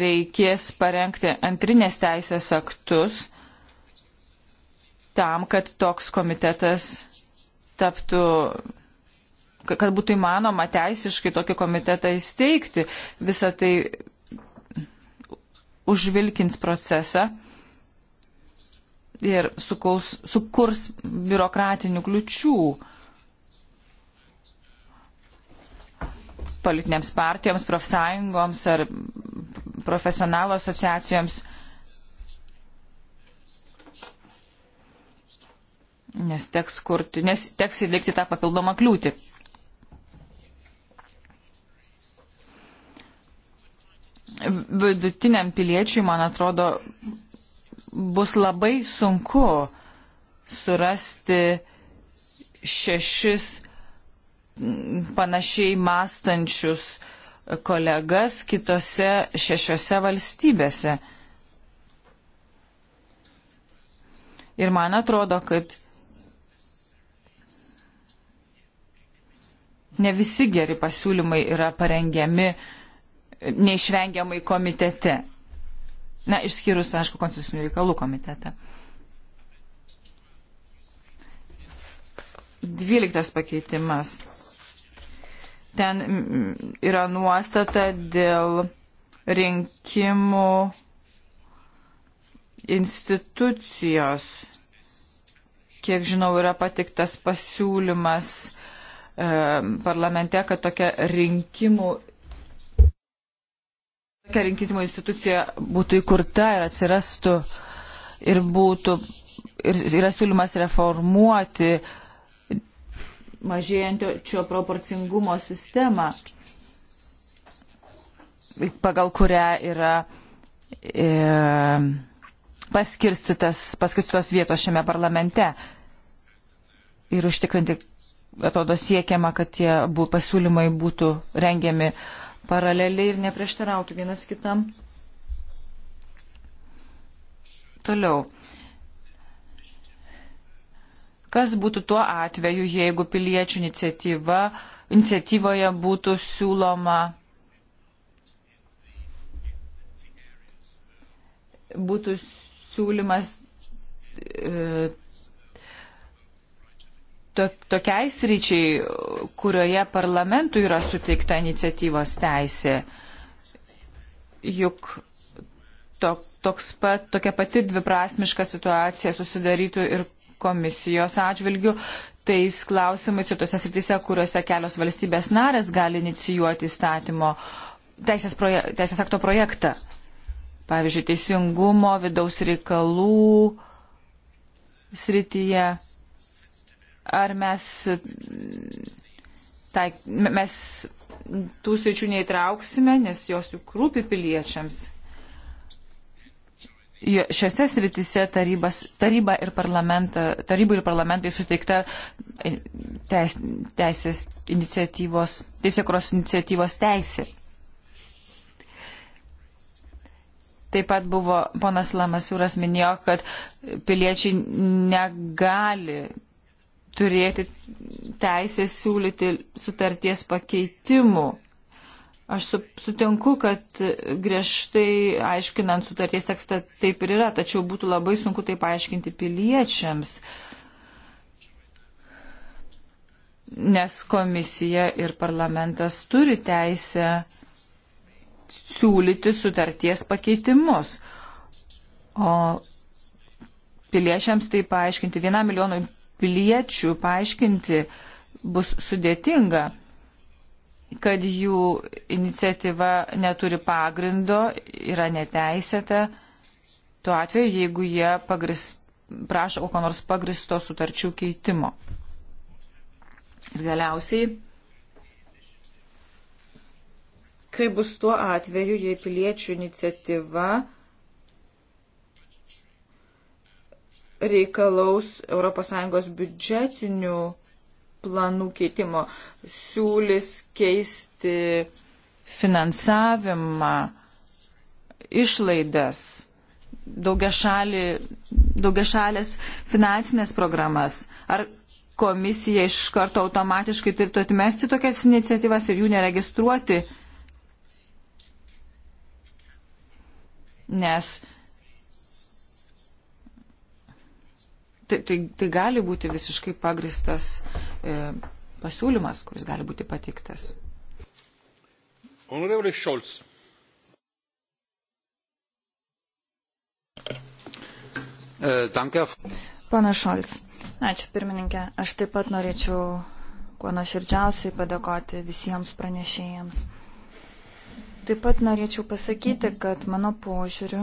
reikės parengti antrinės teisės aktus tam, kad toks komitetas taptų kad būtų įmanoma teisiškai tokį komitetą įsteigti. Visą tai užvilkins procesą ir sukaus, sukurs biurokratinių kliučių politinėms partijoms, profsąjungoms ar profesionalų asociacijoms. Nes teks, kurti, nes teks įveikti tą papildomą kliūtį. Vidutiniam piliečiui, man atrodo, bus labai sunku surasti šešis panašiai mąstančius kolegas kitose šešiose valstybėse. Ir man atrodo, kad ne visi geri pasiūlymai yra parengiami neišvengiamai komitete. Na, išskyrus, aišku, konstitucinių reikalų komitetą. Dvyliktas pakeitimas. Ten yra nuostata dėl rinkimų institucijos. Kiek žinau, yra patiktas pasiūlymas e, parlamente, kad tokia rinkimų Tokia rinkimų institucija būtų įkurta ir atsirastų ir būtų, ir yra siūlymas reformuoti mažėjančio šio proporcingumo sistemą, pagal kurią yra e, paskirstytos vietos šiame parlamente. Ir užtikrinti, atrodo, siekiama, kad tie bu, pasiūlymai būtų rengiami paraleliai ir neprieštarautų vienas kitam. Toliau. Kas būtų tuo atveju, jeigu piliečių iniciatyva, iniciatyvoje būtų siūloma būtų siūlymas e, tokiai sryčiai, kurioje parlamentui yra suteikta iniciatyvos teisė. Juk to, toks pat, tokia pati dviprasmiška situacija susidarytų ir komisijos atžvilgių tais klausimais ir tose srityse, kuriuose kelios valstybės narės gali inicijuoti įstatymo teisės, proje, teisės akto projektą. Pavyzdžiui, teisingumo, vidaus reikalų srityje Ar mes, tai, mes tų sričių neįtrauksime, nes jos juk rūpi piliečiams. Šiose sritise tarybas, taryba ir tarybų ir parlamentai suteikta e, teis, teisės iniciatyvos, teisėkros iniciatyvos teisė. Taip pat buvo, ponas Lamasiūras minėjo, kad piliečiai negali turėti teisę siūlyti sutarties pakeitimų. Aš su, sutinku, kad griežtai aiškinant sutarties tekstą taip ir yra, tačiau būtų labai sunku tai paaiškinti piliečiams, nes komisija ir parlamentas turi teisę siūlyti sutarties pakeitimus. O piliečiams tai paaiškinti, vienam milijonui piliečių paaiškinti bus sudėtinga, kad jų iniciatyva neturi pagrindo, yra neteisėta, tuo atveju, jeigu jie pagrist, prašo kokio nors pagristo sutarčių keitimo. Ir galiausiai, kai bus tuo atveju, jei piliečių iniciatyva reikalaus ES biudžetinių planų keitimo, siūlis keisti finansavimą, išlaidas, daugiašalį, daugiašalės finansinės programas. Ar komisija iš karto automatiškai turėtų atmesti tokias iniciatyvas ir jų neregistruoti? Nes tai, tai, tai gali būti visiškai pagristas e, pasiūlymas, kuris gali būti pateiktas. Honorevole Šolts. E, Pana Šolts. Ačiū pirmininkė. Aš taip pat norėčiau kuo nuoširdžiausiai padėkoti visiems pranešėjams. Taip pat norėčiau pasakyti, kad mano požiūriu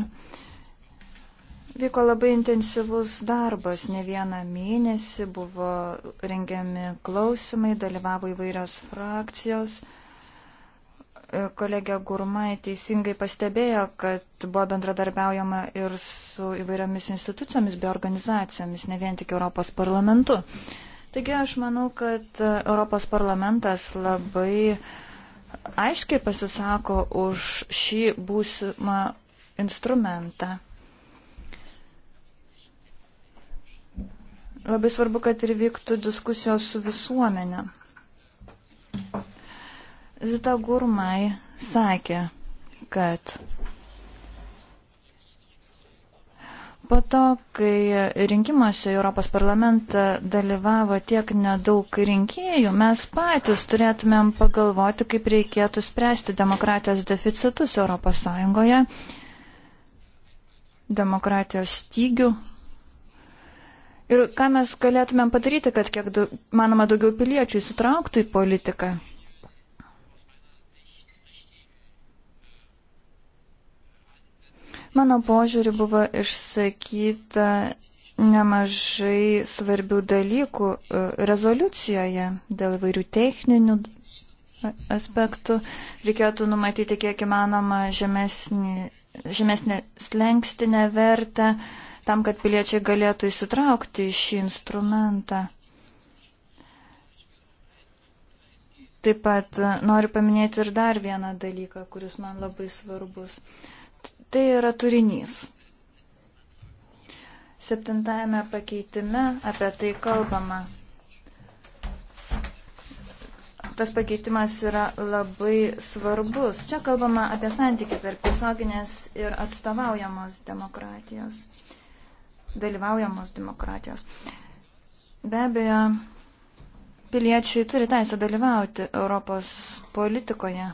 Vyko labai intensyvus darbas, ne vieną mėnesį buvo rengiami klausimai, dalyvavo įvairios frakcijos. E, kolegė Gurmai teisingai pastebėjo, kad buvo bendradarbiaujama ir su įvairiomis institucijomis bei organizacijomis, ne vien tik Europos parlamentu. Taigi aš manau, kad Europos parlamentas labai aiškiai pasisako už šį būsimą instrumentą. Labai svarbu, kad ir vyktų diskusijos su visuomenė. Zita Gurmai sakė, kad po to, kai rinkimuose Europos parlamentą dalyvavo tiek nedaug rinkėjų, mes patys turėtumėm pagalvoti, kaip reikėtų spręsti demokratijos deficitus Europos Sąjungoje, demokratijos stygių Ir ką mes galėtumėm padaryti, kad kiek daug, manoma daugiau piliečių įsitrauktų į politiką? Mano požiūriu buvo išsakyta nemažai svarbių dalykų e, rezoliucijoje dėl vairių techninių aspektų. Reikėtų numatyti kiek įmanoma žemesnį, žemesnį slengstinę vertę. Uh, tam, kad piliečiai galėtų įsitraukti į šį instrumentą. Taip pat e, noriu paminėti ir dar vieną dalyką, kuris man labai svarbus. Tai yra turinys. Septintajame pakeitime apie tai kalbama. Tas pakeitimas yra labai svarbus. Čia kalbama apie santykį tarp tiesioginės ir atstovaujamos demokratijos. Uh, dalyvaujamos demokratijos. Be abejo, piliečiai turi teisę dalyvauti Europos politikoje.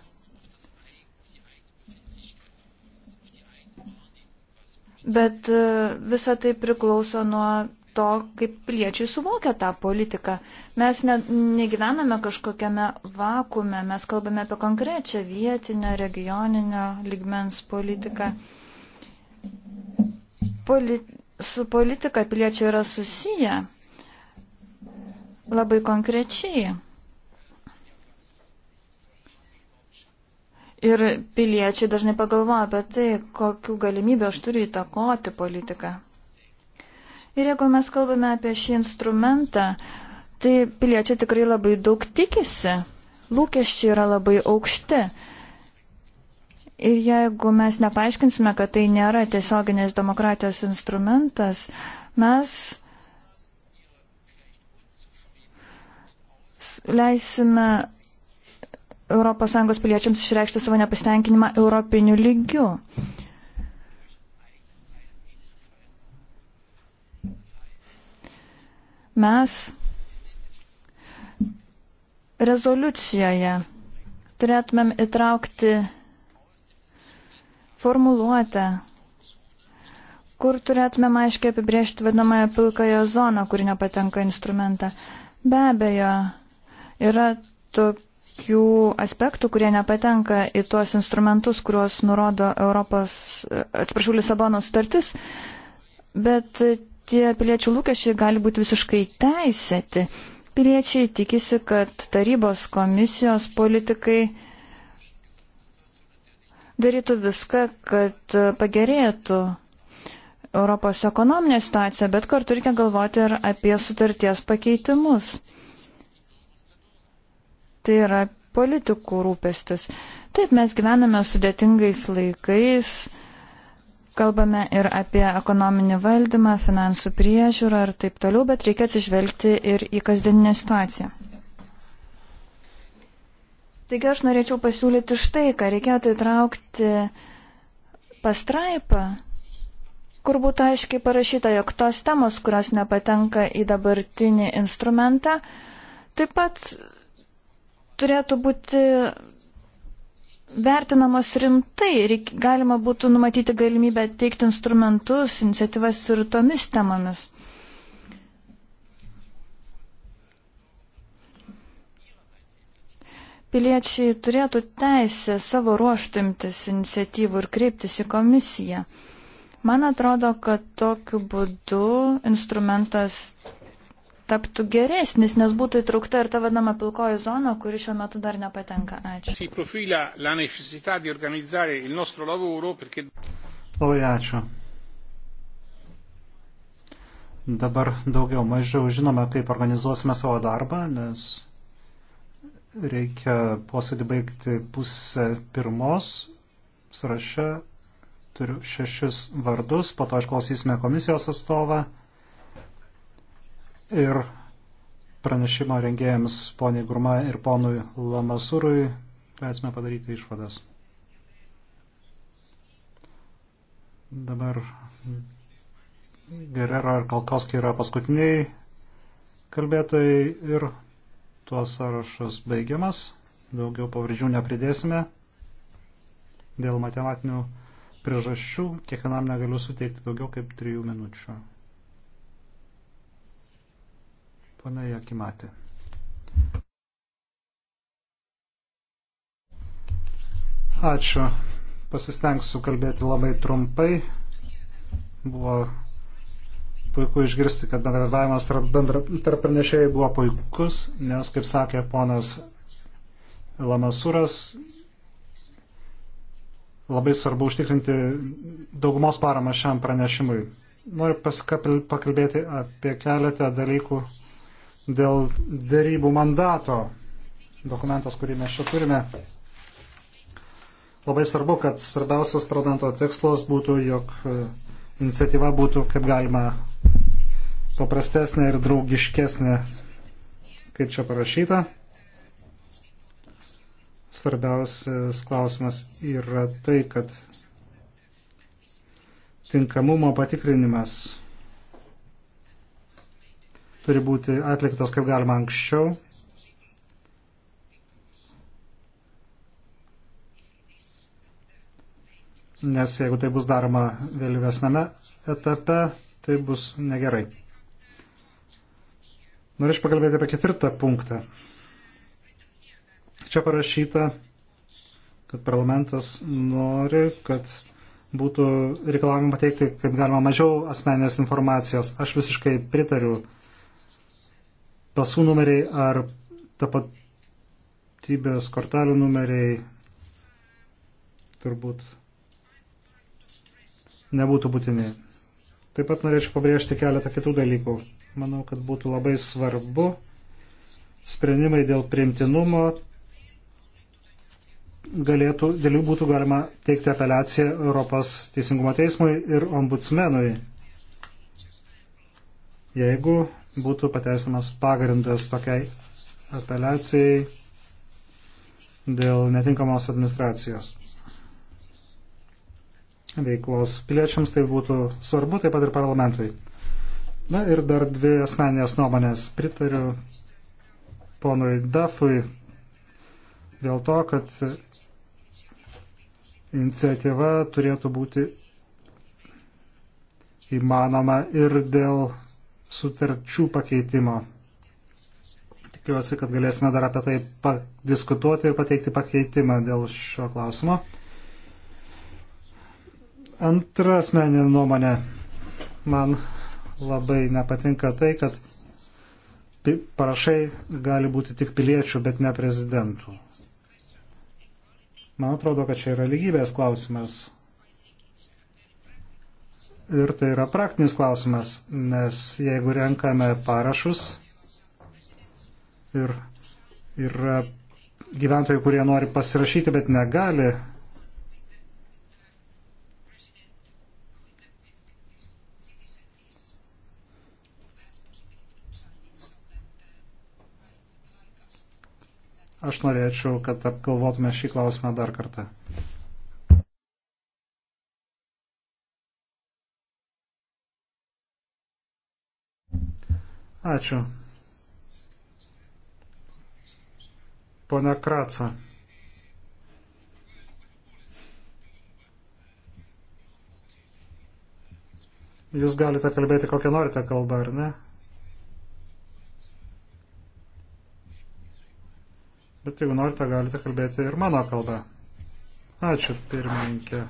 Bet e, visa tai priklauso nuo to, kaip piliečiai suvokia tą politiką. Mes ne, negyvename kažkokiame vakume, mes kalbame apie konkrečią vietinę, regioninę ligmens politiką. Poli, su politika piliečiai yra susiję labai konkrečiai. Ir piliečiai dažnai pagalvoja apie tai, kokiu galimybę aš turiu įtakoti politiką. Ir jeigu mes kalbame apie šį instrumentą, tai piliečiai tikrai labai daug tikisi. Lūkesčiai yra labai aukšti. Ir jeigu mes nepaaiškinsime, kad tai nėra tiesioginės demokratijos instrumentas, mes leisime ES piliečiams išreikšti savo nepasitenkinimą europiniu lygiu. Mes rezoliucijoje turėtumėm įtraukti formuluotę, kur turėtumėm aiškiai apibriežti vadinamąją pilkąją zoną, kuri nepatenka instrumentą. Be abejo, yra tokių aspektų, kurie nepatenka į tuos instrumentus, kuriuos nurodo Europos, atsiprašau, Lisabono sutartis, bet tie piliečių lūkesčiai gali būti visiškai teisėti. Piliečiai tikisi, kad tarybos komisijos politikai darytų viską, kad pagerėtų Europos ekonominė situacija, bet kartu reikia galvoti ir apie sutarties pakeitimus. Tai yra politikų rūpestis. Taip, mes gyvename sudėtingais laikais, kalbame ir apie ekonominį valdymą, finansų priežiūrą ir taip toliau, bet reikia atsižvelgti ir į kasdieninę situaciją. Taigi aš norėčiau pasiūlyti štai, ką reikėtų įtraukti pastraipą, kur būtų aiškiai parašyta, jog tos temos, kurios nepatenka į dabartinį instrumentą, taip pat turėtų būti vertinamos rimtai ir galima būtų numatyti galimybę teikti instrumentus, iniciatyvas ir tomis temomis. Piliečiai turėtų teisę savo ruoštumtis iniciatyvų ir kreiptis į komisiją. Man atrodo, kad tokiu būdu instrumentas taptų geresnis, nes būtų įtraukta ir ta vadinama pilkoji zona, kuri šiuo metu dar nepatenka. Ačiū. Labai ačiū. Dabar daugiau mažiau žinome, kaip organizuosime savo darbą, nes reikia posėdį baigti pusę pirmos. Sraše turiu šešis vardus, po to išklausysime komisijos atstovą ir pranešimo rengėjams poniai Gurma ir ponui Lamasurui leisime padaryti išvadas. Dabar Gerero ir Kalkoski yra paskutiniai kalbėtojai ir tuo sąrašas baigiamas. Daugiau pavardžių nepridėsime. Dėl matematinių priežasčių kiekvienam negaliu suteikti daugiau kaip trijų minučių. Pana Jakimatė. Ačiū. Pasistengsiu kalbėti labai trumpai. Buvo puiku išgirsti, kad bendradarbiavimas tarp, bendra, tarp pranešėjai buvo puikus, nes, kaip sakė ponas Lamasuras, labai svarbu užtikrinti daugumos paramą šiam pranešimui. Noriu pakalbėti apie keletą dalykų dėl dėrybų mandato. Dokumentas, kurį mes čia turime. Labai svarbu, kad svarbiausias parlamento tikslas būtų, jog iniciatyva būtų kaip galima paprastesnė ir draugiškesnė, kaip čia parašyta. Svarbiausias klausimas yra tai, kad tinkamumo patikrinimas turi būti atliktas kaip galima anksčiau nes jeigu tai bus daroma vėlyvesname etape, tai bus negerai. Norėčiau pakalbėti apie ketvirtą punktą. Čia parašyta, kad parlamentas nori, kad būtų reikalavimai pateikti kaip galima mažiau asmeninės informacijos. Aš visiškai pritariu pasų numeriai ar tapatybės kortelių numeriai turbūt nebūtų būtini. Taip pat norėčiau pabrėžti keletą kitų dalykų. Manau, kad būtų labai svarbu sprendimai dėl primtinumo galėtų, dėl jų būtų galima teikti apeliaciją Europos Teisingumo teismui ir ombudsmenui, jeigu būtų pateisinamas pagrindas tokiai apeliacijai dėl netinkamos administracijos veiklos piliečiams, tai būtų svarbu taip pat ir parlamentui. Na ir dar dvi asmeninės nuomonės. Pritariu ponui Dafui dėl to, kad iniciatyva turėtų būti įmanoma ir dėl sutarčių pakeitimo. Tikiuosi, kad galėsime dar apie tai padiskutuoti ir pateikti pakeitimą dėl šio klausimo. Antra asmeninė nuomonė. Man labai nepatinka tai, kad parašai gali būti tik piliečių, bet ne prezidentų. Man atrodo, kad čia yra lygybės klausimas. Ir tai yra praktinis klausimas, nes jeigu renkame parašus ir yra gyventojų, kurie nori pasirašyti, bet negali, Aš norėčiau, kad apgalvotume šį klausimą dar kartą. Ačiū. Pone Kratsa. Jūs galite kalbėti kokią norite kalbą, ar ne? Bet jeigu norite, galite kalbėti ir mano kalbą. Ačiū, pirmininkė.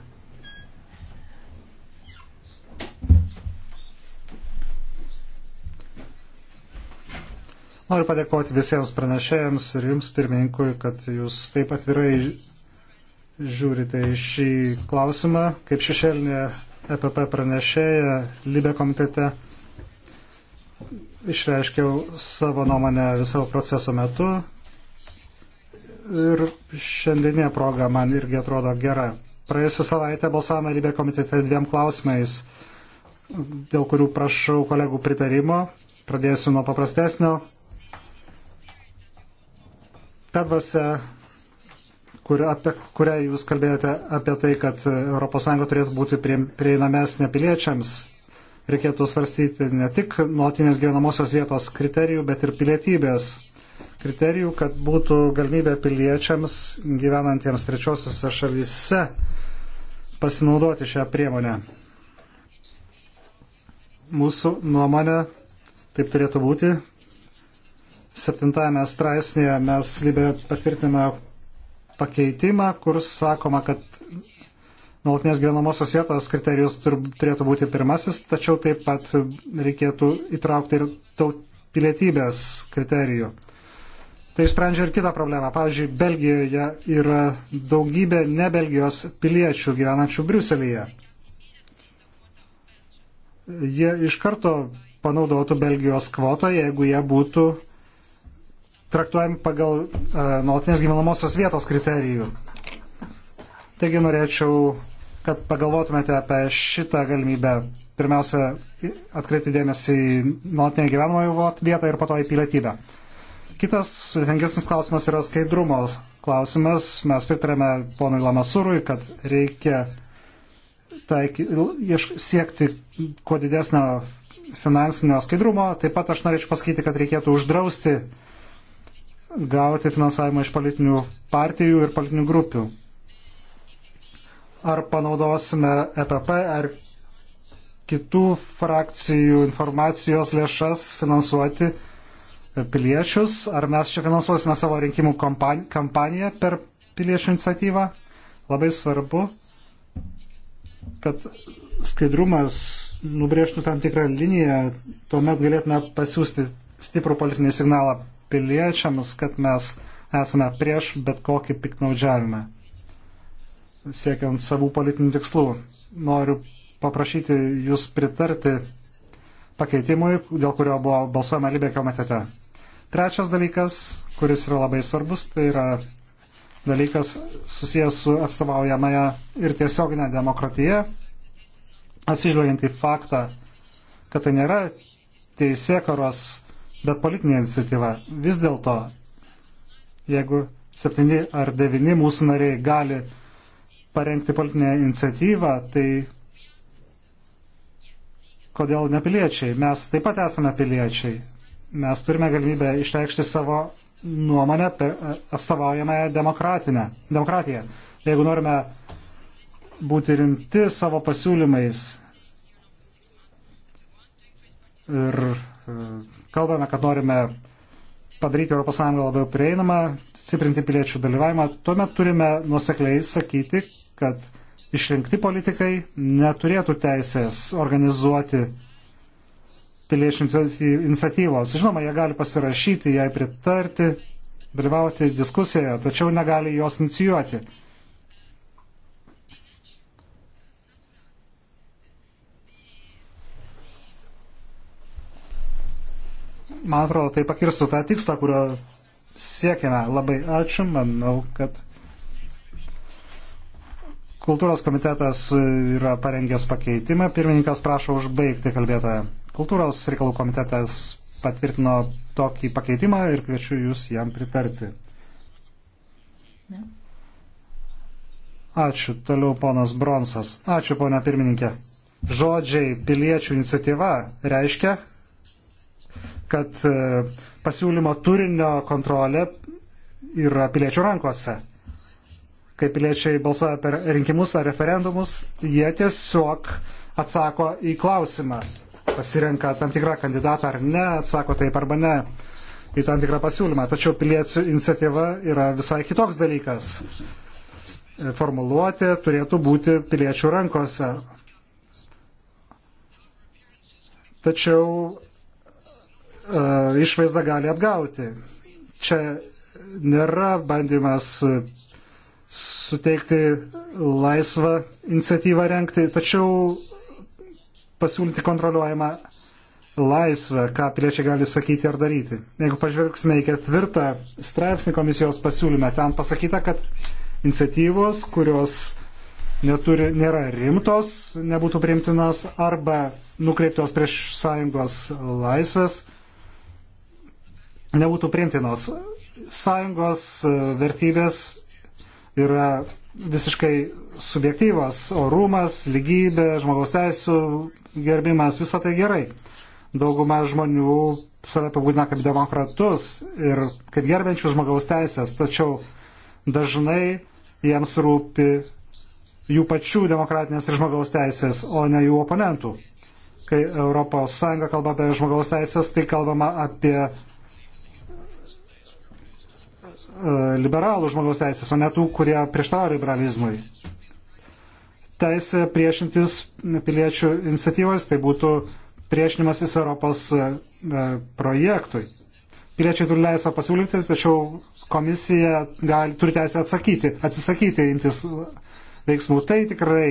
Noriu padėkoti visiems pranešėjams ir jums, pirmininkui, kad jūs taip atvirai žiūrite į šį klausimą. Kaip šešėlinė EPP pranešėja Libė komitete išreiškiau savo nuomonę viso proceso metu ir šiandieninė proga man irgi atrodo gera. Praėjusią savaitę balsavome lybė komitete dviem klausimais, dėl kurių prašau kolegų pritarimo. Pradėsiu nuo paprastesnio. Ta dvasia, kur, apie kurią jūs kalbėjote apie tai, kad ES turėtų būti prie, prieinamesnė piliečiams, reikėtų svarstyti ne tik nuotinės gyvenamosios vietos kriterijų, bet ir pilietybės kriterijų, kad būtų galimybė piliečiams gyvenantiems trečiosiuose šalyse pasinaudoti šią priemonę. Mūsų nuomonė taip turėtų būti. Septintame straipsnėje mes lybė patvirtiname pakeitimą, kur sakoma, kad nuolatinės gyvenamosios vietos kriterijus tur, turėtų būti pirmasis, tačiau taip pat reikėtų įtraukti ir taut, pilietybės kriterijų. Tai sprendžia ir kitą problemą. Pavyzdžiui, Belgijoje yra daugybė ne Belgijos piliečių gyvenančių Briuselyje. Jie iš karto panaudotų Belgijos kvotą, jeigu jie būtų traktuojami pagal uh, nuolatinės gyvenamosios vietos kriterijų. Taigi norėčiau, kad pagalvotumėte apie šitą galimybę. Pirmiausia, atkreipti dėmesį į nuolatinę gyvenamąją vietą ir po to į pilietybę. Uh, Kitas sudėtingesnis klausimas yra skaidrumo klausimas. Mes pritarėme ponui Lamasurui, kad reikia taiki, siekti kuo didesnio finansinio skaidrumo. Taip pat aš norėčiau pasakyti, kad reikėtų uždrausti gauti finansavimą iš politinių partijų ir politinių grupių. Ar panaudosime EPP ar kitų frakcijų informacijos lėšas finansuoti piliečius, ar mes čia finansuosime savo rinkimų kampaniją per piliečių iniciatyvą. Labai svarbu, kad skaidrumas nubrėžtų tam tikrą liniją, tuomet galėtume pasiūsti stiprų politinį signalą piliečiams, kad mes esame prieš bet kokį piknaudžiavimą, siekiant savų politinių tikslų. Noriu paprašyti jūs pritarti pakeitimui, dėl kurio buvo balsuojama Libė komitete. Trečias dalykas, kuris yra labai svarbus, tai yra dalykas susijęs su atstovaujamąją ir tiesioginę demokratiją, atsižvelgiant į faktą, kad tai nėra teisėkaros, bet politinė iniciatyva. Vis dėlto, jeigu septyni ar devini mūsų nariai gali parengti politinę iniciatyvą, tai kodėl nepiliečiai? Mes taip pat esame piliečiai mes turime galimybę išreikšti savo nuomonę per e, atstovaujamąją demokratiją. Jeigu norime būti rimti savo pasiūlymais ir e, kalbame, kad norime padaryti ES labiau prieinamą, stiprinti piliečių dalyvavimą, tuomet turime nuosekliai sakyti, kad išrinkti politikai neturėtų teisės organizuoti piliečių iniciatyvos. Žinoma, jie gali pasirašyti, jai pritarti, dalyvauti diskusijoje, tačiau negali jos inicijuoti. Man atrodo, tai pakirstų tą tikslą, kurio siekime. Labai ačiū, manau, kad kultūros komitetas yra parengęs pakeitimą. Pirmininkas prašo užbaigti kalbėtoją. Kultūros reikalų komitetas patvirtino tokį pakeitimą ir kviečiu jūs jam pritarti. Ačiū. Toliau ponas Bronsas. Ačiū, ponia pirmininkė. Žodžiai piliečių iniciatyva reiškia, kad e, pasiūlymo turinio kontrolė yra piliečių rankose. Kai piliečiai balsuoja per rinkimus ar referendumus, jie tiesiog atsako į klausimą pasirenka tam tikrą kandidatą ar ne, atsako taip arba ne į tam tikrą pasiūlymą. Tačiau piliečių iniciatyva yra visai kitoks dalykas. Formuluoti turėtų būti piliečių rankose. Tačiau e, išvaizda gali apgauti. Čia nėra bandymas suteikti laisvą iniciatyvą renkti, tačiau pasiūlyti kontroliuojamą laisvę, ką piliečiai gali sakyti ar daryti. Jeigu pažvelgsime į ketvirtą straipsnį komisijos pasiūlyme, ten pasakyta, kad iniciatyvos, kurios neturi, nėra rimtos, nebūtų priimtinos arba nukreiptos prieš sąjungos laisvės, nebūtų priimtinos. Sąjungos e, vertybės yra visiškai subjektyvos - orumas, lygybė, žmogaus teisų gerbimas, visą tai gerai. Dauguma žmonių save apibūdina kaip demokratus ir kaip gerbiančių žmogaus teisės, tačiau dažnai jiems rūpi jų pačių demokratinės ir žmogaus teisės, o ne jų oponentų. Kai ES kalba apie žmogaus teisės, tai kalbama apie e, liberalų žmogaus teisės, o ne tų, kurie prieštarauja liberalizmui teisė priešintis piliečių iniciatyvas, tai būtų priešinimasis Europos e, projektui. Piliečiai turi leisę pasiūlyti, tačiau komisija gali, turi teisę atsakyti, atsisakyti imtis veiksmų. Tai tikrai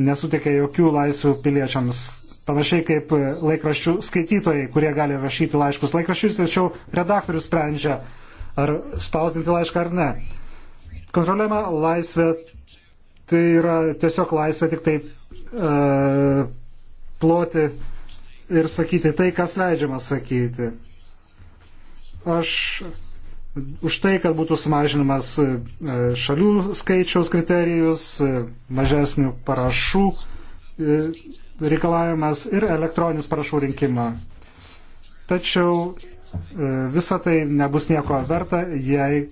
nesuteikia jokių laisvių piliečiams. Panašiai kaip laikraščių skaitytojai, kurie gali rašyti laiškus laikraščius, tačiau redaktorius sprendžia, ar spausdinti laišką ar ne. Kontroliuojama laisvė tai yra tiesiog laisvė tik taip e, ploti ir sakyti tai, kas leidžiama sakyti. Aš už tai, kad būtų sumažinamas e, šalių skaičiaus kriterijus, e, mažesnių parašų e, reikalavimas ir elektroninis parašų rinkimą. Tačiau visa tai nebus nieko verta, jei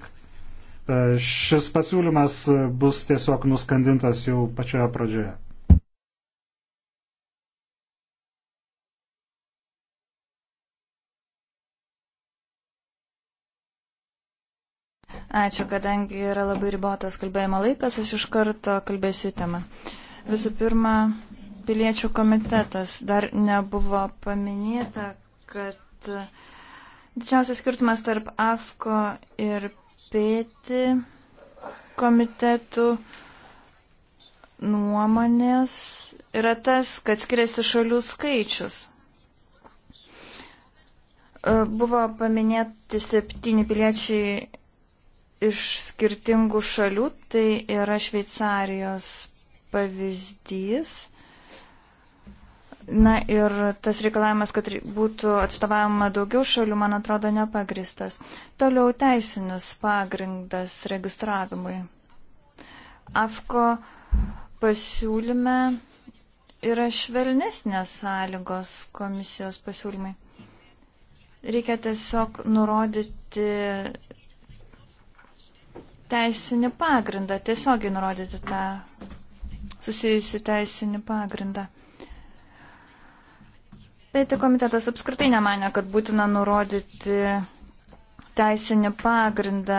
E, šis pasiūlymas bus tiesiog nuskandintas jau pačioje pradžioje. Ačiū, kadangi yra labai ribotas kalbėjimo laikas, aš iš karto kalbėsiu temą. Visų pirma, piliečių komitetas dar nebuvo paminėta, kad didžiausias skirtumas tarp AFKO ir atspėti komitetų nuomonės yra tas, kad skiriasi šalių skaičius. E, buvo paminėti septyni piliečiai iš skirtingų šalių, tai yra Šveicarijos pavyzdys. Na ir tas reikalavimas, kad būtų atstovavama daugiau šalių, man atrodo, nepagristas. Toliau teisinis pagrindas registravimui. AFKO pasiūlyme yra švelnesnės sąlygos komisijos pasiūlymai. Reikia tiesiog nurodyti teisinį pagrindą, tiesiogiai nurodyti tą susijusi teisinį pagrindą. Peti komitetas apskritai nemanė, kad būtina nurodyti teisinį pagrindą.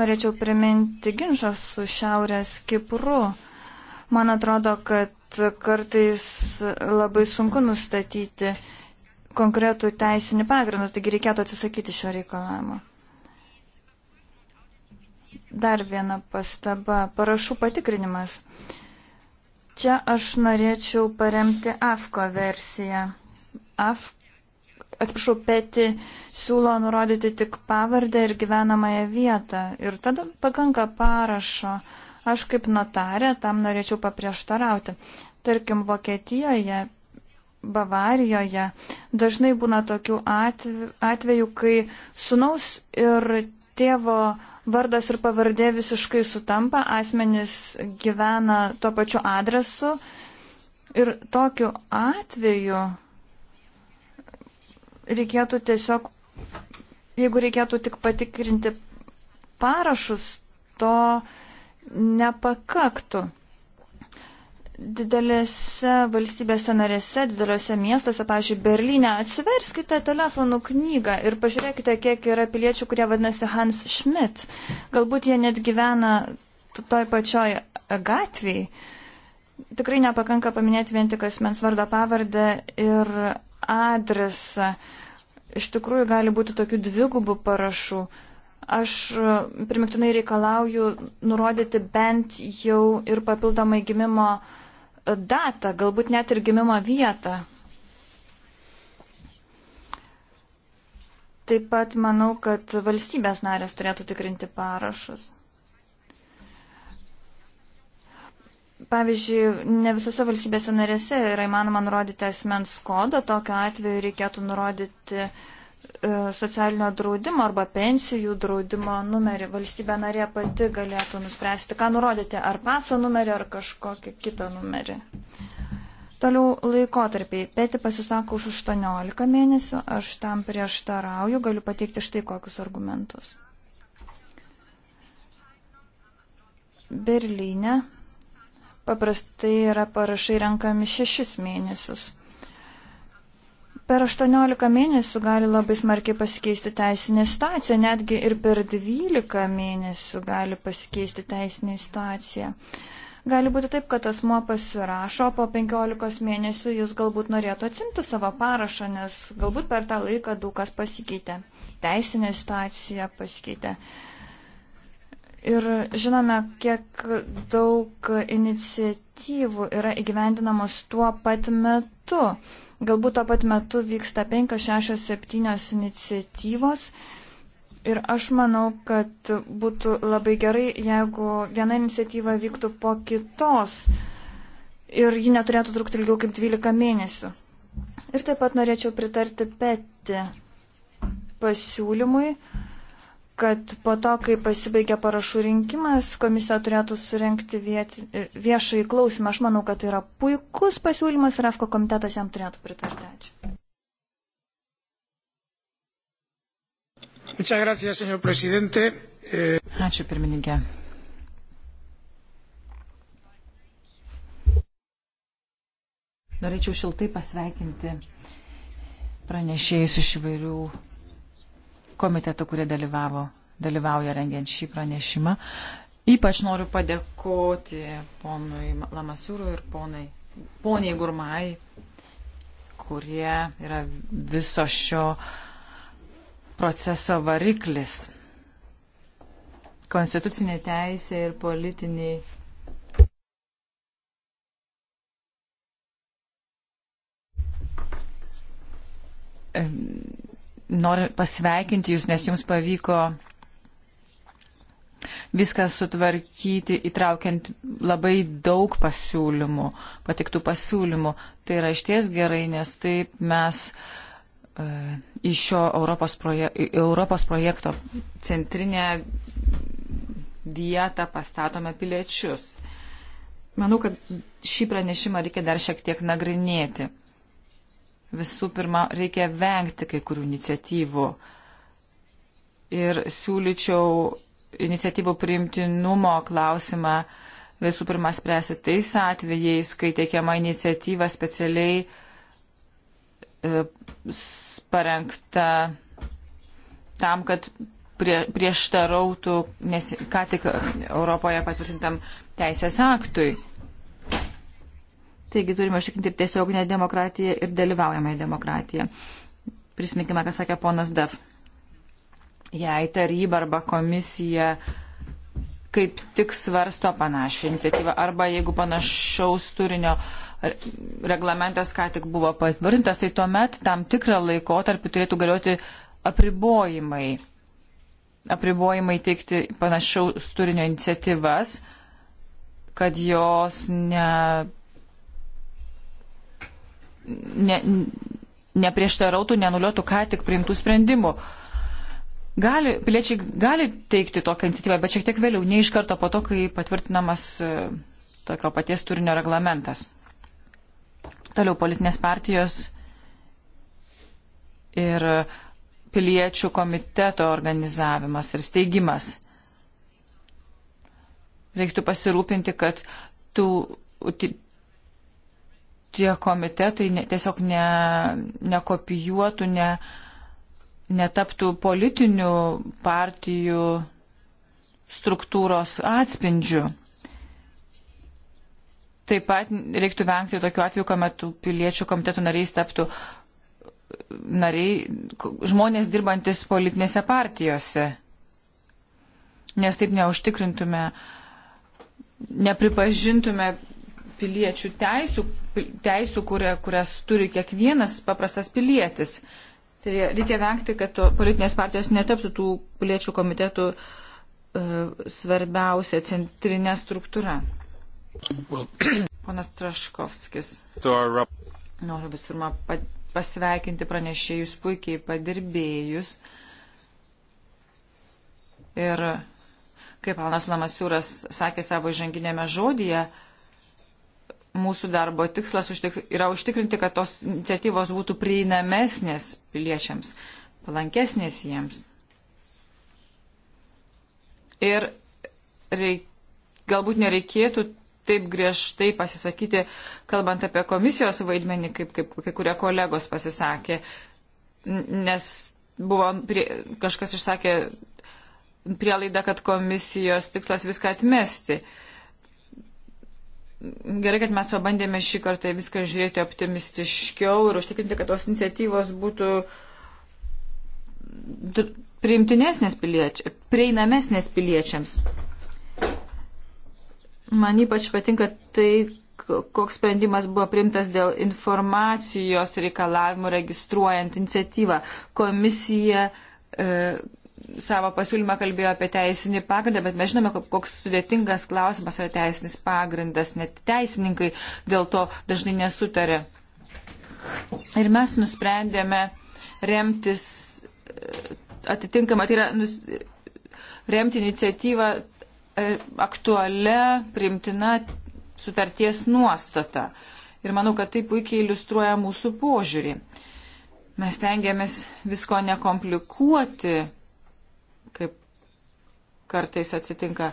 Norėčiau priminti ginčą su Šiaurės Kipru. Man atrodo, kad kartais labai sunku nustatyti konkretų teisinį pagrindą, taigi reikėtų atsisakyti šio reikalavimo. Dar viena pastaba - parašų patikrinimas. Čia aš norėčiau paremti AFKO versiją. AF, atsiprašau, Peti siūlo nurodyti tik pavardę ir gyvenamąją vietą. Ir tada pakanka parašo. Aš kaip notarė tam norėčiau paprieštarauti. Tarkim, Vokietijoje, Bavarijoje dažnai būna tokių atvejų, kai sunaus ir tėvo vardas ir pavardė visiškai sutampa, asmenys gyvena tuo pačiu adresu ir tokiu atveju reikėtų tiesiog, jeigu reikėtų tik patikrinti parašus, to nepakaktų didelėse valstybėse narėse, dideliuose miestuose, pavyzdžiui, Berlyne, atsiverskite telefonų knygą ir pažiūrėkite, kiek yra piliečių, kurie vadinasi Hans Schmidt. Galbūt jie net gyvena toj pačioj gatviai. Tikrai nepakanka paminėti vien tik asmens vardą pavardę ir adresą. Iš tikrųjų gali būti tokių dvigubų parašų aš e, primiktinai reikalauju nurodyti bent jau ir papildomai gimimo datą, galbūt net ir gimimo vietą. Taip pat manau, kad valstybės narės turėtų tikrinti parašus. Pavyzdžiui, ne visose valstybėse narėse yra įmanoma nurodyti asmens kodą, tokiu atveju reikėtų nurodyti uh, E, socialinio draudimo arba pensijų draudimo numerį. Valstybė narė pati galėtų nuspręsti, ką nurodyti, ar paso numerį, ar kažkokį kitą numerį. Toliau laikotarpiai. Peti pasisako už 18 mėnesių, aš tam prieštarauju, galiu pateikti štai kokius argumentus. Berlyne paprastai yra parašai renkami šešis mėnesius per 18 mėnesių gali labai smarkiai pasikeisti teisinė situacija, netgi ir per 12 mėnesių gali pasikeisti teisinė situacija. Gali būti taip, kad asmo pasirašo, po 15 mėnesių jis galbūt norėtų atsimti savo parašą, nes galbūt per tą laiką daug kas pasikeitė. Teisinė situacija pasikeitė. Uh, Ir žinome, kiek daug iniciatyvų yra įgyvendinamos tuo pat metu. Galbūt tuo pat metu vyksta 5, 6, 7 iniciatyvos. Ir aš manau, kad būtų labai gerai, jeigu viena iniciatyva vyktų po kitos ir ji neturėtų trukti ilgiau kaip 12 mėnesių. Ir taip pat norėčiau pritarti peti pasiūlymui kad po to, kai pasibaigė parašų rinkimas, komisija turėtų surenkti viešai klausimą. Aš manau, kad tai yra puikus pasiūlymas ir AFKO komitetas jam turėtų pritarti. Ačiū. Eh, Ačiū pirmininkė. Norėčiau šiltai pasveikinti pranešėjus iš įvairių komitetų, kurie dalyvavo, dalyvauja rengiant šį pranešimą. Ypač noriu padėkoti ponui Lamasiūrui ir ponai, poniai Gurmai, kurie yra viso šio proceso variklis. Konstitucinė teisė ir politiniai noriu pasveikinti Jūs, nes Jums pavyko viską sutvarkyti, įtraukiant labai daug pasiūlymų, patiktų pasiūlymų. Tai yra išties gerai, nes taip mes e, iš šio Europos, proje, Europos projekto centrinę vietą pastatome piliečius. Manau, kad šį pranešimą reikia dar šiek tiek nagrinėti. Visų pirma, reikia vengti kai kurių iniciatyvų. Ir siūlyčiau iniciatyvų priimtinumo klausimą visų pirma spręsti tais atvejais, kai teikiama iniciatyva specialiai e, parengta tam, kad prie, prieštarautų nes, ką tik Europoje patvirtintam teisės aktui. Taigi turime užtikrinti ir tiesioginę demokratiją ir dalyvaujamąją demokratiją. Prisiminkime, ką sakė ponas Dev. Jei taryba arba komisija kaip tik svarsto panašią iniciatyvą arba jeigu panašaus turinio reglamentas ką tik buvo patvirtintas, tai tuomet tam tikrą laikotarpį turėtų galioti apribojimai. Apribojimai teikti panašaus turinio iniciatyvas, kad jos ne ne, neprieštarautų, nenuliotų ką tik priimtų sprendimų. Gali, piliečiai gali teikti tokią iniciatyvą, bet šiek tiek vėliau, ne iš karto po to, kai patvirtinamas e, tokio paties turinio reglamentas. Toliau politinės partijos ir piliečių komiteto organizavimas ir steigimas. Reiktų pasirūpinti, kad tų tie komitetai ne, tiesiog ne, nekopijuotų, ne, netaptų politinių partijų struktūros atspindžių. Taip pat reiktų vengti tokių atvejų, kuomet piliečių komitetų nariais taptų nariai, žmonės dirbantis politinėse partijose. Nes taip neužtikrintume, nepripažintume piliečių teisų, teisų, kurie, kurias turi kiekvienas paprastas pilietis. Tai reikia vengti, kad politinės partijos netaptų tų piliečių komitetų e, svarbiausia centrinė struktūra. Ponas Traškovskis. Noriu visų pirma pasveikinti pranešėjus puikiai padirbėjus. Ir kaip Anas Lamasiūras sakė savo žanginėme žodyje, mūsų darbo tikslas yra užtikrinti, kad tos iniciatyvos būtų prieinamesnės piliečiams, palankesnės jiems. Ir reik, galbūt nereikėtų taip griežtai pasisakyti, kalbant apie komisijos vaidmenį, kaip, kaip kai kurie kolegos pasisakė, nes buvo prie, kažkas išsakė prielaidą, kad komisijos tikslas viską atmesti. Uh, gerai, kad mes pabandėme šį kartą viską žiūrėti optimistiškiau ir užtikrinti, kad tos iniciatyvos būtų priimtinesnės piliečiams, prieinamesnės piliečiams. Man ypač patinka tai, koks sprendimas buvo priimtas dėl informacijos reikalavimų registruojant iniciatyvą. Komisija e, savo pasiūlymą kalbėjo apie teisinį pagrindą, bet mes žinome, koks sudėtingas klausimas yra teisinis pagrindas, net teisininkai dėl to dažnai nesutarė. Ir mes nusprendėme remtis e, atitinkamą, tai yra nus, remti iniciatyvą e, aktualia, primtina sutarties nuostata. Ir manau, kad tai puikiai iliustruoja mūsų požiūrį. Mes tengiamės visko nekomplikuoti, kaip kartais atsitinka.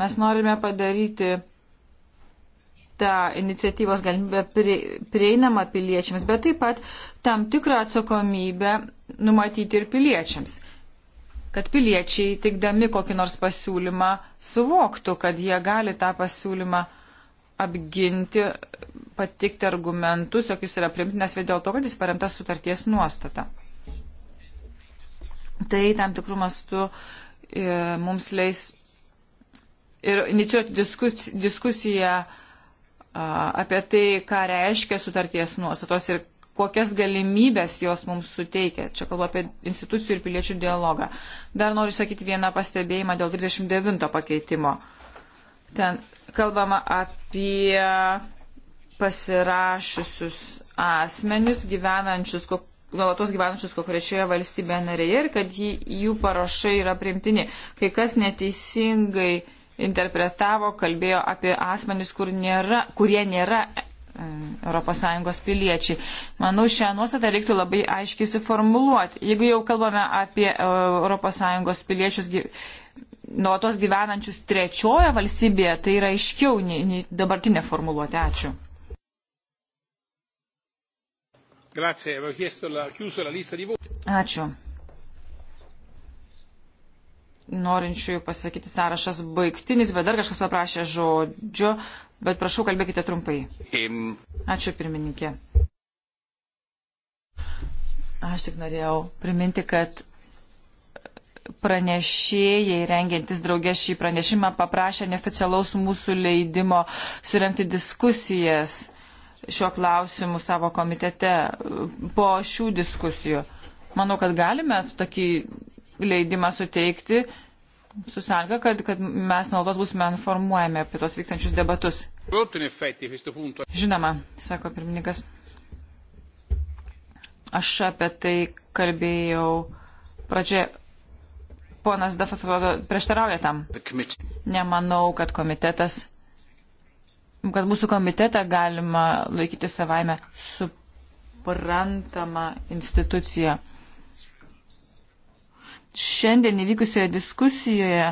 Mes norime padaryti tą iniciatyvos galimybę prieinamą piliečiams, bet taip pat tam tikrą atsakomybę numatyti ir piliečiams. Kad piliečiai, teikdami kokį nors pasiūlymą, suvoktų, kad jie gali tą pasiūlymą apginti, patikti argumentus, jog jis yra primtinas vien dėl to, kad jis paremtas sutarties nuostata tai tam tikrų mastų e, mums leis ir inicijuoti diskus, diskusiją apie tai, ką reiškia sutarties nuostatos ir kokias galimybės jos mums suteikia. Čia kalbu apie institucijų ir piliečių dialogą. Dar noriu sakyti vieną pastebėjimą dėl 39 pakeitimo. Ten kalbama apie pasirašusius asmenis gyvenančius nuolatos gyvenančius konkrečioje valstybėje narėje ir kad jį, jų parašai yra primtini. Kai kas neteisingai interpretavo, kalbėjo apie asmenys, kur nėra, kurie nėra ES piliečiai. Manau, šią nuostatą reiktų labai aiškiai suformuluoti. Jeigu jau kalbame apie ES piliečius nuolatos gyvenančius trečiojo valstybėje, tai yra aiškiau nei, nei dabartinė formuluotė. Ačiū. Grazie, avevo chiesto la, chiuso la lista di voti. Ačiū. Norinčiųjų pasakyti sąrašas baigtinis, bet dar kažkas paprašė žodžio, bet prašau, kalbėkite trumpai. Ačiū pirmininkė. Aš tik norėjau priminti, kad pranešėjai, rengiantis draugė šį pranešimą, paprašė neoficialaus mūsų leidimo surenkti diskusijas šio klausimu savo komitete po šių diskusijų. Manau, kad galime tokį leidimą suteikti su sąlyga, kad, kad mes nuolatos būsime informuojami apie tos vykstančius debatus. Žinoma, sako pirmininkas. Aš apie tai kalbėjau pradžioje. Ponas Dafas atrodo prieštarauja tam. Nemanau, kad komitetas kad mūsų komitetą galima laikyti savaime suprantama institucija. Šiandien įvykusioje diskusijoje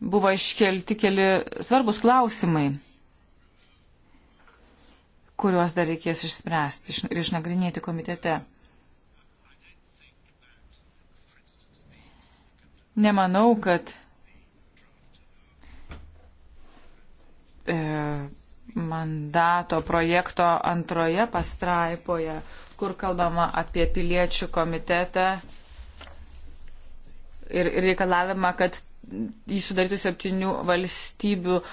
buvo iškelti keli svarbus klausimai, kuriuos dar reikės išspręsti ir išnagrinėti komitete. Nemanau, kad e, mandato projekto antroje pastraipoje, kur kalbama apie piliečių komitetą ir reikalavimą, kad jį sudarytų septynių valstybių e,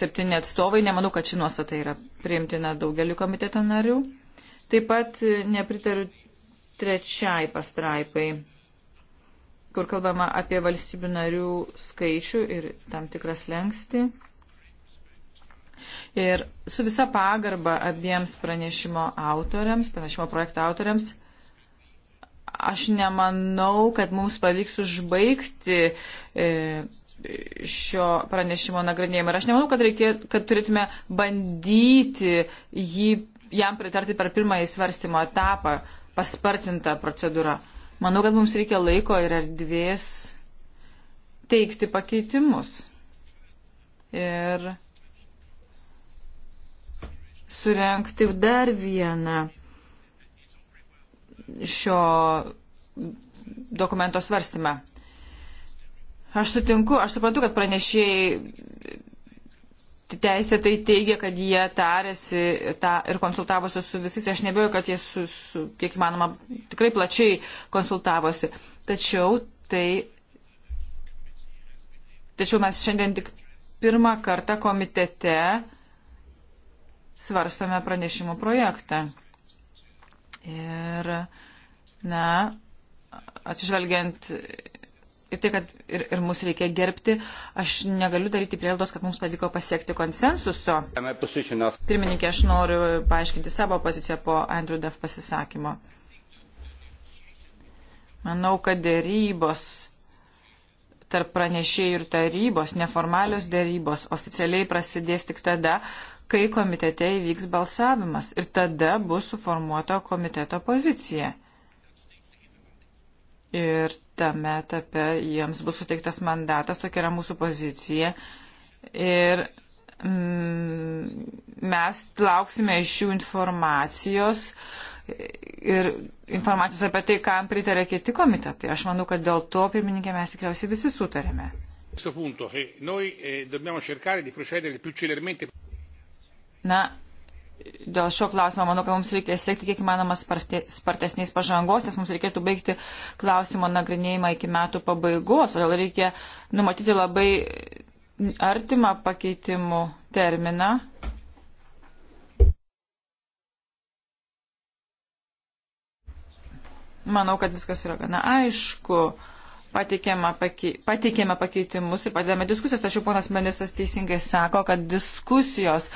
septyni atstovai. Nemanau, kad ši nuostata yra priimtina daugeliu komiteto narių. Taip pat e, nepritariu trečiai pastraipai, kur kalbama apie valstybių narių skaičių ir tam tikras lengsti. Ir su visa pagarba abiems pranešimo autoriams, pranešimo projekto autoriams, aš nemanau, kad mums pavyks užbaigti e, šio pranešimo nagrinėjimą. Ir aš nemanau, kad, reikė, kad turėtume bandyti jį, jam pritarti per pirmąjį svarstymo etapą, paspartintą procedūrą. Manau, kad mums reikia laiko ir erdvės teikti pakeitimus. Ir surenkti dar vieną šio dokumento svarstymą. Aš sutinku, aš suprantu, kad pranešėjai teisė tai teigia, kad jie tarėsi ta, ir konsultavosi su visais. Aš nebėjau, kad jie su, su, kiek įmanoma, tikrai plačiai konsultavosi. Tačiau tai. Tačiau mes šiandien tik pirmą kartą komitete svarstame pranešimo projektą. Ir, na, atsižvelgiant į tai, kad ir, ir mus reikia gerbti, aš negaliu daryti prielaidos, kad mums pavyko pasiekti konsensuso. Pirmininkė, aš noriu paaiškinti savo poziciją po Andrew Duff pasisakymo. Manau, kad dėrybos tarp pranešėjų ir tarybos, neformalios dėrybos, oficialiai prasidės tik tada, kai komitete įvyks balsavimas ir tada bus suformuota komiteto pozicija. Ir tame etape jiems bus suteiktas mandatas, tokia yra mūsų pozicija. Ir mm, mes lauksime iš jų informacijos ir informacijos apie tai, kam pritarė kiti komitetai. Aš manau, kad dėl to, pirmininkė, mes tikriausiai visi sutarėme. Na, dėl šio klausimo manau, kad mums reikia siekti kiek įmanoma spartesnės pažangos, nes mums reikėtų baigti klausimo nagrinėjimą iki metų pabaigos, todėl reikia numatyti labai artimą pakeitimų terminą. Manau, kad viskas yra gana aišku pateikėme, pakei, pateikėme pakeitimus ir padėjome diskusijas, tačiau ponas ministras teisingai sako, kad diskusijos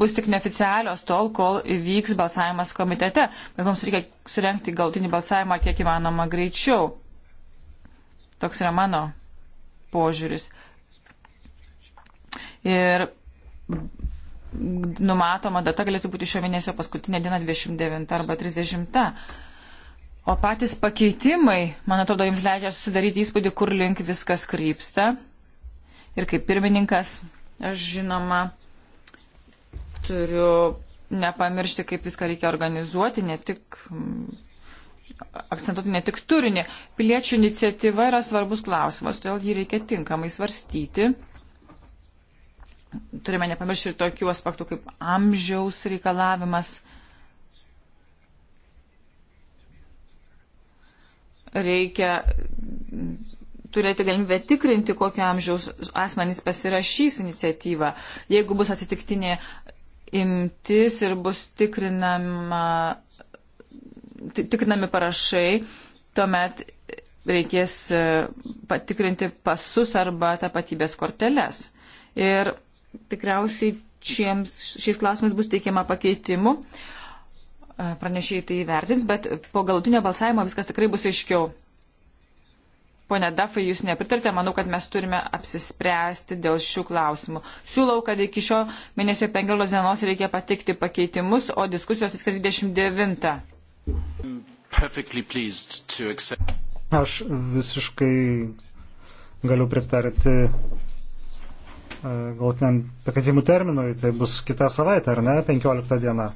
bus tik neoficialios tol, kol vyks balsavimas komitete, bet mums reikia surenkti galtinį balsavimą kiek įmanoma greičiau. Toks yra mano požiūris. Ir numatoma data galėtų būti šio mėnesio paskutinė diena 29 arba 30. O patys pakeitimai, man atrodo, jums leidžia susidaryti įspūdį, kur link viskas krypsta. Ir kaip pirmininkas, aš žinoma, turiu nepamiršti, kaip viską reikia organizuoti, ne tik akcentuoti ne tik turinį. Piliečių iniciatyva yra svarbus klausimas, todėl jį reikia tinkamai svarstyti. Turime nepamiršti ir tokių aspektų kaip amžiaus reikalavimas reikia turėti galimybę tikrinti, kokio amžiaus asmenys pasirašys iniciatyvą. Jeigu bus atsitiktinė imtis ir bus tikrinama, tikrinami parašai, tuomet reikės e, patikrinti pasus arba tapatybės korteles. Ir tikriausiai šiems, šiais klausimais bus teikiama pakeitimu. Uh, Pranešiai tai vertins, bet po galutinio balsavimo viskas tikrai bus aiškiau. Pone Dafai, jūs nepritarite, manau, kad mes turime apsispręsti dėl šių klausimų. Siūlau, kad iki šio mėnesio 15 dienos reikia patikti pakeitimus, o diskusijos vyks 29. Aš visiškai galiu pritarti e, galutiniam pakeitimų terminui, tai bus kitą savaitę, ar ne, 15 diena.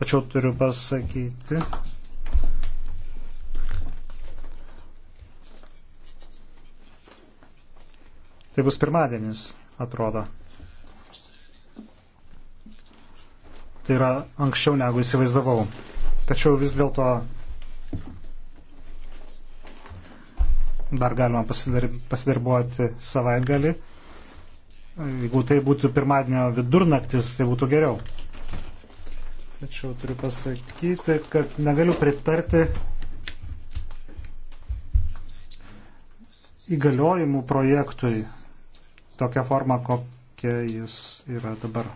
Tačiau turiu pasakyti, tai bus pirmadienis, atrodo. Tai yra anksčiau negu įsivaizdavau. Tačiau vis dėlto dar galima pasidar, pasidarbuoti savaitgalį. Jeigu tai būtų pirmadienio vidurnaktis, tai būtų geriau. Tačiau turiu pasakyti, kad negaliu pritarti įgaliojimų projektui tokią formą, kokia jis yra dabar.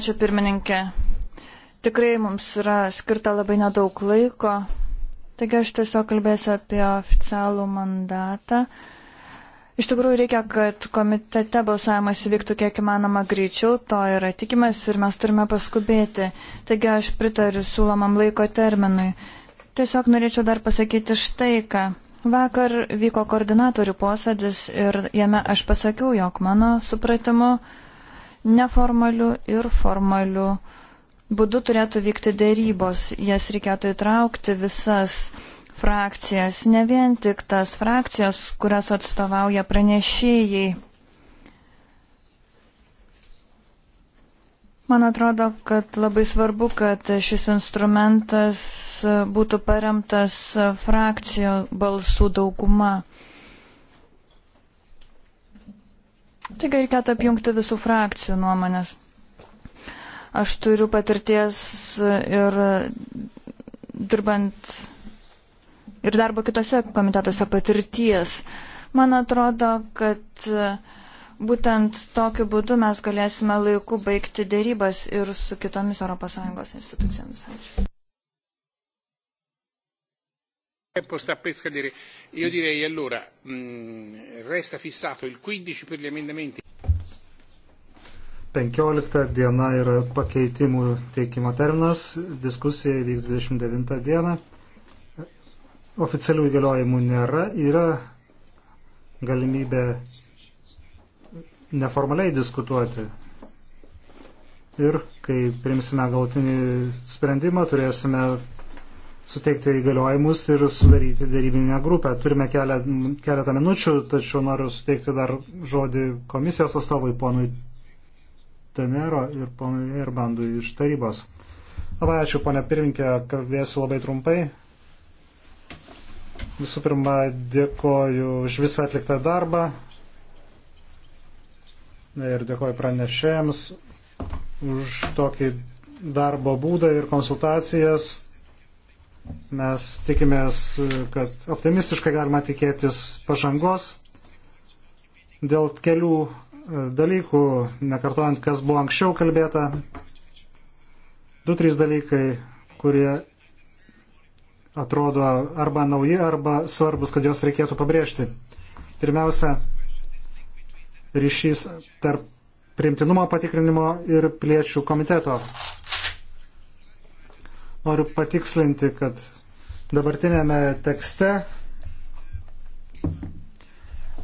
Ačiū pirmininkė. Tikrai mums yra skirta labai nedaug laiko, taigi aš tiesiog kalbėsiu apie oficialų mandatą. Uh, Iš tikrųjų reikia, kad komitete balsavimas įvyktų kiek įmanoma greičiau, to yra tikimas ir mes turime paskubėti. Taigi aš pritariu siūlomam laiko terminui. Tiesiog norėčiau dar pasakyti štai ką. Vakar vyko koordinatorių posėdis ir jame aš pasakiau, jog mano supratimu neformaliu ir formaliu būdu turėtų vykti dėrybos. Jas reikėtų įtraukti visas frakcijas, ne vien tik tas frakcijas, kurias atstovauja pranešėjai. Man atrodo, kad labai svarbu, kad šis instrumentas būtų paremtas frakcijo balsų dauguma. Taigi reikėtų apjungti visų frakcijų nuomonės. Aš turiu patirties ir dirbant ir darbo kitose komitetuose patirties. Man atrodo, kad e, būtent tokiu būdu mes galėsime laiku baigti dėrybas ir su kitomis ES institucijomis. Ačiū. tempo sta per scadere. Io direi allora mh, mm, resta fissato il 15 per gli emendamenti. 15 diena yra pakeitimų teikimo terminas, diskusija vyks 29 dieną oficialių įgaliojimų nėra, yra galimybė neformaliai diskutuoti. Ir kai primsime galutinį sprendimą, turėsime suteikti įgaliojimus ir sudaryti dėrybinę grupę. Turime keletą minučių, tačiau noriu suteikti dar žodį komisijos atstovui ponui Tenero ir ponui Erbandui iš tarybos. Labai ačiū, ponia pirminkė, kalbėsiu labai trumpai. Visų pirma, dėkoju už visą atliktą darbą ir dėkoju pranešėjams už tokį darbo būdą ir konsultacijas. Mes tikimės, kad optimistiškai galima tikėtis pažangos dėl kelių e, dalykų, nekartojant, kas buvo anksčiau kalbėta. Du, trys dalykai, kurie atrodo arba nauji, arba svarbus, kad juos reikėtų pabrėžti. Pirmiausia, ryšys tarp priimtinumo patikrinimo ir piliečių komiteto. Noriu patikslinti, kad dabartinėme tekste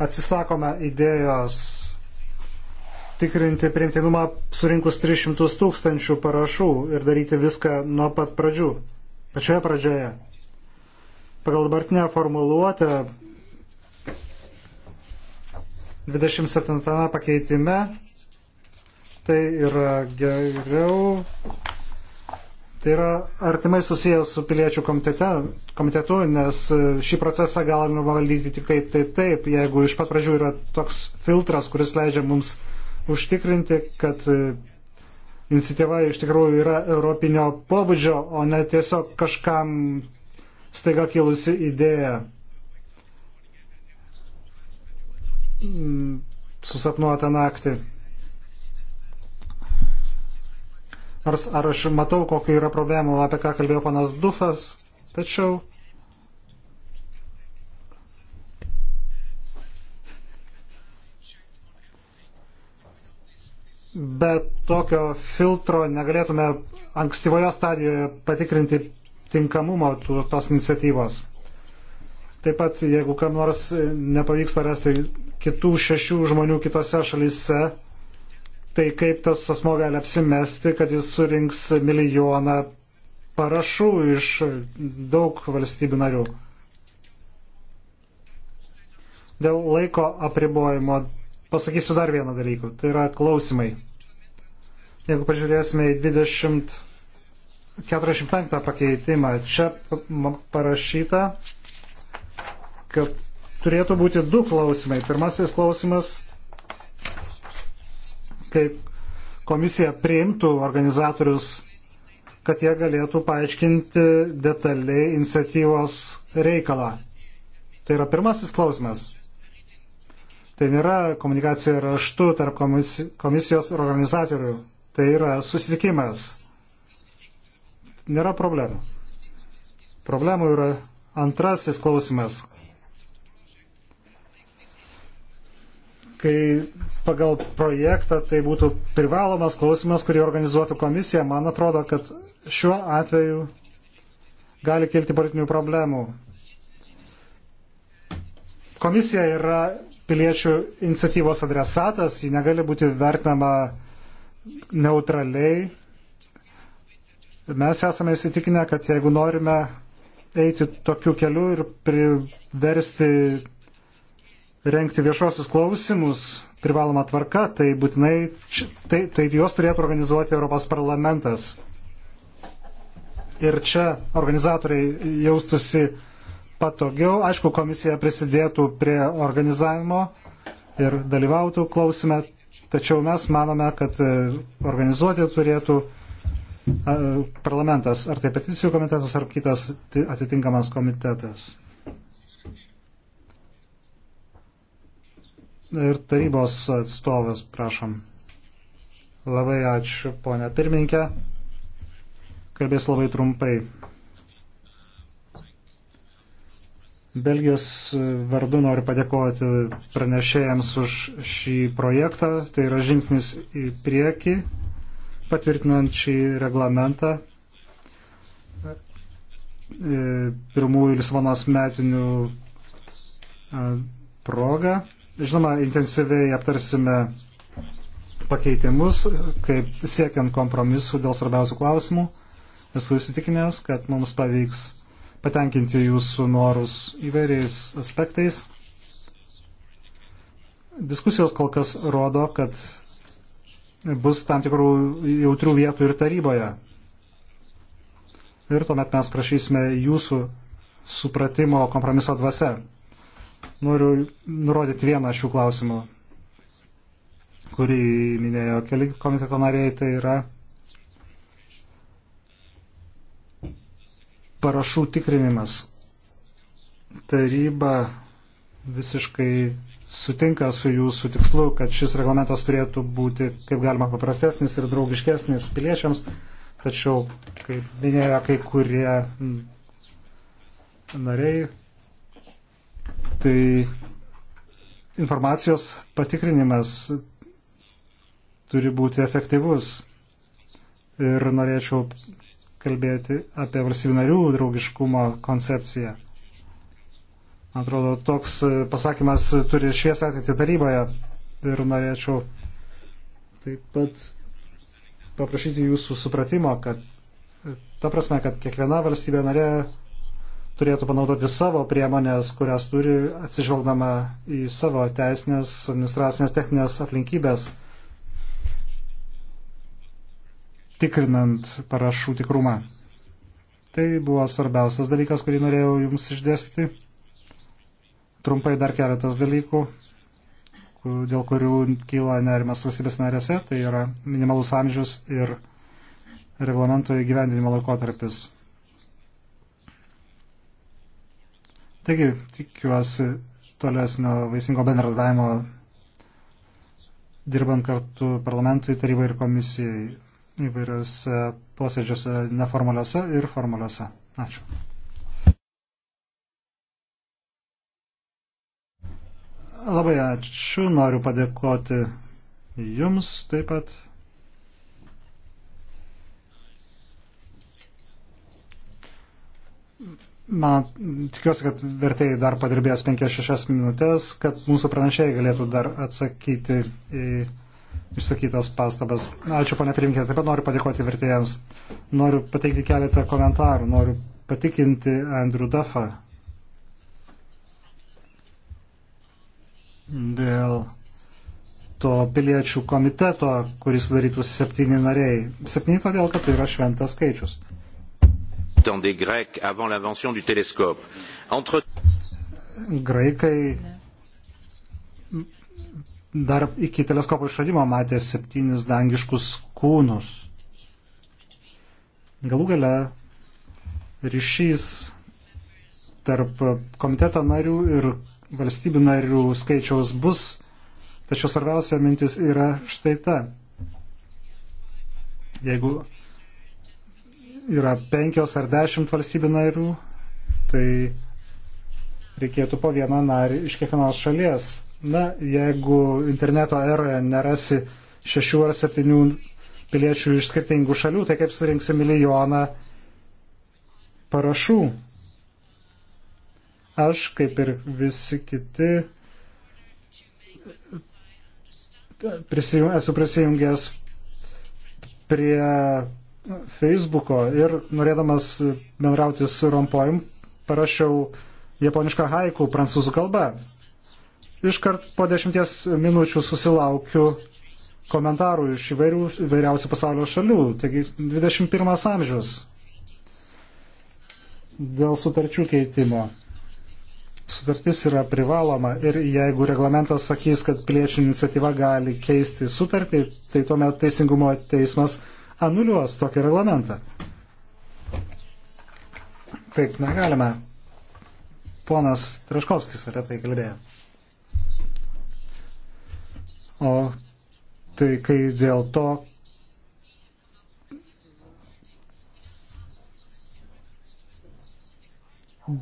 atsisakome idėjos tikrinti priimtinumą surinkus 300 tūkstančių parašų ir daryti viską nuo pat pradžių, pačioje pradžioje. Pagal dabartinę formuluotę 27 pakeitime tai yra geriau. Tai yra artimai susijęs su piliečių komitete, komitetu, nes šį procesą galime valdyti tik taip, taip, taip, jeigu iš pat pradžių yra toks filtras, kuris leidžia mums užtikrinti, kad iniciatyva iš tikrųjų yra europinio pobūdžio, o ne tiesiog kažkam staiga kilusi idėja. Mm, Susapnuotą naktį. Nors ar aš matau, kokiu yra problemų, apie ką kalbėjo panas Dufas, tačiau bet tokio filtro negalėtume ankstyvoje stadijoje patikrinti tinkamumo tos iniciatyvos. Taip pat, jeigu kam nors nepavyksta rasti kitų šešių žmonių kitose šalyse, tai kaip tas asmo gali apsimesti, kad jis surinks milijoną parašų iš daug valstybių narių. Dėl laiko apribojimo pasakysiu dar vieną dalyką, tai yra klausimai. Jeigu pažiūrėsime į 20 45 pakeitimą. Čia parašyta, kad turėtų būti du klausimai. Pirmasis klausimas, kai komisija priimtų organizatorius, kad jie galėtų paaiškinti detaliai iniciatyvos reikalą. Tai yra pirmasis klausimas. Tai nėra komunikacija raštu tarp komisijos organizatorių. Tai yra susitikimas nėra problemų. Problemų yra antrasis klausimas. Kai pagal projektą tai būtų privalomas klausimas, kurį organizuotų komisija, man atrodo, kad šiuo atveju gali kilti politinių problemų. Komisija yra piliečių iniciatyvos adresatas, ji negali būti vertinama neutraliai Mes esame įsitikinę, kad jeigu norime eiti tokiu keliu ir priversti renkti viešuosius klausimus privaloma tvarka, tai būtinai tai, tai juos turėtų organizuoti Europos parlamentas. Ir čia organizatoriai jaustusi patogiau. Aišku, komisija prisidėtų prie organizavimo ir dalyvautų klausime, tačiau mes manome, kad e, organizuoti turėtų parlamentas, ar tai peticijų komitetas, ar kitas atitinkamas komitetas. Ir tarybos atstovas, prašom. Labai ačiū, ponia pirmininkė. Kalbės labai trumpai. Belgijos vardu noriu padėkoti pranešėjams už šį projektą. Tai yra žingsnis į priekį patvirtinant šį reglamentą e, pirmųjų Lisabonos metinių e, progą. Žinoma, intensyviai aptarsime pakeitimus, kaip siekiant kompromisų dėl svarbiausių klausimų. Esu įsitikinęs, kad mums pavyks patenkinti jūsų norus įvairiais aspektais. Diskusijos kol kas rodo, kad bus tam tikrų jautrių vietų ir taryboje. Ir tuomet mes prašysime jūsų supratimo kompromiso dvasia. Noriu nurodyti vieną šių klausimų, kurį minėjo keli komiteto nariai, tai yra parašų tikrinimas. Taryba visiškai sutinka su jūsų tikslu, kad šis reglamentas turėtų būti kaip galima paprastesnis ir draugiškesnis piliečiams, tačiau, kaip minėjo kai kurie nariai, tai informacijos patikrinimas turi būti efektyvus. Ir norėčiau kalbėti apie valstybių narių draugiškumo koncepciją. Man atrodo, toks e, pasakymas turi šviesą ateitį taryboje ir norėčiau taip pat paprašyti jūsų supratimo, kad e, ta prasme, kad kiekviena valstybė narė turėtų panaudoti savo priemonės, kurias turi atsižvelgdama į savo teisinės, administracinės, techninės aplinkybės, tikrinant parašų tikrumą. Tai buvo svarbiausias dalykas, kurį norėjau Jums išdėstyti. Trumpai dar keletas dalykų, dėl kurių kyla nerimas valstybės narėse, tai yra minimalus amžius ir reglamento įgyvendinimo laikotarpis. Taigi, tikiuosi tolesnio vaisingo bendradarbiavimo dirbant kartu parlamentui, tarybai ir komisijai įvairiose posėdžiuose neformaliuose ir formaliuose. Ačiū. Labai ačiū, noriu padėkoti Jums taip pat. Man tikiuosi, kad vertėjai dar padirbės 5-6 minutės, kad mūsų pranešėjai galėtų dar atsakyti į išsakytas pastabas. Ačiū, pane pirminkė, taip pat noriu padėkoti vertėjams. Noriu pateikti keletą komentarų, noriu patikinti Andrew Duffą, dėl to piliečių komiteto, kuris sudarytų septyni nariai. Septyni todėl, kad tai yra šventas skaičius. Entre... Graikai dar iki teleskopo išradimo matė septynis dangiškus kūnus. Galų gale ryšys tarp komiteto narių ir valstybių narių skaičiaus bus, tačiau svarbiausia mintis yra štai ta. Jeigu yra penkios ar dešimt valstybių narių, tai reikėtų po vieną narį iš kiekvienos šalies. Na, jeigu interneto eroje nerasi šešių ar septynių piliečių iš skirtingų šalių, tai kaip surinksi milijoną parašų? Aš, kaip ir visi kiti, prisijung, esu prisijungęs prie Facebooko ir norėdamas bendrauti su Rompojim, parašiau japonišką haiku prancūzų kalba. Iškart po dešimties minučių susilaukiu komentarų iš įvairių, įvairiausių pasaulio šalių. Taigi 21 amžius dėl sutarčių keitimo sutartis yra privaloma ir jeigu reglamentas sakys, kad piliečių iniciatyva gali keisti sutartį, tai tuomet Teisingumo teismas anuliuos tokį reglamentą. Taip negalime. Ponas Traškovskis apie tai kalbėjo. O tai kai dėl to,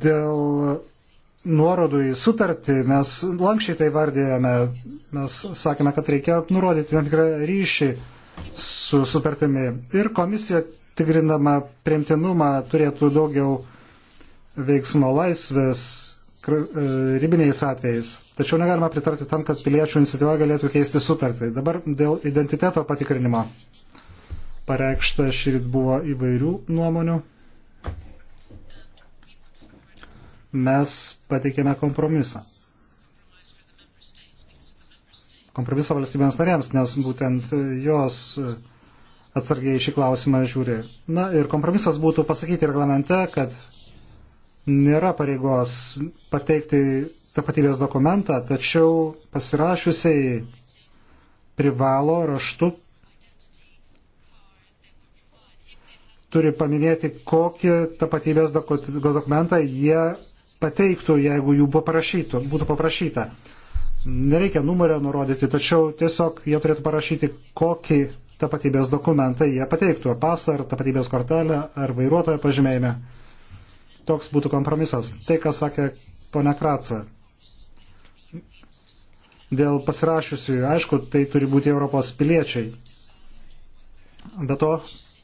dėl nuorodų į sutartį, mes lankščiai tai vardėjome, mes sakėme, kad reikia nurodyti tam tikrą ryšį su sutartimi. Ir komisija, tikrindama priimtinumą, turėtų daugiau veiksmo laisvės e, ribiniais atvejais. Tačiau negalima pritarti tam, kad piliečių iniciatyva galėtų keisti sutartį. Dabar dėl identiteto patikrinimo. Pareikšta šį rytą buvo įvairių nuomonių. mes pateikėme kompromisą. Kompromiso valstybėms narėms, nes būtent jos atsargiai šį klausimą žiūri. Na ir kompromisas būtų pasakyti reglamente, kad nėra pareigos pateikti tapatybės dokumentą, tačiau pasirašiusiai privalo raštu turi paminėti, kokį tapatybės dokumentą jie pateiktų, jeigu jų paprašytų, būtų paprašyta. Nereikia numerio nurodyti, tačiau tiesiog jie turėtų parašyti, kokį tapatybės dokumentą jie pateiktų, ar pasą, ar tapatybės kortelę, ar vairuotojo pažymėjimą. Toks būtų kompromisas. Tai, kas sakė ponia Kratsa. Dėl pasirašiusiųjų, aišku, tai turi būti Europos piliečiai. Be to,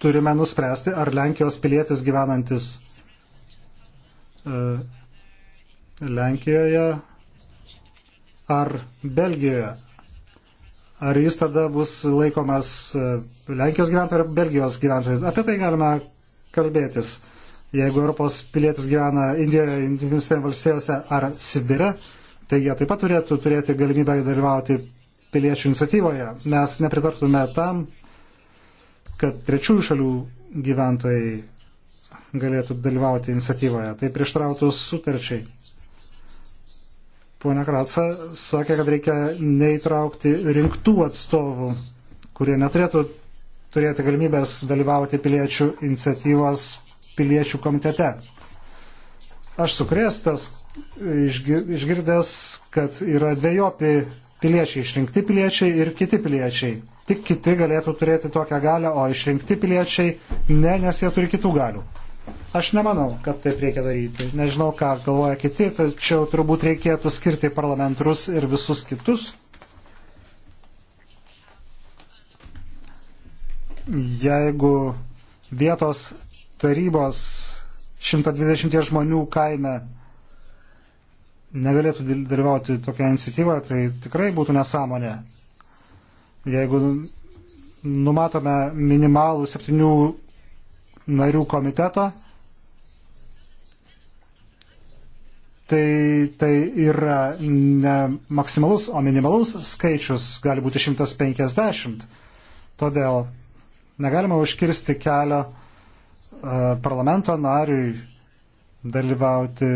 turime nuspręsti, ar Lenkijos pilietis gyvenantis e, Lenkijoje ar Belgijoje. Ar jis tada bus laikomas e, Lenkijos gyventojų ar Belgijos gyventojų? Apie tai galime kalbėtis. Jeigu Europos pilietis gyvena Indijoje, Junktinėse valstijose ar Sibire, tai jie taip pat turėtų turėti galimybę dalyvauti piliečių iniciatyvoje. Mes nepritartume tam, kad trečiųjų šalių gyventojai galėtų dalyvauti iniciatyvoje. Tai prieštrautų sutarčiai. Pone Kratsa sakė, kad reikia neįtraukti rinktų atstovų, kurie neturėtų turėti galimybės dalyvauti piliečių iniciatyvos piliečių komitete. Aš sukrėstas, išgirdęs, kad yra dviejopi piliečiai, išrinkti piliečiai ir kiti piliečiai. Tik kiti galėtų turėti tokią galę, o išrinkti piliečiai ne, nes jie turi kitų galių. Aš nemanau, kad taip reikia daryti. Nežinau, ką galvoja kiti, tačiau turbūt reikėtų skirti parlamentrus ir visus kitus. Jeigu vietos tarybos 120 žmonių kaime negalėtų dalyvauti tokia iniciatyva, tai tikrai būtų nesąmonė. Jeigu numatome minimalų septynių narių komiteto. Tai, tai yra ne maksimalus, o minimalus skaičius gali būti 150. Todėl negalima užkirsti kelio e, parlamento nariui dalyvauti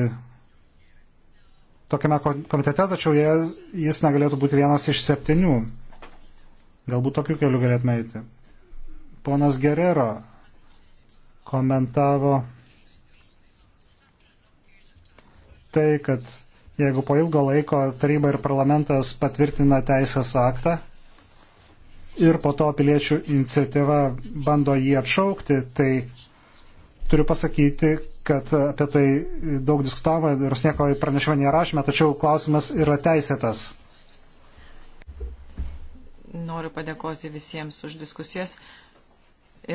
tokiame komitete, tačiau jis negalėtų būti vienas iš septynių. Galbūt tokiu keliu galėtume eiti. Ponas Gerero komentavo tai, kad jeigu po ilgo laiko taryba ir parlamentas patvirtina teisės aktą ir po to piliečių iniciatyva bando jį atšaukti, tai turiu pasakyti, kad apie tai daug diskutavome ir nieko pranešimą nerašėme, tačiau klausimas yra teisėtas. Noriu padėkoti visiems už diskusijas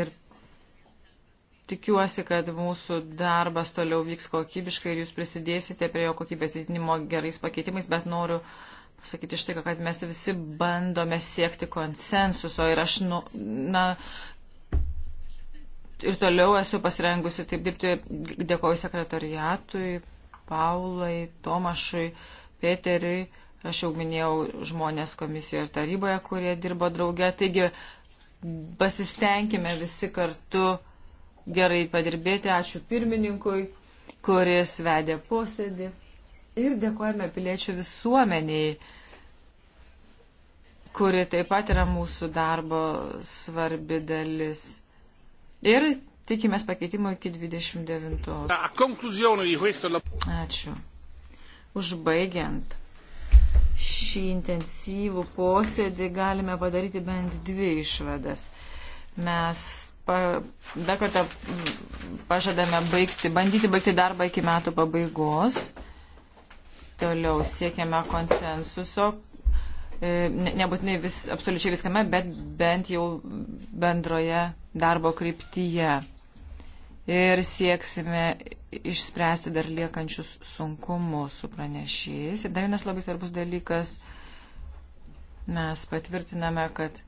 ir Tikiuosi, kad mūsų darbas toliau vyks kokybiškai ir jūs prisidėsite prie jo kokybės didinimo gerais pakeitimais, bet noriu pasakyti štai, kad mes visi bandome siekti konsensuso ir aš, nu, na, ir toliau esu pasirengusi taip dirbti. Dėkoju sekretariatui, Paulai, Tomašui, Peteriui. Aš jau minėjau žmonės komisijoje ir taryboje, kurie dirbo drauge. Taigi pasistengime visi kartu gerai padirbėti. Ačiū pirmininkui, kuris vedė posėdį. Ir dėkojame piliečių visuomeniai, kuri taip pat yra mūsų darbo svarbi dalis. Ir tikimės pakeitimų iki 29. Ačiū. Užbaigiant šį intensyvų posėdį galime padaryti bent dvi išvadas. Mes dar kartą pažadame baigti, bandyti baigti darbą iki metų pabaigos. Toliau siekiame konsensuso, e, nebūtinai vis, absoliučiai viskame, bet bent jau bendroje darbo kryptyje. Ir sieksime išspręsti dar liekančius sunkumus su pranešiais. Ir dar vienas labai svarbus dalykas, mes patvirtiname, kad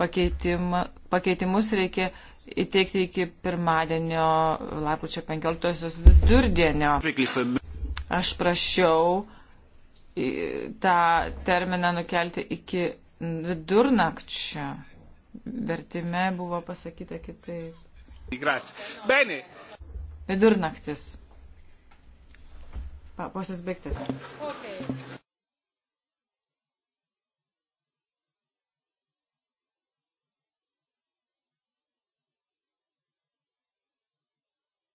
pakeitima, pakeitimus reikia įteikti iki pirmadienio, lapučio 15 vidurdienio. Aš prašiau tą terminą nukelti iki vidurnakčio. Vertime buvo pasakyta kitaip. Bene. Vidurnaktis. Pa, posės baigtas. Okay.